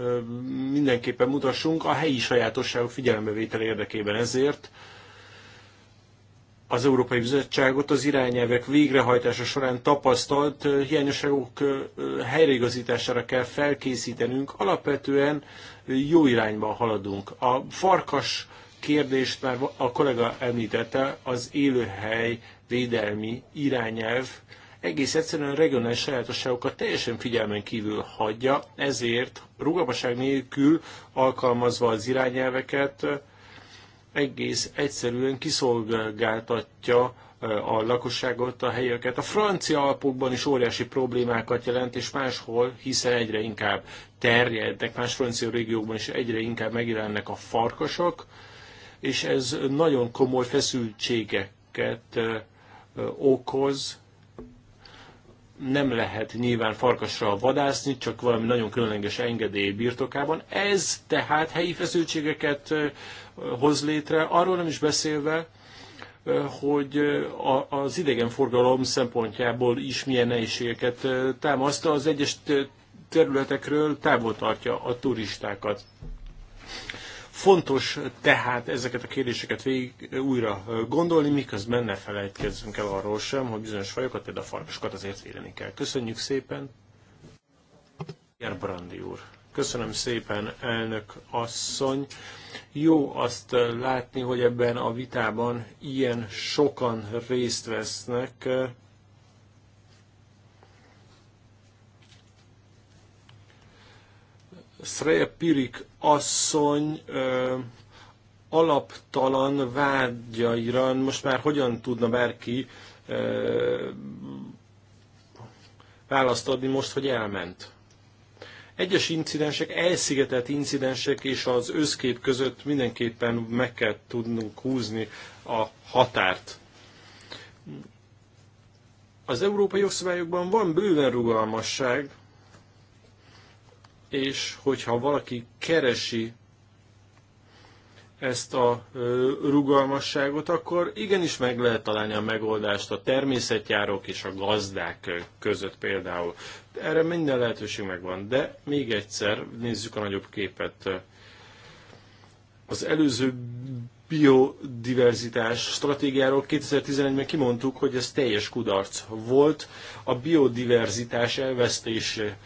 mindenképpen mutassunk a helyi sajátosságok figyelembevétel érdekében ezért az Európai Bizottságot az irányelvek végrehajtása során tapasztalt hiányosságok helyreigazítására kell felkészítenünk. Alapvetően jó irányba haladunk. A farkas kérdést már a kollega említette, az élőhely védelmi irányelv egész egyszerűen regionális sajátosságokat teljesen figyelmen kívül hagyja, ezért rugalmaság nélkül alkalmazva az irányelveket egész egyszerűen kiszolgáltatja a lakosságot, a helyeket. A francia alpokban is óriási problémákat jelent, és máshol, hiszen egyre inkább terjednek, más francia régiókban is egyre inkább megjelennek a farkasok, és ez nagyon komoly feszültségeket okoz nem lehet nyilván farkasra vadászni, csak valami nagyon különleges engedély birtokában. Ez tehát helyi feszültségeket hoz létre, arról nem is beszélve, hogy az idegenforgalom szempontjából is milyen nehézségeket támaszt az egyes területekről távol tartja a turistákat. Fontos tehát ezeket a kérdéseket végig újra gondolni, miközben ne felejtkezzünk el arról sem, hogy bizonyos fajokat, például a farkasokat azért védeni kell. Köszönjük szépen! Gerbrandi úr. Köszönöm szépen, elnök asszony. Jó azt látni, hogy ebben a vitában ilyen sokan részt vesznek. Sreya Pirik asszony ö, alaptalan vágyaira most már hogyan tudna bárki ö, választ adni most, hogy elment? Egyes incidensek, elszigetelt incidensek és az összkép között mindenképpen meg kell tudnunk húzni a határt. Az európai jogszabályokban van bőven rugalmasság, és hogyha valaki keresi ezt a rugalmasságot, akkor igenis meg lehet találni a megoldást a természetjárók és a gazdák között például. Erre minden lehetőség megvan, de még egyszer nézzük a nagyobb képet. Az előző biodiverzitás stratégiáról 2011-ben kimondtuk, hogy ez teljes kudarc volt. A biodiverzitás elvesztése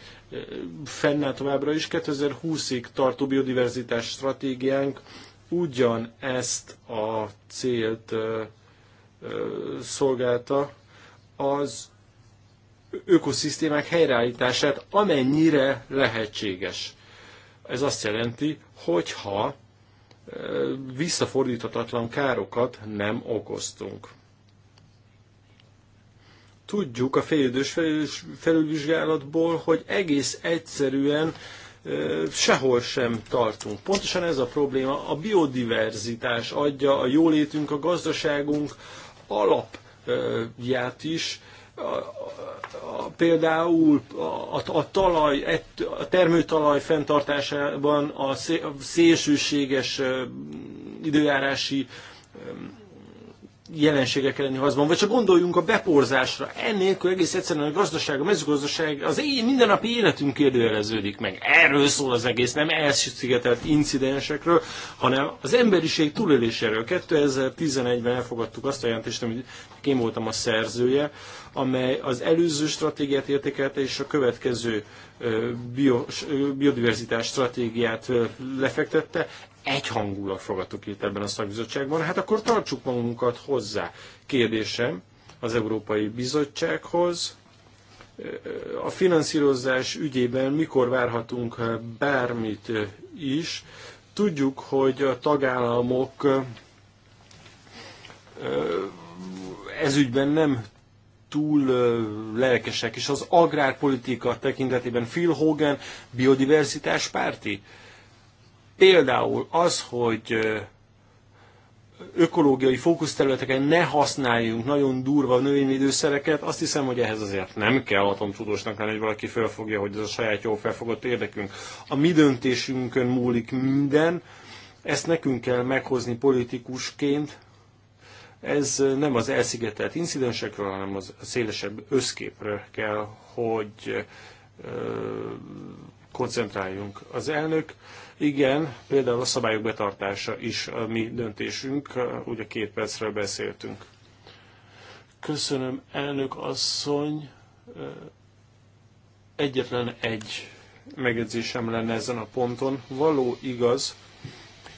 fennáll továbbra is. 2020-ig tartó biodiverzitás stratégiánk ugyan ezt a célt szolgálta, az ökoszisztémák helyreállítását, amennyire lehetséges. Ez azt jelenti, hogyha visszafordíthatatlan károkat nem okoztunk tudjuk a félidős felülvizsgálatból, hogy egész egyszerűen sehol sem tartunk. Pontosan ez a probléma. A biodiverzitás adja a jólétünk, a gazdaságunk alapját is. A, a, a, például a, a, talaj, a termőtalaj fenntartásában a szélsőséges időjárási jelenségek elleni harcban, vagy csak gondoljunk a beporzásra. Ennélkül egész egyszerűen a gazdaság, a mezőgazdaság, az én, mindennapi életünk kérdőjeleződik meg. Erről szól az egész, nem elszigetelt incidensekről, hanem az emberiség túléléséről. 2011-ben elfogadtuk azt a jelentést, amit én voltam a szerzője, amely az előző stratégiát értékelte és a következő biodiverzitás stratégiát lefektette egyhangulag fogadtuk itt ebben a szakbizottságban, hát akkor tartsuk magunkat hozzá. Kérdésem az Európai Bizottsághoz, a finanszírozás ügyében mikor várhatunk bármit is. Tudjuk, hogy a tagállamok ezügyben nem túl lelkesek, és az agrárpolitika tekintetében Phil Hogan biodiverzitás párti. Például az, hogy ökológiai fókuszterületeken ne használjunk nagyon durva növényvédőszereket, azt hiszem, hogy ehhez azért nem kell atomtudósnak lenni, hogy valaki felfogja, hogy ez a saját jó felfogott érdekünk. A mi döntésünkön múlik minden, ezt nekünk kell meghozni politikusként, ez nem az elszigetelt incidensekről, hanem az szélesebb összképről kell, hogy koncentráljunk. Az elnök igen, például a szabályok betartása is a mi döntésünk, ugye két percről beszéltünk. Köszönöm, elnök asszony. Egyetlen egy megjegyzésem lenne ezen a ponton. Való igaz,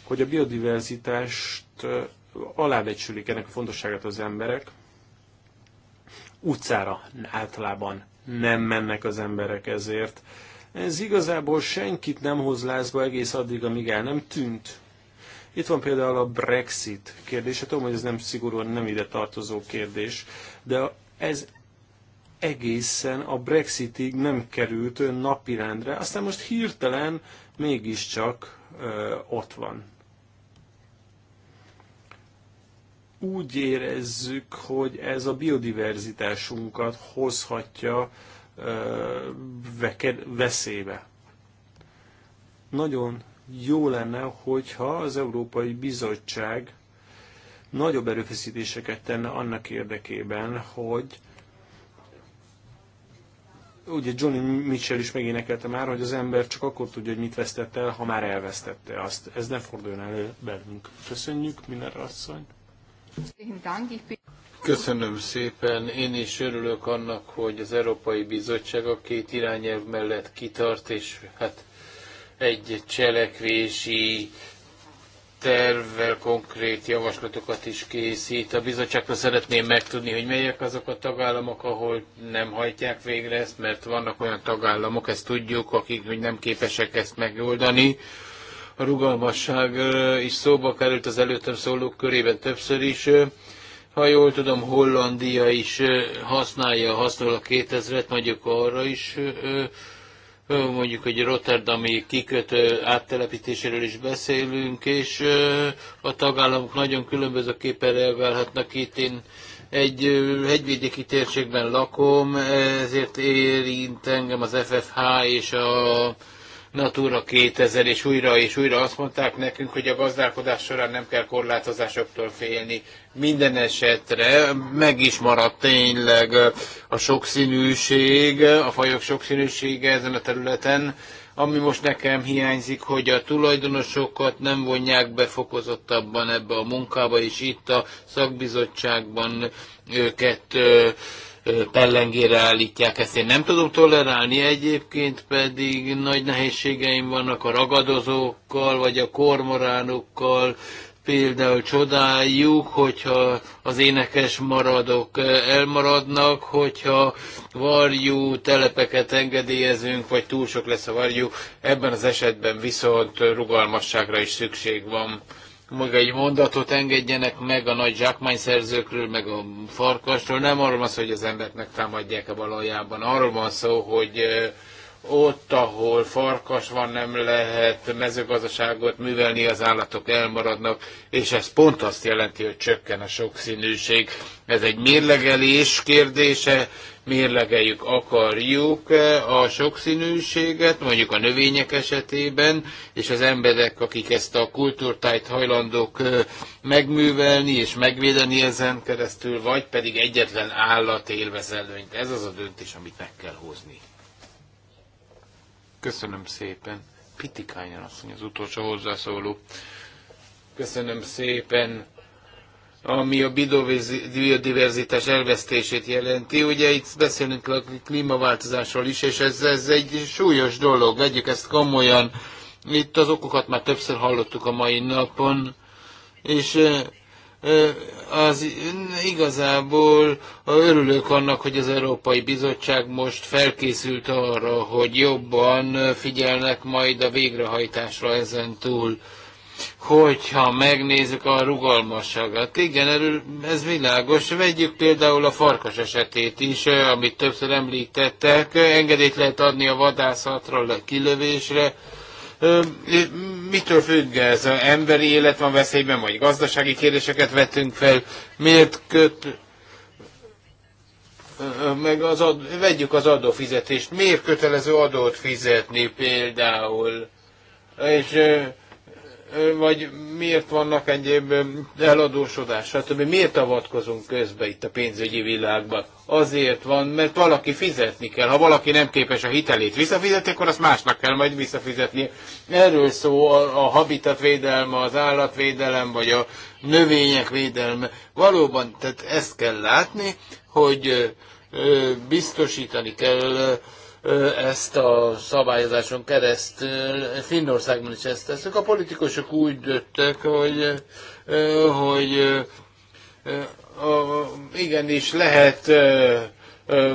hogy a biodiverzitást alábecsülik ennek a fontosságát az emberek. Utcára általában nem mennek az emberek ezért ez igazából senkit nem hoz lázba egész addig, amíg el nem tűnt. Itt van például a Brexit kérdése. Tudom, hogy ez nem szigorúan nem ide tartozó kérdés, de ez egészen a Brexitig nem került napirendre, aztán most hirtelen mégiscsak ö, ott van. Úgy érezzük, hogy ez a biodiverzitásunkat hozhatja veszélybe. Nagyon jó lenne, hogyha az Európai Bizottság nagyobb erőfeszítéseket tenne annak érdekében, hogy ugye Johnny Mitchell is megénekelte már, hogy az ember csak akkor tudja, hogy mit vesztett el, ha már elvesztette azt. Ez ne forduljon elő bennünk. Köszönjük, minden asszony. Köszönöm szépen. Én is örülök annak, hogy az Európai Bizottság a két irányelv mellett kitart, és hát egy cselekvési tervvel konkrét javaslatokat is készít. A bizottságtól szeretném megtudni, hogy melyek azok a tagállamok, ahol nem hajtják végre ezt, mert vannak olyan tagállamok, ezt tudjuk, akik hogy nem képesek ezt megoldani a rugalmasság is szóba került az előttem szólók körében többször is. Ha jól tudom, Hollandia is használja, használ a 2000-et, mondjuk arra is, mondjuk egy Rotterdami kikötő áttelepítéséről is beszélünk, és a tagállamok nagyon különbözőképpen reagálhatnak itt. Én egy hegyvidéki térségben lakom, ezért érint engem az FFH és a Natura 2000, és újra és újra azt mondták nekünk, hogy a gazdálkodás során nem kell korlátozásoktól félni. Minden esetre meg is maradt tényleg a sokszínűség, a fajok sokszínűsége ezen a területen, ami most nekem hiányzik, hogy a tulajdonosokat nem vonják be fokozottabban ebbe a munkába, és itt a szakbizottságban őket pellengére állítják ezt. Én nem tudom tolerálni, egyébként pedig nagy nehézségeim vannak a ragadozókkal, vagy a kormoránokkal, például csodáljuk, hogyha az énekes maradok elmaradnak, hogyha varjú telepeket engedélyezünk, vagy túl sok lesz a varjú, ebben az esetben viszont rugalmasságra is szükség van maga egy mondatot engedjenek meg a nagy zsákmányszerzőkről, meg a farkasról. Nem arról van szó, hogy az embert megtámadják -e valójában. Arról van szó, hogy ott, ahol farkas van, nem lehet mezőgazdaságot művelni, az állatok elmaradnak, és ez pont azt jelenti, hogy csökken a sokszínűség. Ez egy mérlegelés kérdése, mérlegeljük, akarjuk a sokszínűséget, mondjuk a növények esetében, és az emberek, akik ezt a kultúrtájt hajlandók megművelni és megvédeni ezen keresztül, vagy pedig egyetlen állat élvez Ez az a döntés, amit meg kell hozni. Köszönöm szépen. Pitikányan asszony az utolsó hozzászóló. Köszönöm szépen ami a biodiverzitás elvesztését jelenti. Ugye itt beszélünk a klímaváltozásról is, és ez, ez egy súlyos dolog, vegyük ezt komolyan. Itt az okokat már többször hallottuk a mai napon, és az igazából örülök annak, hogy az Európai Bizottság most felkészült arra, hogy jobban figyelnek majd a végrehajtásra ezen túl hogyha megnézzük a rugalmasságát. Igen, ez világos. Vegyük például a farkas esetét is, amit többször említettek. Engedélyt lehet adni a vadászatra, a kilövésre, mitől függ ez? Emberi élet van veszélyben, vagy gazdasági kérdéseket vettünk fel? Miért köt... Meg az ad... vegyük az adófizetést. Miért kötelező adót fizetni például? És vagy miért vannak egyéb eladósodás, stb. Miért avatkozunk közbe itt a pénzügyi világban? Azért van, mert valaki fizetni kell. Ha valaki nem képes a hitelét visszafizetni, akkor azt másnak kell majd visszafizetni. Erről szó a, a habitat védelme, az állatvédelem, vagy a növények védelme. Valóban, tehát ezt kell látni, hogy biztosítani kell ezt a szabályozáson keresztül. Finnországban is ezt teszünk. A politikusok úgy döntöttek, hogy, hogy igenis lehet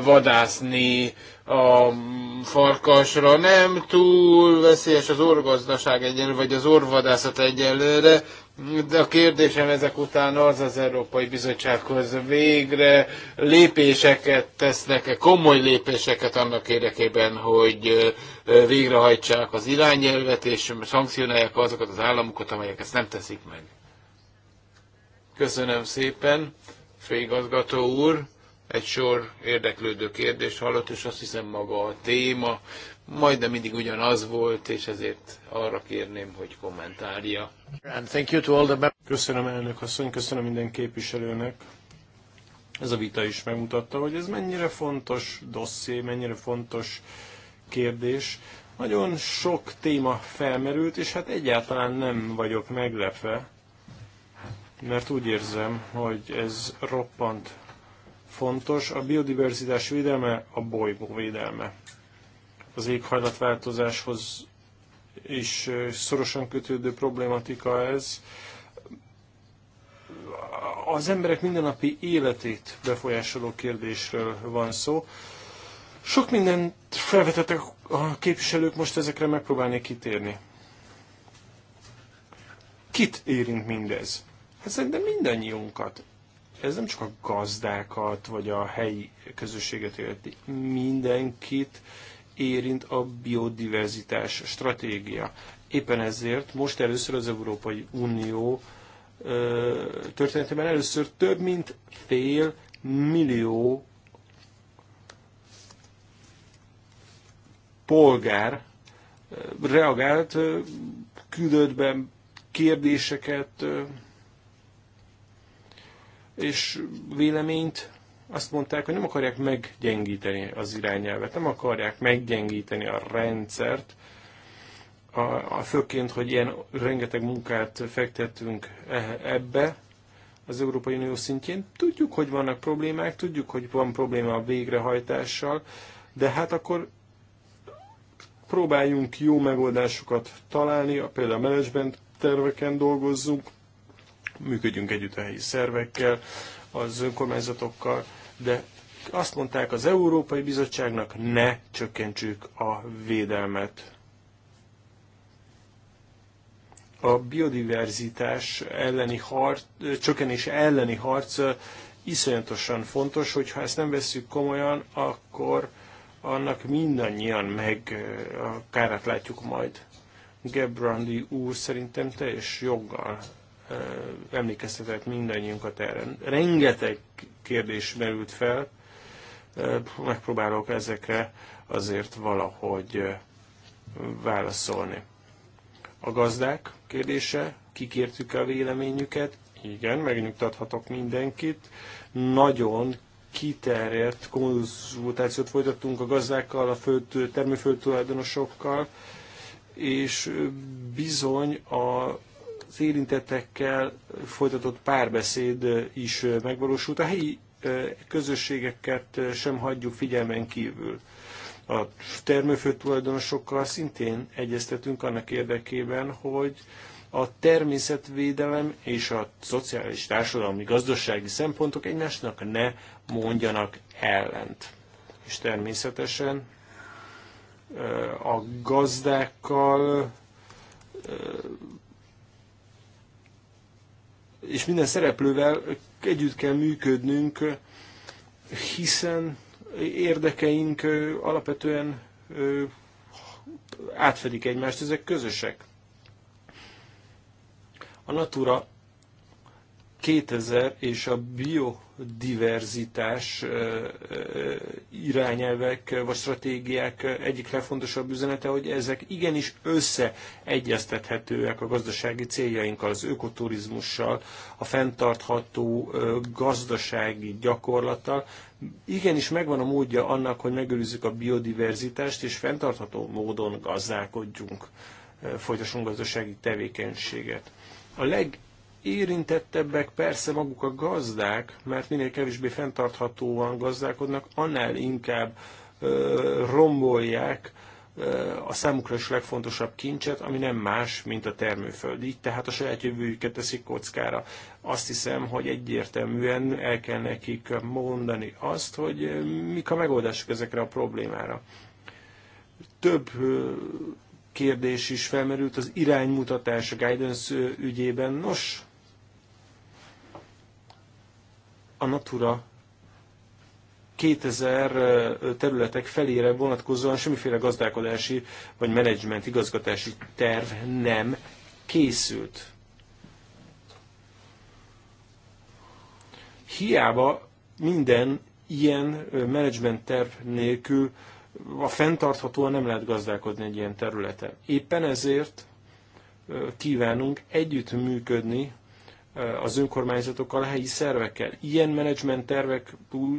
vadászni a farkasra. Nem túl veszélyes az orgazdaság egyelőre, vagy az orvadászat egyenlőre, de a kérdésem ezek után az az Európai Bizottsághoz végre lépéseket tesznek-e, komoly lépéseket annak érdekében, hogy végrehajtsák az irányelvet, és szankcionálják azokat az államokat, amelyek ezt nem teszik meg. Köszönöm szépen, főigazgató úr. Egy sor érdeklődő kérdés hallott, és azt hiszem maga a téma majdnem mindig ugyanaz volt, és ezért arra kérném, hogy kommentálja. And thank you to all the... Köszönöm elnök asszony, köszönöm minden képviselőnek. Ez a vita is megmutatta, hogy ez mennyire fontos dosszé, mennyire fontos kérdés. Nagyon sok téma felmerült, és hát egyáltalán nem vagyok meglepve, mert úgy érzem, hogy ez roppant fontos. A biodiverzitás védelme, a bolygó védelme az éghajlatváltozáshoz is szorosan kötődő problématika ez. Az emberek mindennapi életét befolyásoló kérdésről van szó. Sok mindent felvetettek a képviselők, most ezekre megpróbálnék kitérni. Kit érint mindez? Hát szerintem mindannyiunkat. Ez nem csak a gazdákat, vagy a helyi közösséget érti. Mindenkit érint a biodiverzitás stratégia. Éppen ezért most először az Európai Unió történetében először több mint fél millió polgár reagált, küldött be kérdéseket és véleményt azt mondták, hogy nem akarják meggyengíteni az irányelvet, nem akarják meggyengíteni a rendszert, a, a főként, hogy ilyen rengeteg munkát fektettünk e, ebbe az Európai Unió szintjén. Tudjuk, hogy vannak problémák, tudjuk, hogy van probléma a végrehajtással, de hát akkor próbáljunk jó megoldásokat találni, például a management terveken dolgozzunk, működjünk együtt a helyi szervekkel, az önkormányzatokkal, de azt mondták az Európai Bizottságnak, ne csökkentsük a védelmet. A biodiverzitás elleni harc, csökkenés elleni harc iszonyatosan fontos, hogyha ezt nem vesszük komolyan, akkor annak mindannyian meg a kárát látjuk majd. Gebrandi úr szerintem teljes joggal emlékeztetett mindannyiunkat erre. Rengeteg kérdés merült fel, megpróbálok ezekre azért valahogy válaszolni. A gazdák kérdése, kikértük a véleményüket, igen, megnyugtathatok mindenkit. Nagyon kiterjedt konzultációt folytattunk a gazdákkal, a föld, és bizony a az érintettekkel folytatott párbeszéd is megvalósult. A helyi közösségeket sem hagyjuk figyelmen kívül. A termőföld tulajdonosokkal szintén egyeztetünk annak érdekében, hogy a természetvédelem és a szociális, társadalmi, gazdasági szempontok egymásnak ne mondjanak ellent. És természetesen a gazdákkal és minden szereplővel együtt kell működnünk, hiszen érdekeink alapvetően átfedik egymást, ezek közösek. A Natura 2000 és a biodiverzitás irányelvek vagy stratégiák egyik legfontosabb üzenete, hogy ezek igenis összeegyeztethetőek a gazdasági céljainkkal, az ökoturizmussal, a fenntartható gazdasági gyakorlattal. Igenis megvan a módja annak, hogy megőrizzük a biodiverzitást és fenntartható módon gazdálkodjunk, folytassunk gazdasági tevékenységet. A leg érintettebbek persze maguk a gazdák, mert minél kevésbé fenntarthatóan gazdálkodnak, annál inkább ö, rombolják ö, a számukra is legfontosabb kincset, ami nem más, mint a termőföld. Így tehát a saját jövőjüket teszik kockára. Azt hiszem, hogy egyértelműen el kell nekik mondani azt, hogy mik a megoldások ezekre a problémára. Több ö, kérdés is felmerült az iránymutatás a guidance ügyében. Nos, a Natura 2000 területek felére vonatkozóan semmiféle gazdálkodási vagy menedzsment igazgatási terv nem készült. Hiába minden ilyen menedzsment terv nélkül a fenntarthatóan nem lehet gazdálkodni egy ilyen területen. Éppen ezért kívánunk együttműködni Eh, az önkormányzatokkal, a helyi szervekkel. Ilyen menedzsment tervek,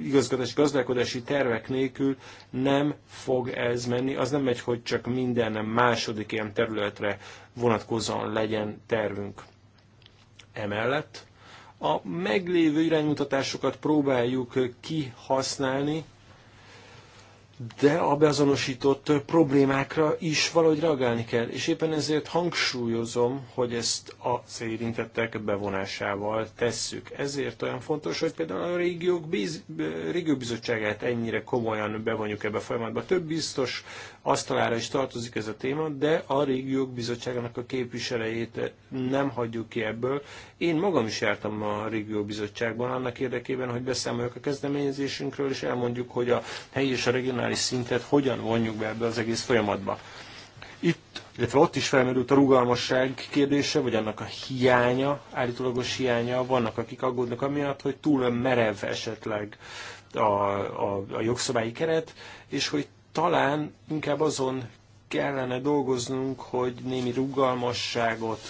igazgatási, gazdálkodási tervek nélkül nem fog ez menni. Az nem megy, hogy csak minden második ilyen területre vonatkozóan legyen tervünk. Emellett a meglévő iránymutatásokat próbáljuk kihasználni, de a beazonosított problémákra is valahogy reagálni kell. És éppen ezért hangsúlyozom, hogy ezt a érintettek bevonásával tesszük. Ezért olyan fontos, hogy például a régiók régió régióbizottságát ennyire komolyan bevonjuk ebbe a folyamatba. Több biztos asztalára is tartozik ez a téma, de a régiók bizottságának a képviselőjét nem hagyjuk ki ebből. Én magam is jártam a régió bizottságban annak érdekében, hogy beszámoljak a kezdeményezésünkről, és elmondjuk, hogy a helyi és a regionális szintet hogyan vonjuk be ebbe az egész folyamatba. Itt, illetve ott is felmerült a rugalmasság kérdése, vagy annak a hiánya, állítólagos hiánya. Vannak, akik aggódnak amiatt, hogy túl merev esetleg a, a, a jogszabályi keret, és hogy talán inkább azon kellene dolgoznunk, hogy némi rugalmasságot,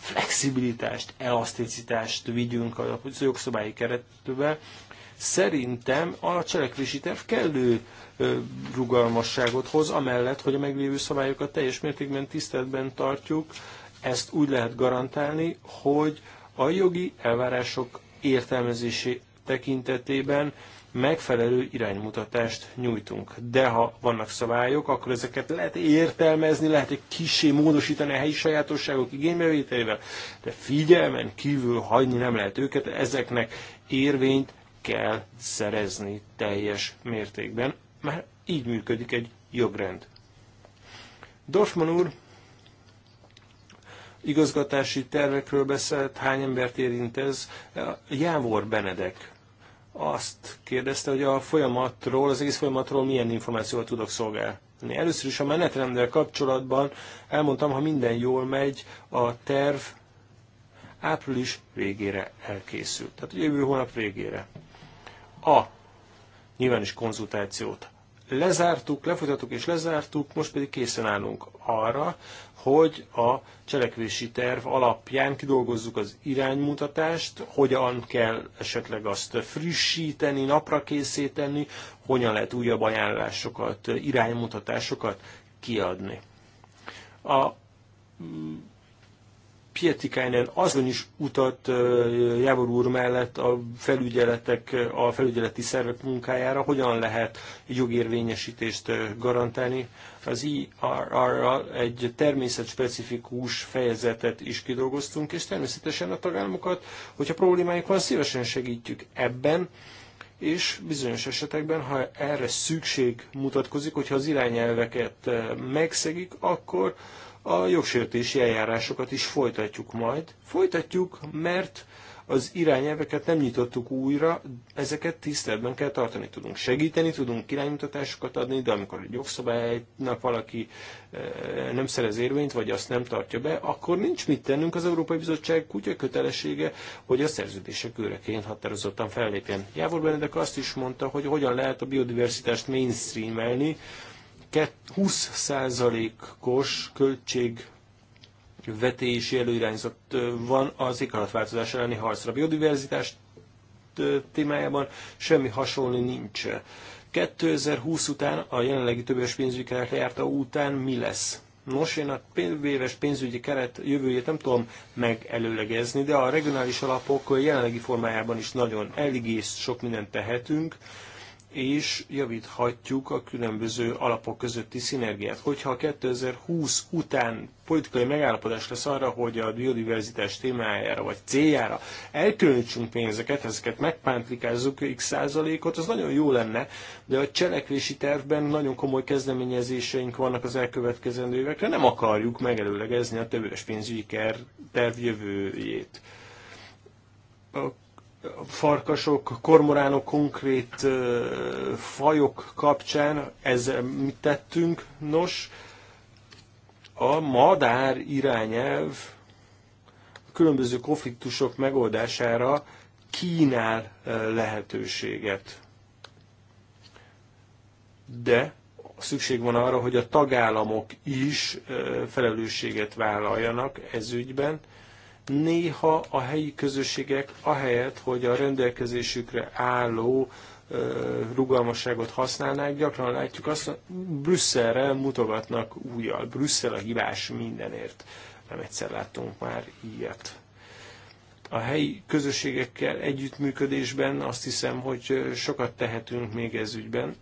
flexibilitást, elaszticitást vigyünk a jogszabályi keretbe. Szerintem a cselekvési terv kellő rugalmasságot hoz, amellett, hogy a meglévő szabályokat teljes mértékben tiszteletben tartjuk. Ezt úgy lehet garantálni, hogy a jogi elvárások értelmezési tekintetében megfelelő iránymutatást nyújtunk. De ha vannak szabályok, akkor ezeket lehet értelmezni, lehet egy kisé módosítani a helyi sajátosságok igénybevételével, de figyelmen kívül hagyni nem lehet őket, ezeknek érvényt kell szerezni teljes mértékben, mert így működik egy jogrend. Dorsman úr igazgatási tervekről beszélt, hány embert érint ez? Jávor Benedek azt kérdezte, hogy a folyamatról, az egész folyamatról milyen információt tudok szolgálni. Először is a menetrendel kapcsolatban elmondtam, ha minden jól megy, a terv április végére elkészült. Tehát a jövő hónap végére. A nyilvános konzultációt lezártuk, lefolytattuk és lezártuk, most pedig készen állunk arra, hogy a cselekvési terv alapján kidolgozzuk az iránymutatást, hogyan kell esetleg azt frissíteni, napra készíteni, hogyan lehet újabb ajánlásokat, iránymutatásokat kiadni. A Pietikainen azon is utat Jávor úr mellett a felügyeletek, a felügyeleti szervek munkájára, hogyan lehet jogérvényesítést garantálni. Az irr ra egy természetspecifikus fejezetet is kidolgoztunk, és természetesen a tagállamokat, hogyha problémáik van, szívesen segítjük ebben, és bizonyos esetekben, ha erre szükség mutatkozik, hogyha az irányelveket megszegik, akkor a jogsértési eljárásokat is folytatjuk majd. Folytatjuk, mert az irányelveket nem nyitottuk újra, ezeket tiszteletben kell tartani. Tudunk segíteni, tudunk iránymutatásokat adni, de amikor egy jogszabálynak valaki eh, nem szerez érvényt, vagy azt nem tartja be, akkor nincs mit tennünk az Európai Bizottság kutya kötelessége, hogy a szerződések őreként határozottan fellépjen. Jávor Benedek azt is mondta, hogy hogyan lehet a biodiversitást mainstreamelni, 20%-os költség vetési előirányzat van az éghajlatváltozás elleni harcra. Biodiverzitás témájában semmi hasonló nincs. 2020 után, a jelenlegi többes pénzügyi keret lejárta után mi lesz? Nos, én a éves pénzügyi keret jövőjét nem tudom megelőlegezni, de a regionális alapok jelenlegi formájában is nagyon eligész sok mindent tehetünk és javíthatjuk a különböző alapok közötti szinergiát. Hogyha 2020 után politikai megállapodás lesz arra, hogy a biodiverzitás témájára vagy céljára elkülönítsünk pénzeket, ezeket megpántlikázzuk x százalékot, az nagyon jó lenne, de a cselekvési tervben nagyon komoly kezdeményezéseink vannak az elkövetkezendő évekre, nem akarjuk megelőlegezni a többes pénzügyi terv jövőjét. A farkasok, kormoránok, konkrét fajok kapcsán ezzel mit tettünk? Nos, a madár irányelv a különböző konfliktusok megoldására kínál lehetőséget. De szükség van arra, hogy a tagállamok is felelősséget vállaljanak ez ügyben, néha a helyi közösségek ahelyett, hogy a rendelkezésükre álló rugalmasságot használnák, gyakran látjuk azt, hogy Brüsszelre mutogatnak újjal. Brüsszel a hibás mindenért. Nem egyszer láttunk már ilyet. A helyi közösségekkel együttműködésben azt hiszem, hogy sokat tehetünk még ez ügyben.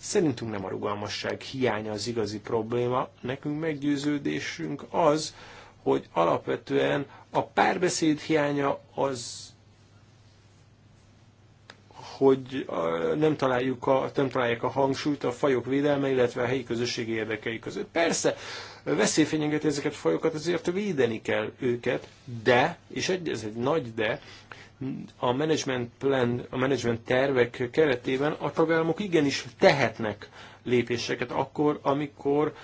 Szerintünk nem a rugalmasság hiánya az igazi probléma, nekünk meggyőződésünk az, hogy alapvetően a párbeszéd hiánya az hogy nem, találjuk a, nem találják a hangsúlyt a fajok védelme, illetve a helyi közösségi érdekei között. Persze, veszély ezeket a fajokat, ezért védeni kell őket, de, és egy, ez egy nagy de, a management plan, a management tervek keretében a tagállamok igenis tehetnek lépéseket akkor, amikor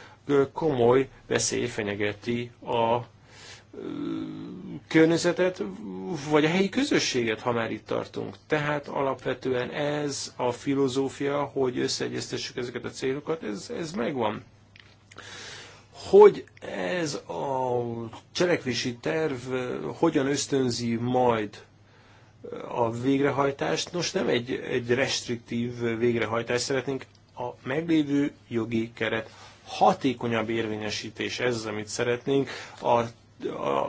komoly veszély fenyegeti a környezetet, vagy a helyi közösséget, ha már itt tartunk. Tehát alapvetően ez a filozófia, hogy összeegyeztessük ezeket a célokat, ez, ez megvan. Hogy ez a cselekvési terv eh, hogyan ösztönzi majd eh, a végrehajtást? Nos, nem egy, egy restriktív végrehajtást szeretnénk, a meglévő jogi keret hatékonyabb érvényesítés, ez az, amit szeretnénk. A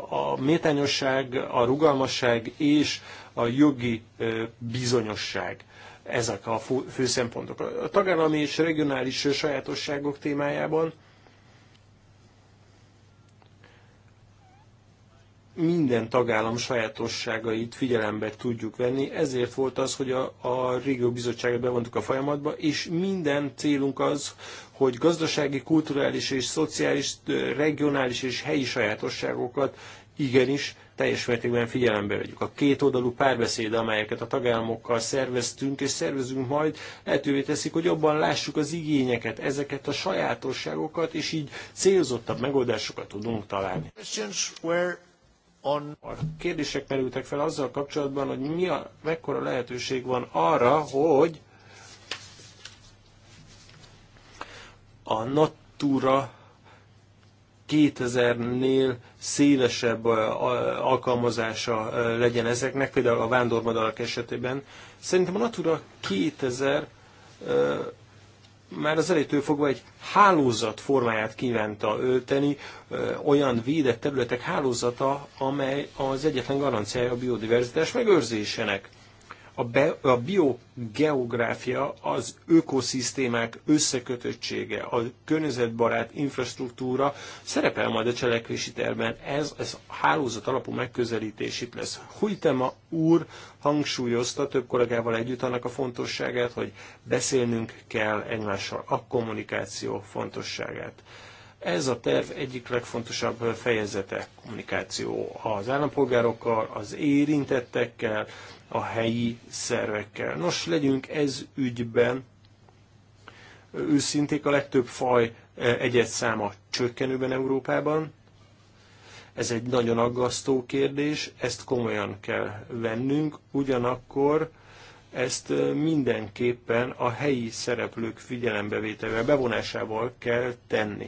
a méltányosság, a rugalmasság és a jogi bizonyosság. Ezek a fő szempontok. A tagállami és regionális sajátosságok témájában minden tagállam sajátosságait figyelembe tudjuk venni, ezért volt az, hogy a, a régió bizottságot bevontuk a folyamatba, és minden célunk az, hogy gazdasági, kulturális és szociális, regionális és helyi sajátosságokat igenis teljes mértékben figyelembe vegyük. A két oldalú párbeszéd, amelyeket a tagállamokkal szerveztünk és szervezünk majd, lehetővé teszik, hogy jobban lássuk az igényeket, ezeket a sajátosságokat, és így célzottabb megoldásokat tudunk találni on... A kérdések merültek fel azzal kapcsolatban, hogy mi a, mekkora lehetőség van arra, hogy a Natura 2000-nél szélesebb alkalmazása legyen ezeknek, például a vándormadarak esetében. Szerintem a Natura 2000 már az elejétől fogva egy hálózat formáját kívánta ölteni, olyan védett területek hálózata, amely az egyetlen garanciája a biodiverzitás megőrzésének. A, be, a biogeográfia az ökoszisztémák összekötöttsége, a környezetbarát infrastruktúra szerepel majd a cselekvési terben. Ez, ez hálózat alapú megközelítés itt lesz. Hújtema úr hangsúlyozta több kollégával együtt annak a fontosságát, hogy beszélnünk kell egymással a kommunikáció fontosságát. Ez a terv egyik legfontosabb fejezete kommunikáció az állampolgárokkal, az érintettekkel, a helyi szervekkel. Nos, legyünk ez ügyben őszinték, a legtöbb faj e, egyet száma csökkenőben Európában. Ez egy nagyon aggasztó kérdés, ezt komolyan kell vennünk, ugyanakkor ezt e, mindenképpen a helyi szereplők figyelembevételével, bevonásával kell tenni.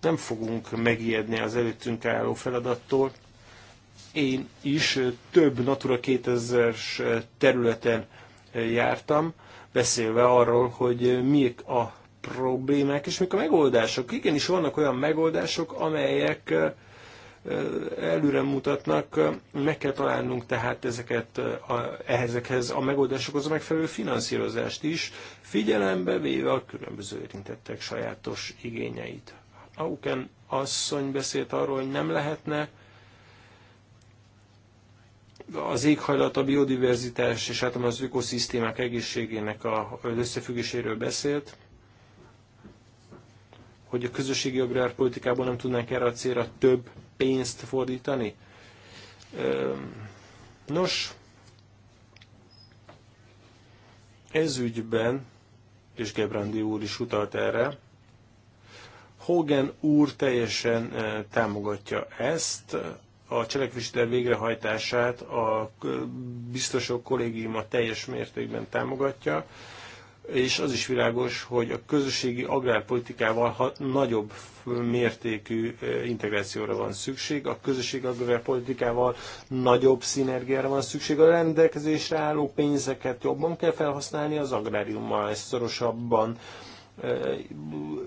Nem fogunk megijedni az előttünk álló feladattól, én is több Natura 2000-es területen jártam, beszélve arról, hogy mik a problémák és mik a megoldások. Igenis vannak olyan megoldások, amelyek előre mutatnak, meg kell találnunk tehát ezeket a, ehhezekhez a megoldásokhoz a megfelelő finanszírozást is, figyelembe véve a különböző érintettek sajátos igényeit. Auken asszony beszélt arról, hogy nem lehetne az éghajlat, a biodiverzitás és általában az ökoszisztémák egészségének a összefüggéséről beszélt, hogy a közösségi agrárpolitikában nem tudnánk erre a célra több pénzt fordítani. Nos, ez ügyben, és Gebrandi úr is utalt erre, Hogan úr teljesen támogatja ezt, a cselekvési végrehajtását a biztosok kollégiuma teljes mértékben támogatja, és az is világos, hogy a közösségi agrárpolitikával nagyobb mértékű integrációra van szükség, a közösségi agrárpolitikával nagyobb szinergiára van szükség, a rendelkezésre álló pénzeket jobban kell felhasználni, az agráriummal ezt szorosabban Eh,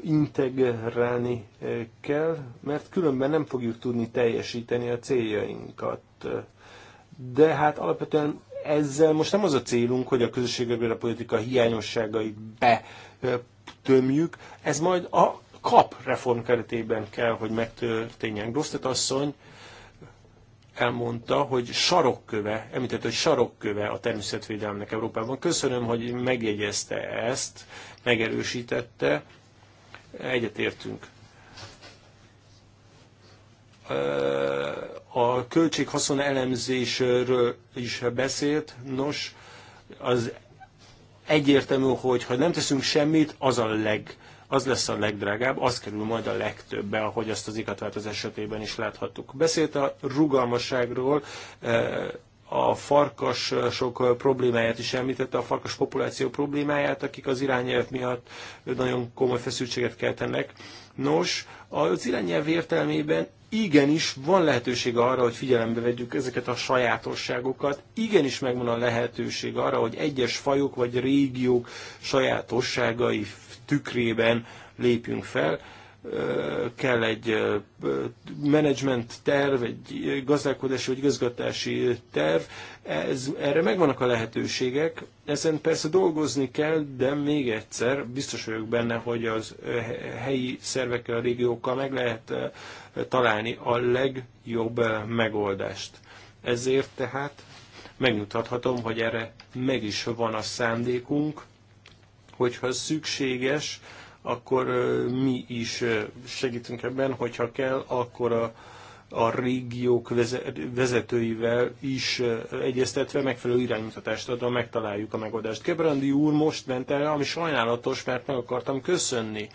integrálni eh, kell, mert különben nem fogjuk tudni teljesíteni a céljainkat. De hát alapvetően ezzel most nem az a célunk, hogy a közösségekből politika hiányosságait betömjük, ez majd a kap reform keretében kell, hogy megtörténjen. Grosztet asszony elmondta, hogy sarokköve, említett, hogy sarokköve a természetvédelemnek Európában. Köszönöm, hogy megjegyezte ezt megerősítette, egyetértünk. A költséghaszon elemzésről is beszélt, nos, az egyértelmű, hogy ha nem teszünk semmit, az a leg, az lesz a legdrágább, az kerül majd a legtöbbe, ahogy azt az ikatváltozás esetében is láthattuk. Beszélt a rugalmasságról, a farkasok problémáját is említette, a farkas populáció problémáját, akik az irányelv miatt nagyon komoly feszültséget keltenek. Nos, az irányelv értelmében igenis van lehetőség arra, hogy figyelembe vegyük ezeket a sajátosságokat, igenis megvan a lehetőség arra, hogy egyes fajok vagy régiók sajátosságai tükrében lépjünk fel, kell egy menedzsment terv, egy gazdálkodási vagy igazgatási terv, ez, erre megvannak a lehetőségek, ezen persze dolgozni kell, de még egyszer biztos vagyok benne, hogy az helyi szervekkel, a régiókkal meg lehet találni a legjobb megoldást. Ezért tehát megmutathatom, hogy erre meg is van a szándékunk, hogyha szükséges, akkor mi is segítünk ebben, hogyha kell, akkor a, a régiók vezetőivel is egyeztetve megfelelő iránymutatást adva megtaláljuk a megoldást. Kebrandi úr most ment el, ami sajnálatos, mert meg akartam köszönni,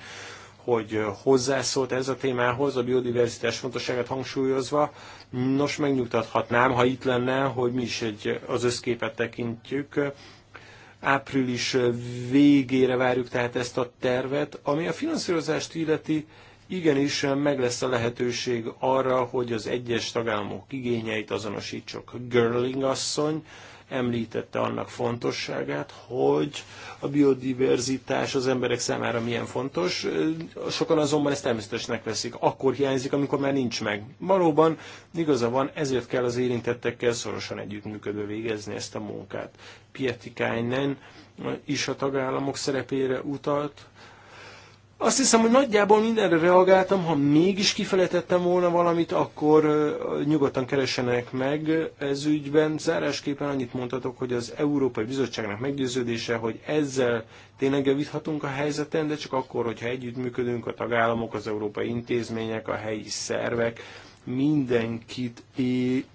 hogy hozzászólt ez a témához, a biodiverzitás fontosságát hangsúlyozva. Nos, megnyugtathatnám, ha itt lenne, hogy mi is egy, az összképet tekintjük, április végére várjuk tehát ezt a tervet, ami a finanszírozást illeti, igenis meg lesz a lehetőség arra, hogy az egyes tagállamok igényeit azonosítsuk. Görling asszony említette annak fontosságát, hogy a biodiverzitás az emberek számára milyen fontos. Sokan azonban ezt természetesnek veszik. Akkor hiányzik, amikor már nincs meg. Valóban igaza van, ezért kell az érintettekkel szorosan együttműködve végezni ezt a munkát. Pietikainen is a tagállamok szerepére utalt, azt hiszem, hogy nagyjából mindenre reagáltam, ha mégis kifelejtettem volna valamit, akkor nyugodtan keresenek meg ez ügyben. Zárásképpen annyit mondhatok, hogy az Európai Bizottságnak meggyőződése, hogy ezzel tényleg javíthatunk a helyzeten, de csak akkor, hogyha együttműködünk a tagállamok, az európai intézmények, a helyi szervek, mindenkit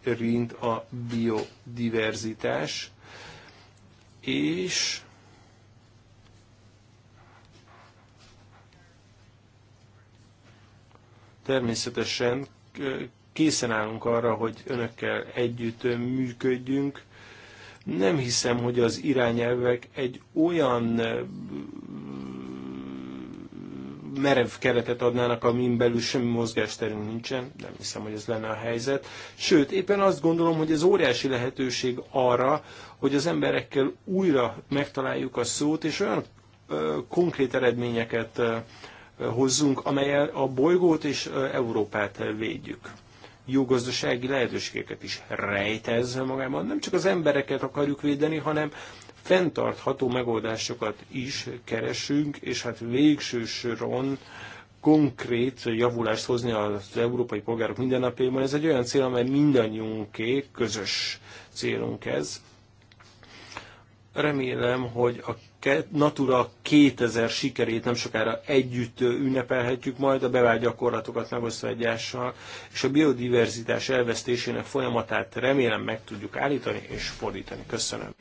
érint a biodiverzitás, és Természetesen készen állunk arra, hogy önökkel együtt működjünk. Nem hiszem, hogy az irányelvek egy olyan merev keretet adnának, amin belül semmi mozgásterünk nincsen, nem hiszem, hogy ez lenne a helyzet. Sőt, éppen azt gondolom, hogy ez óriási lehetőség arra, hogy az emberekkel újra megtaláljuk a szót, és olyan ö, konkrét eredményeket ö, hozzunk, amelyel a bolygót és Európát védjük. Jó gazdasági lehetőségeket is rejtezze magában. Nem csak az embereket akarjuk védeni, hanem fenntartható megoldásokat is keresünk, és hát végső soron konkrét javulást hozni az európai polgárok mindennapjaiban. Ez egy olyan cél, amely mindannyiunké, közös célunk ez. Remélem, hogy a Natura 2000 sikerét nem sokára együtt ünnepelhetjük majd, a bevált gyakorlatokat megosztva egyással, és a biodiverzitás elvesztésének folyamatát remélem meg tudjuk állítani és fordítani. Köszönöm.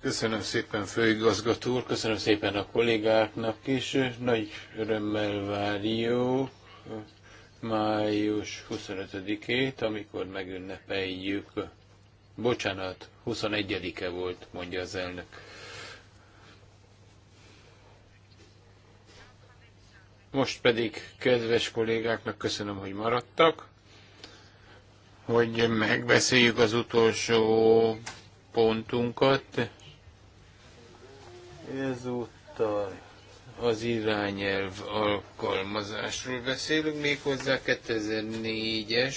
Köszönöm szépen főigazgató úr, köszönöm szépen a kollégáknak is, nagy örömmel várjuk május 25-ét, amikor megünnepeljük Bocsánat, 21-e volt, mondja az elnök. Most pedig kedves kollégáknak köszönöm, hogy maradtak, hogy megbeszéljük az utolsó pontunkat. Ezúttal az irányelv alkalmazásról beszélünk, méghozzá 2004-es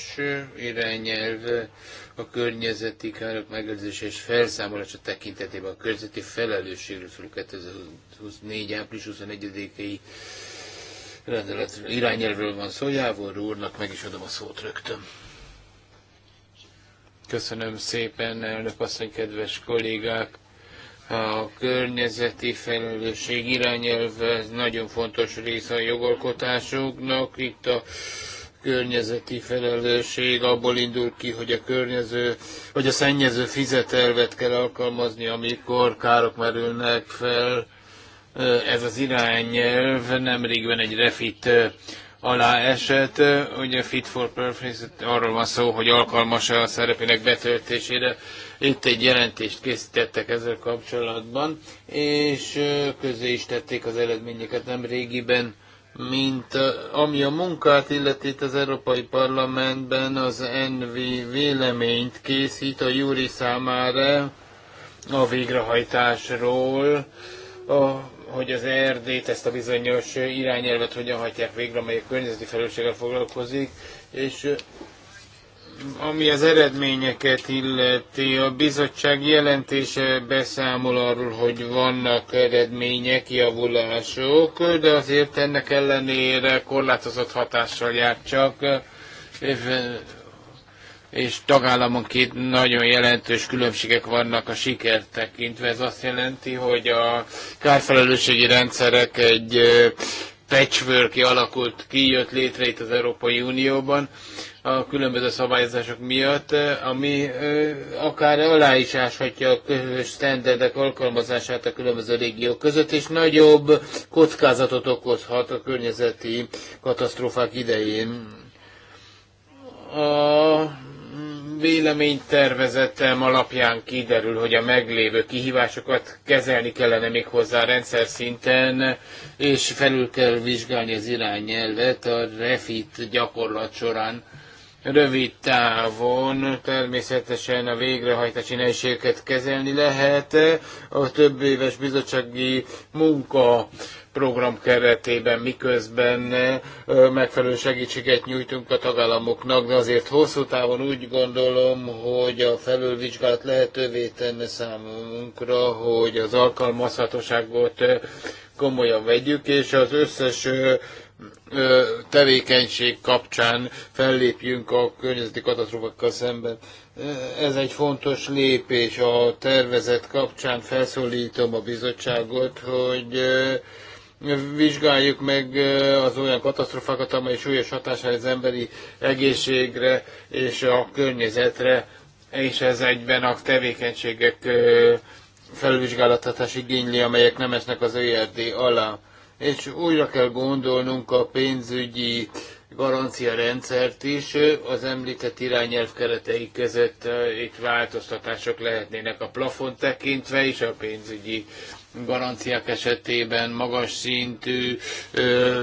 irányelv a környezeti károk megőrzése és felszámolása tekintetében a környezeti felelősségről szól 2024. április 21-i rendeletről, irányelvről van szó. Jávor úrnak meg is adom a szót rögtön. Köszönöm szépen, elnök asszony, kedves kollégák! A környezeti felelősség irányelv nagyon fontos része a jogalkotásoknak. Itt a környezeti felelősség abból indul ki, hogy a környező, vagy a szennyező fizetelvet kell alkalmazni, amikor károk merülnek fel ez az irányelv nemrégben egy refit alá esett. Ugye fit for purpose, arról van szó, hogy alkalmas a szerepének betöltésére. Itt egy jelentést készítettek ezzel kapcsolatban, és közé is tették az eredményeket nem régiben, mint ami a munkát illeti az Európai Parlamentben az NV véleményt készít a Júri számára a végrehajtásról hogy az Erdét, ezt a bizonyos irányelvet hogyan hagyják végre, amely a környezeti felelősséggel foglalkozik, és ami az eredményeket illeti, a bizottság jelentése beszámol arról, hogy vannak eredmények, javulások, de azért ennek ellenére korlátozott hatással jár csak és tagállamonként nagyon jelentős különbségek vannak a sikert tekintve. Ez azt jelenti, hogy a kárfelelősségi rendszerek egy patchwork alakult kijött létre itt az Európai Unióban a különböző szabályozások miatt, ami akár alá is áshatja a közös standardek alkalmazását a különböző régiók között, és nagyobb kockázatot okozhat a környezeti katasztrófák idején. A véleménytervezetem alapján kiderül, hogy a meglévő kihívásokat kezelni kellene még hozzá rendszer szinten, és felül kell vizsgálni az irányelvet a refit gyakorlat során. Rövid távon természetesen a végrehajtási nehézségeket kezelni lehet. A több éves bizottsági munka program keretében, miközben megfelelő segítséget nyújtunk a tagállamoknak, de azért hosszú távon úgy gondolom, hogy a felülvizsgálat lehetővé tenne számunkra, hogy az alkalmazhatóságot komolyan vegyük, és az összes tevékenység kapcsán fellépjünk a környezeti katasztrófakkal szemben. Ez egy fontos lépés a tervezet kapcsán. Felszólítom a bizottságot, hogy vizsgáljuk meg az olyan katasztrofákat, amely súlyos hatással az emberi egészségre és a környezetre, és ez egyben a tevékenységek felvizsgálathatás igényli, amelyek nem esnek az ÖRD alá. És újra kell gondolnunk a pénzügyi garancia rendszert is az említett irányelv keretei között itt változtatások lehetnének a plafon tekintve és a pénzügyi garanciák esetében magas szintű ö,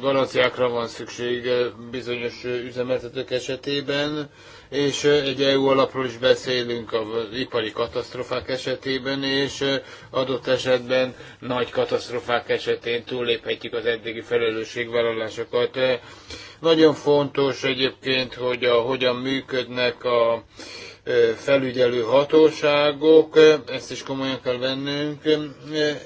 garanciákra van szükség bizonyos üzemeltetők esetében, és egy EU alapról is beszélünk az ipari katasztrofák esetében, és adott esetben nagy katasztrofák esetén túlléphetjük az eddigi felelősségvállalásokat. Nagyon fontos egyébként, hogy a, hogyan működnek a felügyelő hatóságok, ezt is komolyan kell vennünk.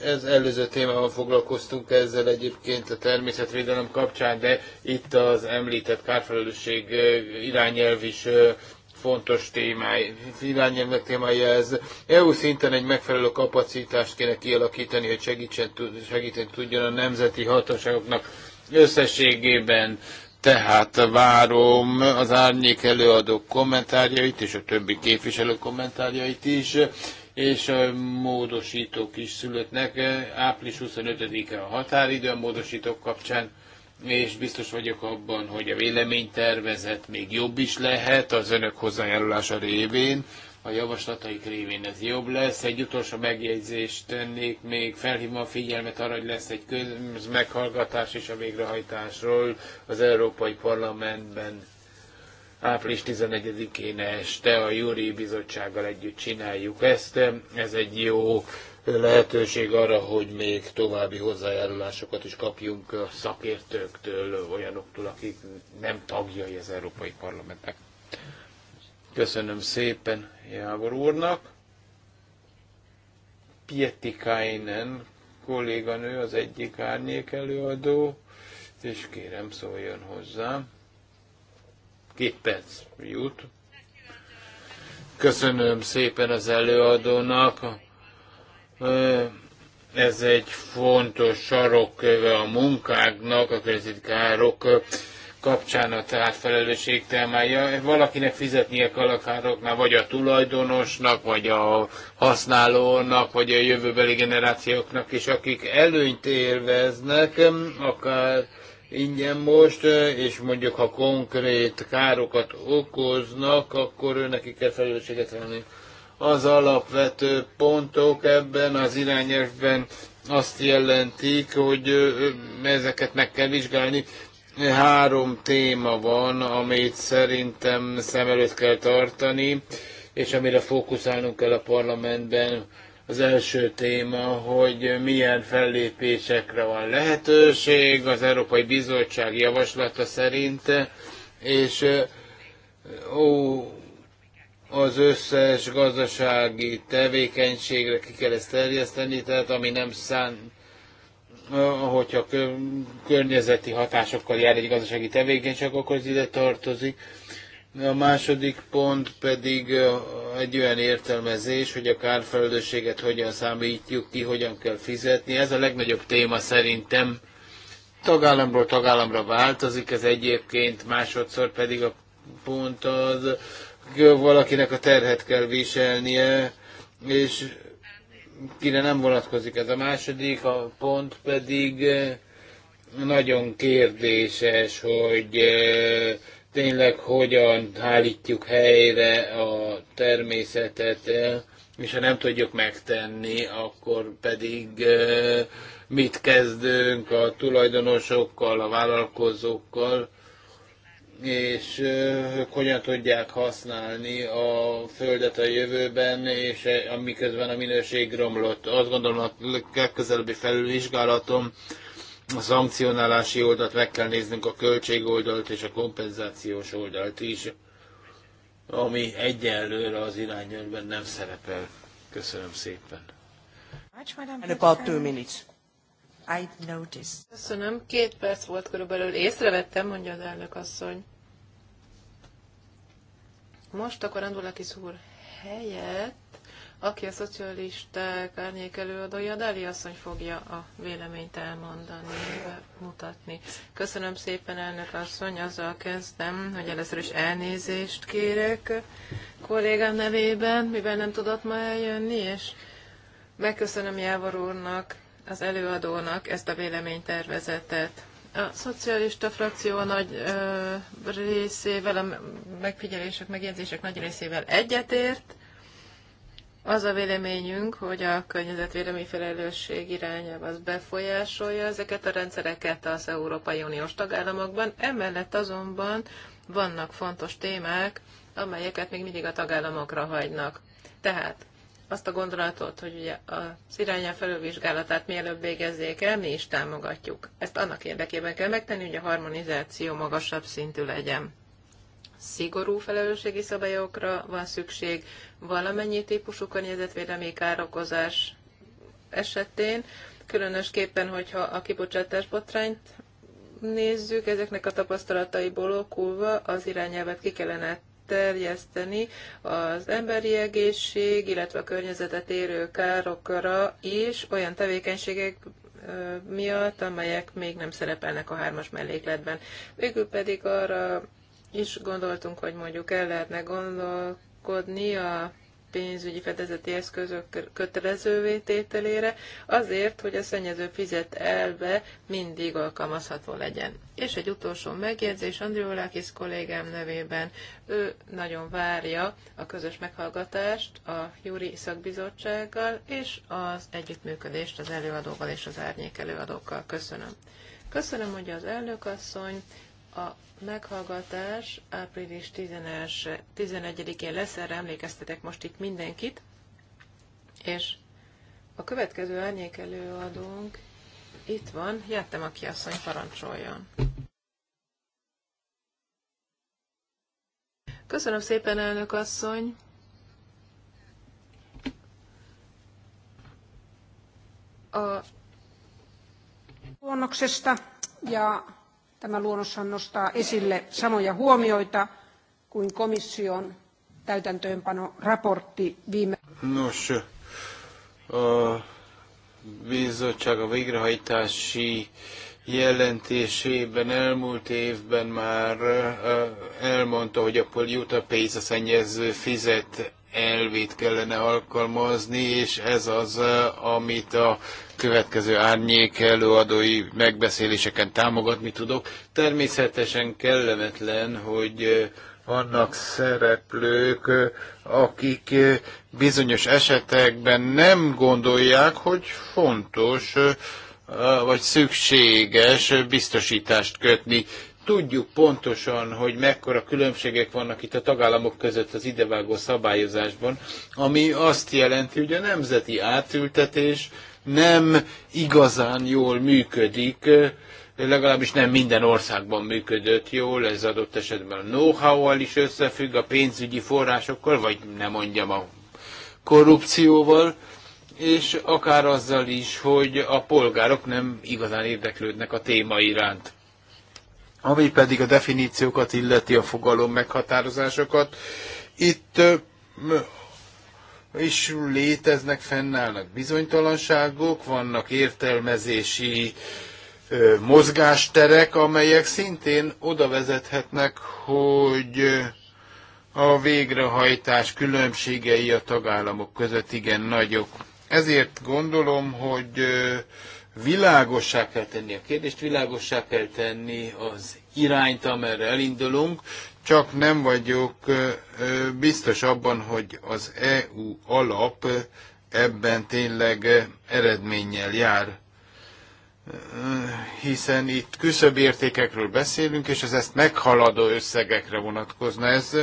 Ez előző témával foglalkoztunk ezzel egyébként a természetvédelem kapcsán, de itt az említett kárfelelősség irányelv is fontos témája, irányelvek témája ez. EU szinten egy megfelelő kapacitást kéne kialakítani, hogy segítsen, segíteni tudjon a nemzeti hatóságoknak összességében tehát várom az árnyék előadók kommentárjait és a többi képviselő kommentárjait is, és a módosítók is születnek. Április 25-e a határidő a módosítók kapcsán, és biztos vagyok abban, hogy a véleménytervezet még jobb is lehet az önök hozzájárulása révén, a javaslataik révén ez jobb lesz. Egy utolsó megjegyzést tennék, még felhívom a figyelmet arra, hogy lesz egy közmeghallgatás és a végrehajtásról az Európai Parlamentben április 11-én este a Júri Bizottsággal együtt csináljuk ezt. Ez egy jó lehetőség arra, hogy még további hozzájárulásokat is kapjunk szakértőktől, olyanoktól, akik nem tagjai az Európai Parlamentnek. Köszönöm szépen Jávor úrnak. Pietikainen kolléganő az egyik árnyék előadó, és kérem szóljon hozzá. Két perc jut. Köszönöm szépen az előadónak. Ez egy fontos sarokköve a munkáknak, a közétkárok kapcsán a tehát felelősség témája. Valakinek fizetnie kell a károknál, vagy a tulajdonosnak, vagy a használónak, vagy a jövőbeli generációknak, és akik előnyt élveznek, akár ingyen most, és mondjuk ha konkrét károkat okoznak, akkor ő nekik kell felelősséget venni. Az alapvető pontok ebben az irányelvben azt jelentik, hogy ezeket meg kell vizsgálni. Három téma van, amit szerintem szem előtt kell tartani, és amire fókuszálnunk kell a parlamentben. Az első téma, hogy milyen fellépésekre van lehetőség az Európai Bizottság javaslata szerint, és ó, az összes gazdasági tevékenységre ki kell ezt terjeszteni, tehát ami nem szán, hogyha környezeti hatásokkal jár egy gazdasági tevékenység, akkor ez ide tartozik. A második pont pedig egy olyan értelmezés, hogy a kárfelelősséget hogyan számítjuk ki, hogyan kell fizetni. Ez a legnagyobb téma szerintem. Tagállamról tagállamra változik, ez egyébként másodszor pedig a pont az, valakinek a terhet kell viselnie, és kire nem vonatkozik ez a második, a pont pedig eh, nagyon kérdéses, hogy eh, tényleg hogyan állítjuk helyre a természetet, eh, és ha nem tudjuk megtenni, akkor pedig mit kezdünk a tulajdonosokkal, a vállalkozókkal, és hogyan tudják használni a földet a jövőben, és amiközben a minőség romlott. Azt gondolom, a legközelebbi felülvizsgálatom a szankcionálási oldalt meg kell néznünk, a költségoldalt és a kompenzációs oldalt is, ami egyelőre az irányőrben nem szerepel. Köszönöm szépen. And about two minutes. I'd noticed. Köszönöm, két perc volt körülbelül, észrevettem, mondja az elnök asszony. Most akkor Andulakis úr helyett, aki a szocialisták árnyék előadója, Dali asszony fogja a véleményt elmondani, mutatni. Köszönöm szépen, elnök asszony, azzal kezdtem, hogy először is elnézést kérek kollégám nevében, mivel nem tudott ma eljönni, és megköszönöm Jávor úrnak az előadónak ezt a véleménytervezetet. A szocialista frakció a nagy ö, részével, a megfigyelések, megjegyzések nagy részével egyetért. Az a véleményünk, hogy a környezetvédelmi felelősség irányába az befolyásolja ezeket a rendszereket az Európai Uniós tagállamokban. Emellett azonban vannak fontos témák, amelyeket még mindig a tagállamokra hagynak. Tehát azt a gondolatot, hogy ugye az irányel felülvizsgálatát mielőbb végezzék el, mi is támogatjuk. Ezt annak érdekében kell megtenni, hogy a harmonizáció magasabb szintű legyen. Szigorú felelősségi szabályokra van szükség valamennyi típusú környezetvédelmi károkozás esetén, különösképpen, hogyha a kibocsátás botrányt nézzük, ezeknek a tapasztalataiból okulva az irányelvet ki kellene terjeszteni az emberi egészség, illetve a környezetet érő károkra is olyan tevékenységek miatt, amelyek még nem szerepelnek a hármas mellékletben. Végül pedig arra is gondoltunk, hogy mondjuk el lehetne gondolkodni a pénzügyi fedezeti eszközök kötelezővé tételére, azért, hogy a szennyező fizet elve mindig alkalmazható legyen. És egy utolsó megjegyzés Andrió Lakis kollégám nevében. Ő nagyon várja a közös meghallgatást a Júri Szakbizottsággal és az együttműködést az előadóval és az árnyék előadókkal. Köszönöm. Köszönöm, hogy az elnök asszony. A meghallgatás április 11-én lesz, erre emlékeztetek most itt mindenkit, és a következő árnyék előadónk itt van, Jártem, aki asszony parancsoljon. Köszönöm szépen, elnök asszony! A luonnoksesta ja Tämä luonnoshan nostaa esille samoja huomioita kuin komission täytäntöönpanoraportti viime... Nos, bizottság a végrehajtási jelentésében elmúlt évben már elmondta, hogy a polluter pays, a szennyező fizet elvét kellene alkalmazni, és ez az, amit a következő árnyék előadói megbeszéléseken támogatni tudok. Természetesen kellemetlen, hogy vannak szereplők, akik bizonyos esetekben nem gondolják, hogy fontos vagy szükséges biztosítást kötni tudjuk pontosan, hogy mekkora különbségek vannak itt a tagállamok között az idevágó szabályozásban, ami azt jelenti, hogy a nemzeti átültetés nem igazán jól működik, legalábbis nem minden országban működött jól, ez adott esetben a know-how-val is összefügg, a pénzügyi forrásokkal, vagy nem mondjam a korrupcióval, és akár azzal is, hogy a polgárok nem igazán érdeklődnek a téma iránt. Ami pedig a definíciókat illeti a fogalom meghatározásokat, itt is léteznek, fennállnak bizonytalanságok, vannak értelmezési mozgásterek, amelyek szintén oda vezethetnek, hogy a végrehajtás különbségei a tagállamok között igen nagyok. Ezért gondolom, hogy világossá kell tenni a kérdést, világossá kell tenni az irányt, amerre elindulunk, csak nem vagyok biztos abban, hogy az EU alap ebben tényleg eredménnyel jár. Hiszen itt értékekről beszélünk, és az ezt meghaladó összegekre vonatkozna. Ez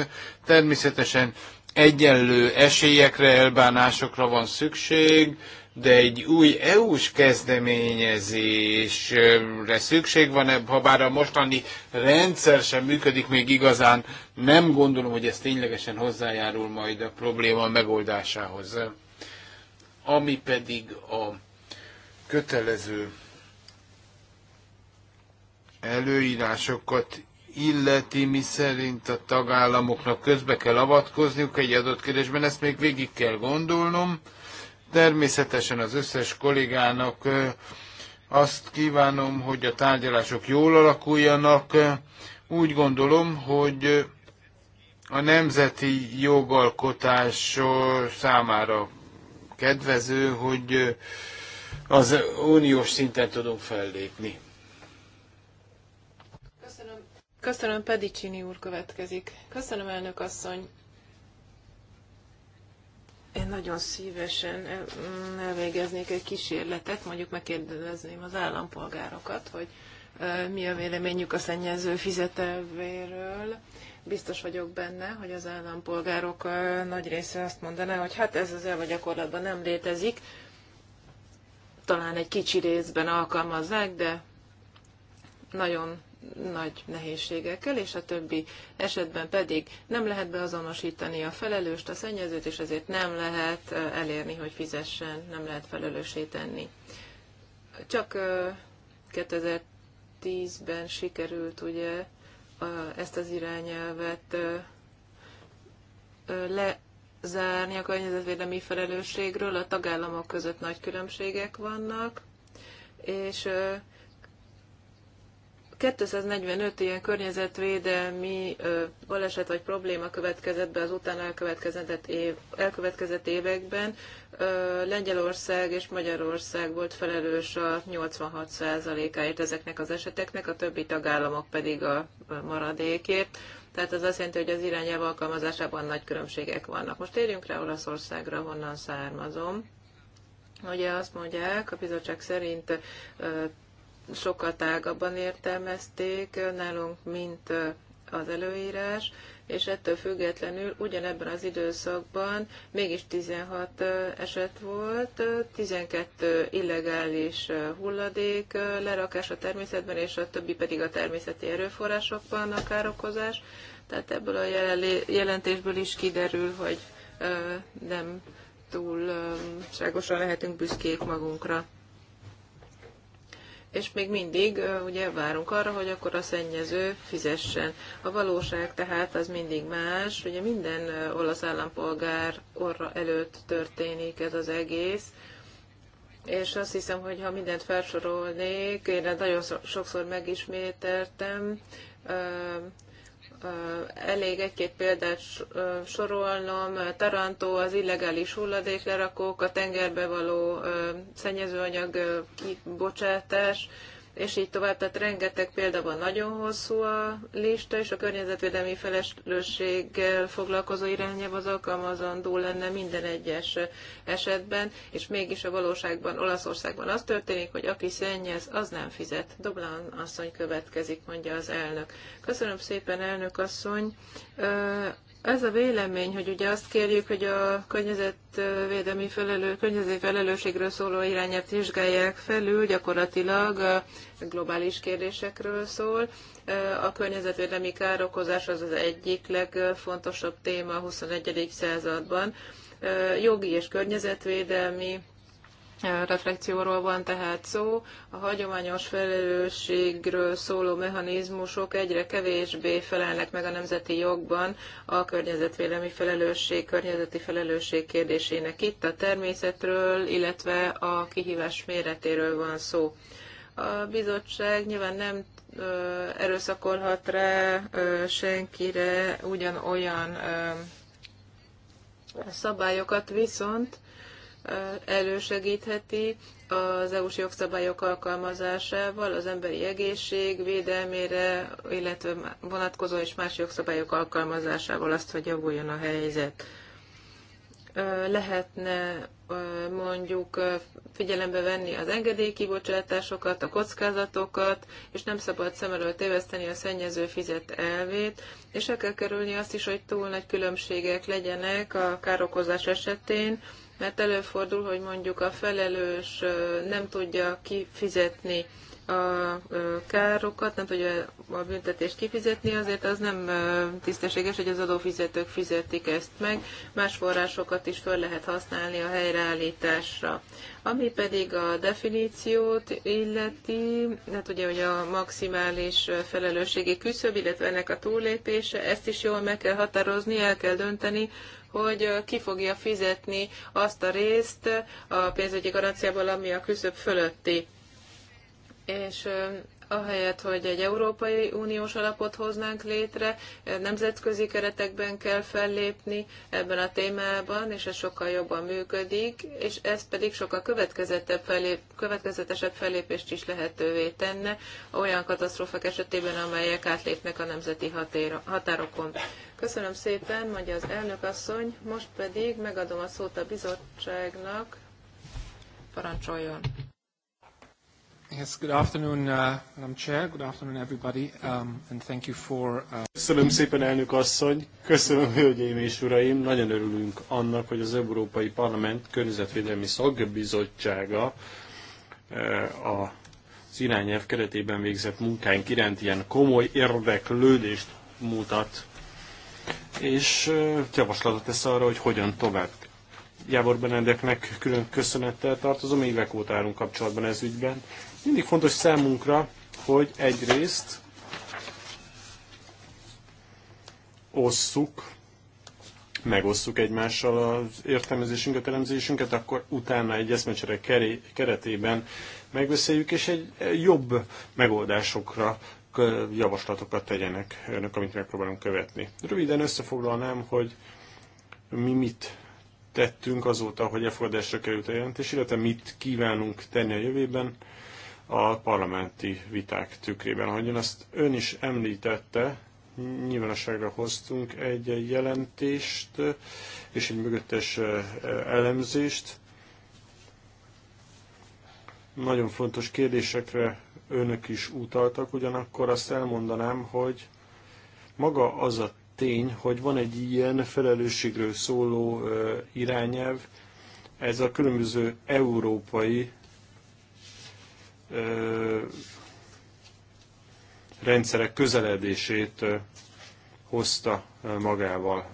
természetesen egyenlő esélyekre, elbánásokra van szükség, de egy új EU-s kezdeményezésre szükség van-e, ha bár a mostani rendszer sem működik még igazán, nem gondolom, hogy ez ténylegesen hozzájárul majd a probléma megoldásához. Ami pedig a kötelező előírásokat illeti, mi szerint a tagállamoknak közbe kell avatkozniuk egy adott kérdésben, ezt még végig kell gondolnom. Természetesen az összes kollégának azt kívánom, hogy a tárgyalások jól alakuljanak. Úgy gondolom, hogy a nemzeti jogalkotás számára kedvező, hogy az uniós szinten tudunk fellépni. Köszönöm, Köszönöm Pedicini úr következik. Köszönöm, elnök asszony. Én nagyon szívesen mm, elvégeznék egy kísérletet, mondjuk megkérdezném az állampolgárokat, hogy mi a véleményük a szennyező fizetelvéről. Biztos vagyok benne, hogy az állampolgárok nagy része azt mondaná, hogy hát ez az elva gyakorlatban nem létezik, talán egy kicsi részben alkalmazzák, de nagyon nagy nehézségekkel, és a többi esetben pedig nem lehet beazonosítani a felelőst, a szennyezőt, és ezért nem lehet elérni, hogy fizessen, nem lehet felelőssé tenni. Csak 2010-ben sikerült ugye ezt az irányelvet lezárni a környezetvédelmi felelősségről, a tagállamok között nagy különbségek vannak, és 245 ilyen környezetvédelmi ö, baleset vagy probléma következett be az utána elkövetkezett, év, elkövetkezett években. Ö, Lengyelország és Magyarország volt felelős a 86%-áért ezeknek az eseteknek, a többi tagállamok pedig a maradékért. Tehát az azt jelenti, hogy az irányelv alkalmazásában nagy különbségek vannak. Most térjünk rá Olaszországra, honnan származom. Ugye azt mondják, a bizottság szerint sokkal tágabban értelmezték nálunk, mint az előírás, és ettől függetlenül ugyanebben az időszakban mégis 16 eset volt, 12 illegális hulladék lerakás a természetben, és a többi pedig a természeti erőforrásokban a károkozás. Tehát ebből a jelentésből is kiderül, hogy nem túlságosan lehetünk büszkék magunkra és még mindig ugye várunk arra, hogy akkor a szennyező fizessen. A valóság tehát az mindig más, ugye minden olasz állampolgár orra előtt történik ez az egész, és azt hiszem, hogy ha mindent felsorolnék, én nagyon sokszor megismételtem, elég egy-két példát sorolnom, Tarantó, az illegális hulladéklerakók, a tengerbe való szennyezőanyag kibocsátás, és így tovább. Tehát rengeteg példa van, nagyon hosszú a lista, és a környezetvédelmi felelősséggel foglalkozó irányelv az alkalmazandó lenne minden egyes esetben, és mégis a valóságban Olaszországban az történik, hogy aki szennyez, az nem fizet. Doblán asszony következik, mondja az elnök. Köszönöm szépen, elnök asszony. Ez a vélemény, hogy ugye azt kérjük, hogy a környezetvédelmi felelő, környezeti felelősségről szóló irányát vizsgálják felül, gyakorlatilag a globális kérdésekről szól. A környezetvédelmi károkozás az az egyik legfontosabb téma a XXI. században. Jogi és környezetvédelmi reflekcióról van tehát szó. A hagyományos felelősségről szóló mechanizmusok egyre kevésbé felelnek meg a nemzeti jogban a környezetvédelmi felelősség, környezeti felelősség kérdésének. Itt a természetről, illetve a kihívás méretéről van szó. A bizottság nyilván nem erőszakolhat rá senkire ugyanolyan szabályokat, viszont elősegítheti az EU-s jogszabályok alkalmazásával az emberi egészség védelmére, illetve vonatkozó és más jogszabályok alkalmazásával azt, hogy javuljon a helyzet. Lehetne mondjuk figyelembe venni az engedélykibocsátásokat, a kockázatokat, és nem szabad szem elől téveszteni a szennyező fizet elvét, és el kell kerülni azt is, hogy túl nagy különbségek legyenek a károkozás esetén, mert előfordul, hogy mondjuk a felelős nem tudja kifizetni a károkat, nem tudja a büntetést kifizetni, azért az nem tisztességes, hogy az adófizetők fizetik ezt meg, más forrásokat is föl lehet használni a helyreállításra. Ami pedig a definíciót illeti, hát ugye, hogy a maximális felelősségi küszöb, illetve ennek a túllépése, ezt is jól meg kell határozni, el kell dönteni, hogy ki fogja fizetni azt a részt a pénzügyi garanciából, ami a küszöb fölötti. És ahelyett, hogy egy Európai Uniós alapot hoznánk létre, nemzetközi keretekben kell fellépni ebben a témában, és ez sokkal jobban működik, és ez pedig sokkal fellép, következetesebb fellépést is lehetővé tenne olyan katasztrófák esetében, amelyek átlépnek a nemzeti hatéra, határokon. Köszönöm szépen, mondja az elnök asszony, most pedig megadom a szót a bizottságnak, parancsoljon. Yes, good afternoon, uh, Madam Chair. Good afternoon, everybody, um, and thank you for... Uh... Köszönöm szépen, elnök asszony. Köszönöm, hölgyeim és uraim. Nagyon örülünk annak, hogy az Európai Parlament Környezetvédelmi Szakbizottsága uh, az irányelv keretében végzett munkánk iránt ilyen komoly érdeklődést mutat, és uh, javaslatot tesz arra, hogy hogyan tovább Jávor Benedeknek külön köszönettel tartozom, évek óta állunk kapcsolatban ez ügyben, mindig fontos számunkra, hogy egyrészt osszuk, megosszuk egymással az értelmezésünket, elemzésünket, akkor utána egy eszmecsere keretében megbeszéljük, és egy jobb megoldásokra javaslatokat tegyenek önök, amit megpróbálunk követni. Röviden összefoglalnám, hogy mi mit tettünk azóta, hogy elfogadásra került a jelentés, illetve mit kívánunk tenni a jövőben a parlamenti viták tükrében. ön azt ön is említette, nyilvánosságra hoztunk egy jelentést és egy mögöttes eh, elemzést. Nagyon fontos kérdésekre önök is utaltak, ugyanakkor azt elmondanám, hogy maga az a tény, hogy van egy ilyen felelősségről szóló eh, irányelv, ez a különböző európai rendszerek közeledését hozta magával.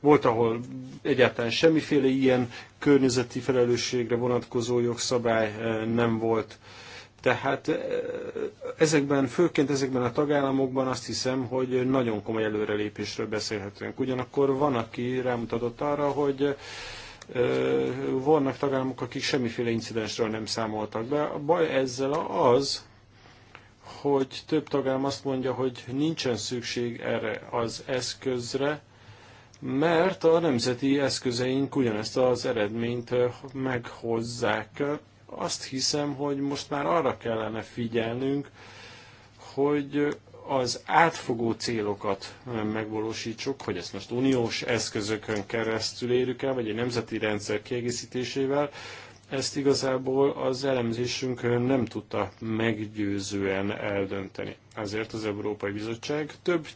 Volt, ahol egyáltalán semmiféle ilyen környezeti felelősségre vonatkozó jogszabály nem volt. Tehát ezekben, főként ezekben a tagállamokban azt hiszem, hogy nagyon komoly előrelépésről beszélhetünk. Ugyanakkor van, aki rámutatott arra, hogy vannak tagállamok, akik semmiféle incidensről nem számoltak be. A baj ezzel az, hogy több tagállam azt mondja, hogy nincsen szükség erre az eszközre, mert a nemzeti eszközeink ugyanezt az eredményt meghozzák. Azt hiszem, hogy most már arra kellene figyelnünk, hogy az átfogó célokat megvalósítsuk, hogy ezt most uniós eszközökön keresztül érjük el, vagy egy nemzeti rendszer kiegészítésével, ezt igazából az elemzésünk nem tudta meggyőzően eldönteni. Ezért az Európai Bizottság több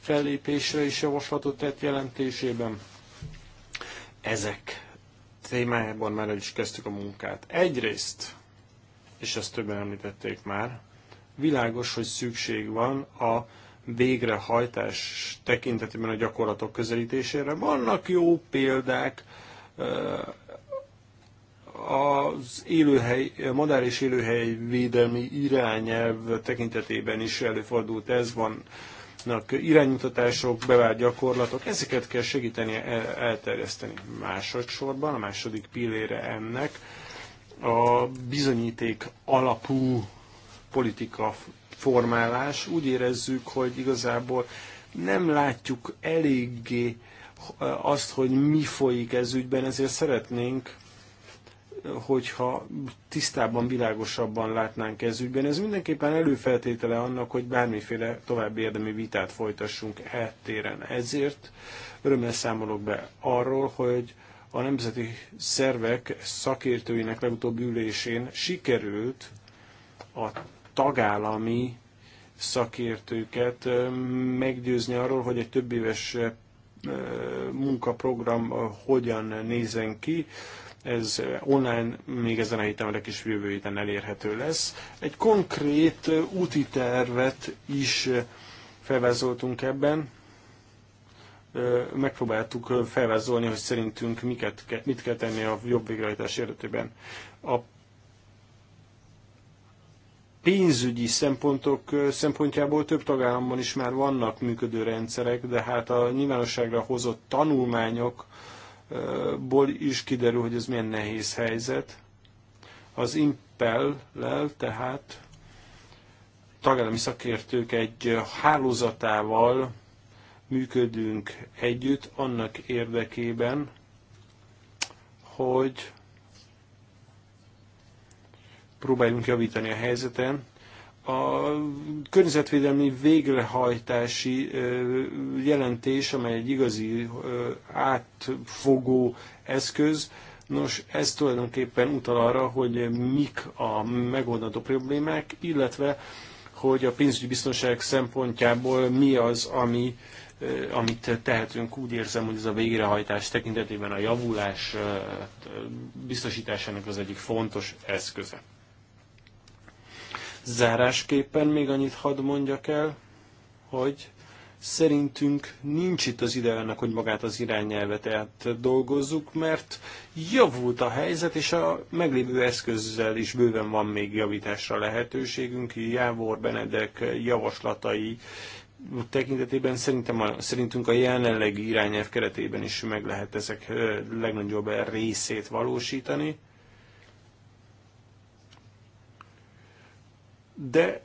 fellépésre is javaslatot tett jelentésében. Ezek témájában már el is kezdtük a munkát. Egyrészt, és ezt többen említették már, Világos, hogy szükség van a végrehajtás tekintetében a gyakorlatok közelítésére. Vannak jó példák, eh, az élőhely, madár és élőhely védelmi irányelv tekintetében is előfordult ez, vannak iránymutatások, bevált gyakorlatok, ezeket kell segíteni e, elterjeszteni másodszorban, a második pillére ennek a bizonyíték alapú politika formálás. Úgy érezzük, hogy igazából nem látjuk eléggé eh, azt, hogy mi folyik ez ügyben, ezért szeretnénk eh, hogyha tisztábban, világosabban látnánk ez ügyben. Ez mindenképpen előfeltétele annak, hogy bármiféle további érdemi vitát folytassunk e Ezért örömmel számolok be arról, hogy a nemzeti szervek szakértőinek legutóbbi ülésén sikerült a tagállami szakértőket meggyőzni arról, hogy egy több éves munkaprogram hogyan nézen ki. Ez online még ezen a héten, vagy a kis jövő héten elérhető lesz. Egy konkrét úti tervet is felvázoltunk ebben. Megpróbáltuk felvázolni, hogy szerintünk miket, mit kell tenni a jobb végrehajtás érdekében. A pénzügyi szempontok szempontjából több tagállamban is már vannak működő rendszerek, de hát a nyilvánosságra hozott tanulmányokból is kiderül, hogy ez milyen nehéz helyzet. Az Impel-lel tehát tagállami szakértők egy hálózatával működünk együtt annak érdekében, hogy próbáljunk javítani a helyzeten. A környezetvédelmi végrehajtási jelentés, amely egy igazi átfogó eszköz, Nos, ez tulajdonképpen utal arra, hogy mik a megoldandó problémák, illetve hogy a pénzügyi biztonság szempontjából mi az, ami, amit tehetünk. Úgy érzem, hogy ez a végrehajtás tekintetében a javulás biztosításának az egyik fontos eszköze. Zárásképpen még annyit hadd mondjak el, hogy szerintünk nincs itt az ideje hogy magát az irányelvet dolgozzuk, mert javult a helyzet, és a meglévő eszközzel is bőven van még javításra lehetőségünk. Jávor Benedek javaslatai tekintetében szerintem a, szerintünk a jelenlegi irányelv keretében is meg lehet ezek legnagyobb részét valósítani. de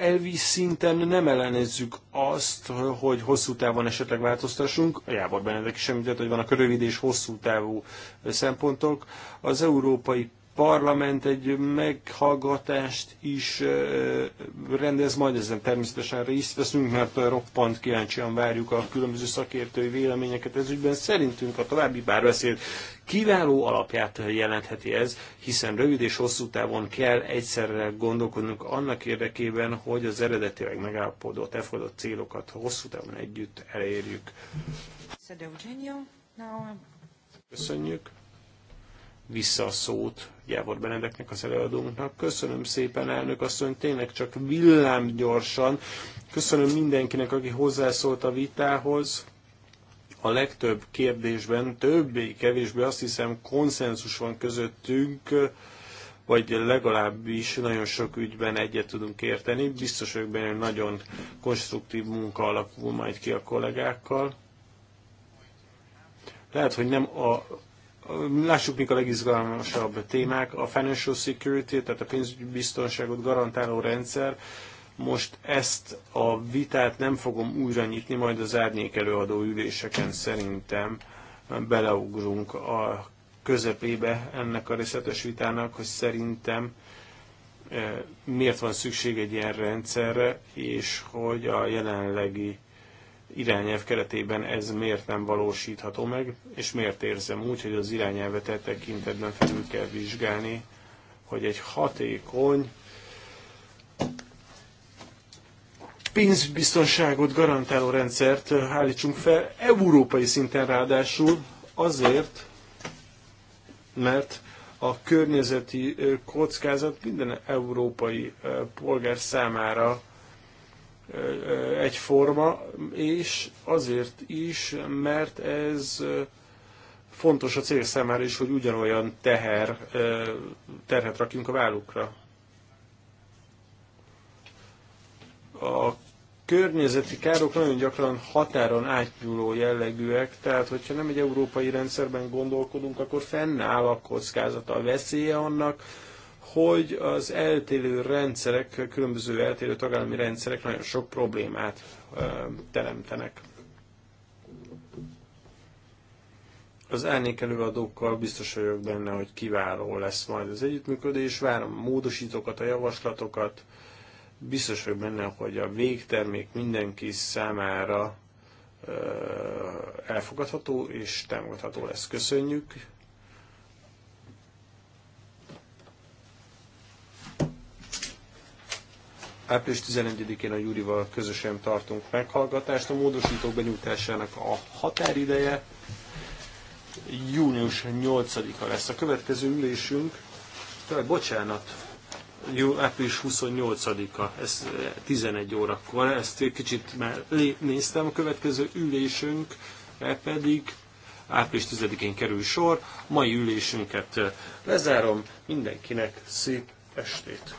elvi szinten nem ellenezzük azt, hogy hosszú távon esetleg változtassunk, a Jábor Benedek is említett, hogy vannak rövid és hosszú távú szempontok. Az európai parlament egy meghallgatást is rendez, majd ezen természetesen részt veszünk, mert roppant kíváncsian várjuk a különböző szakértői véleményeket ez ügyben. Szerintünk a további párbeszéd kiváló alapját jelentheti ez, hiszen rövid és hosszú távon kell egyszerre gondolkodnunk annak érdekében, hogy az eredetileg megállapodott, elfogadott célokat hosszú távon együtt elérjük. Köszönjük vissza a szót Gyávor Benedeknek, az előadónknak. Köszönöm szépen, elnök asszony, tényleg csak villám gyorsan. Köszönöm mindenkinek, aki hozzászólt a vitához. A legtöbb kérdésben többé-kevésbé azt hiszem konszenzus van közöttünk, vagy legalábbis nagyon sok ügyben egyet tudunk érteni. Biztos vagyok benne, hogy nagyon konstruktív munka alakul majd ki a kollégákkal. Lehet, hogy nem a lássuk, mik a legizgalmasabb témák. A financial security, tehát a pénzügyi biztonságot garantáló rendszer, most ezt a vitát nem fogom újra nyitni, majd az árnyék előadó üléseken szerintem beleugrunk a közepébe ennek a részletes vitának, hogy szerintem eh, miért van szükség egy ilyen rendszerre, és hogy a jelenlegi irányelv keretében ez miért nem valósítható meg, és miért érzem úgy, hogy az irányelvet e tekintetben felül kell vizsgálni, hogy egy hatékony pénzbiztonságot garantáló rendszert állítsunk fel, európai szinten ráadásul azért, mert a környezeti kockázat minden európai polgár számára egyforma, és azért is, mert ez fontos a cég számára is, hogy ugyanolyan teher, terhet rakjunk a vállukra. A környezeti károk nagyon gyakran határon átnyúló jellegűek, tehát hogyha nem egy európai rendszerben gondolkodunk, akkor fennáll a kockázata, a veszélye annak, hogy az eltérő rendszerek, különböző eltérő tagállami rendszerek nagyon sok problémát teremtenek. Az elnékelő adókkal biztos vagyok benne, hogy kiváló lesz majd az együttműködés, várom a módosítókat, a javaslatokat, biztos vagyok benne, hogy a végtermék mindenki számára elfogadható és támogatható lesz. Köszönjük! április 11-én a Júrival közösen tartunk meghallgatást. A módosítók benyújtásának a határideje június 8-a lesz a következő ülésünk. Tehát bocsánat, jó, április 28-a, ez 11 eh, órakor, ezt kicsit már néztem, a következő ülésünk eh, pedig április 10-én kerül sor. Mai ülésünket eh, lezárom, mindenkinek szép estét!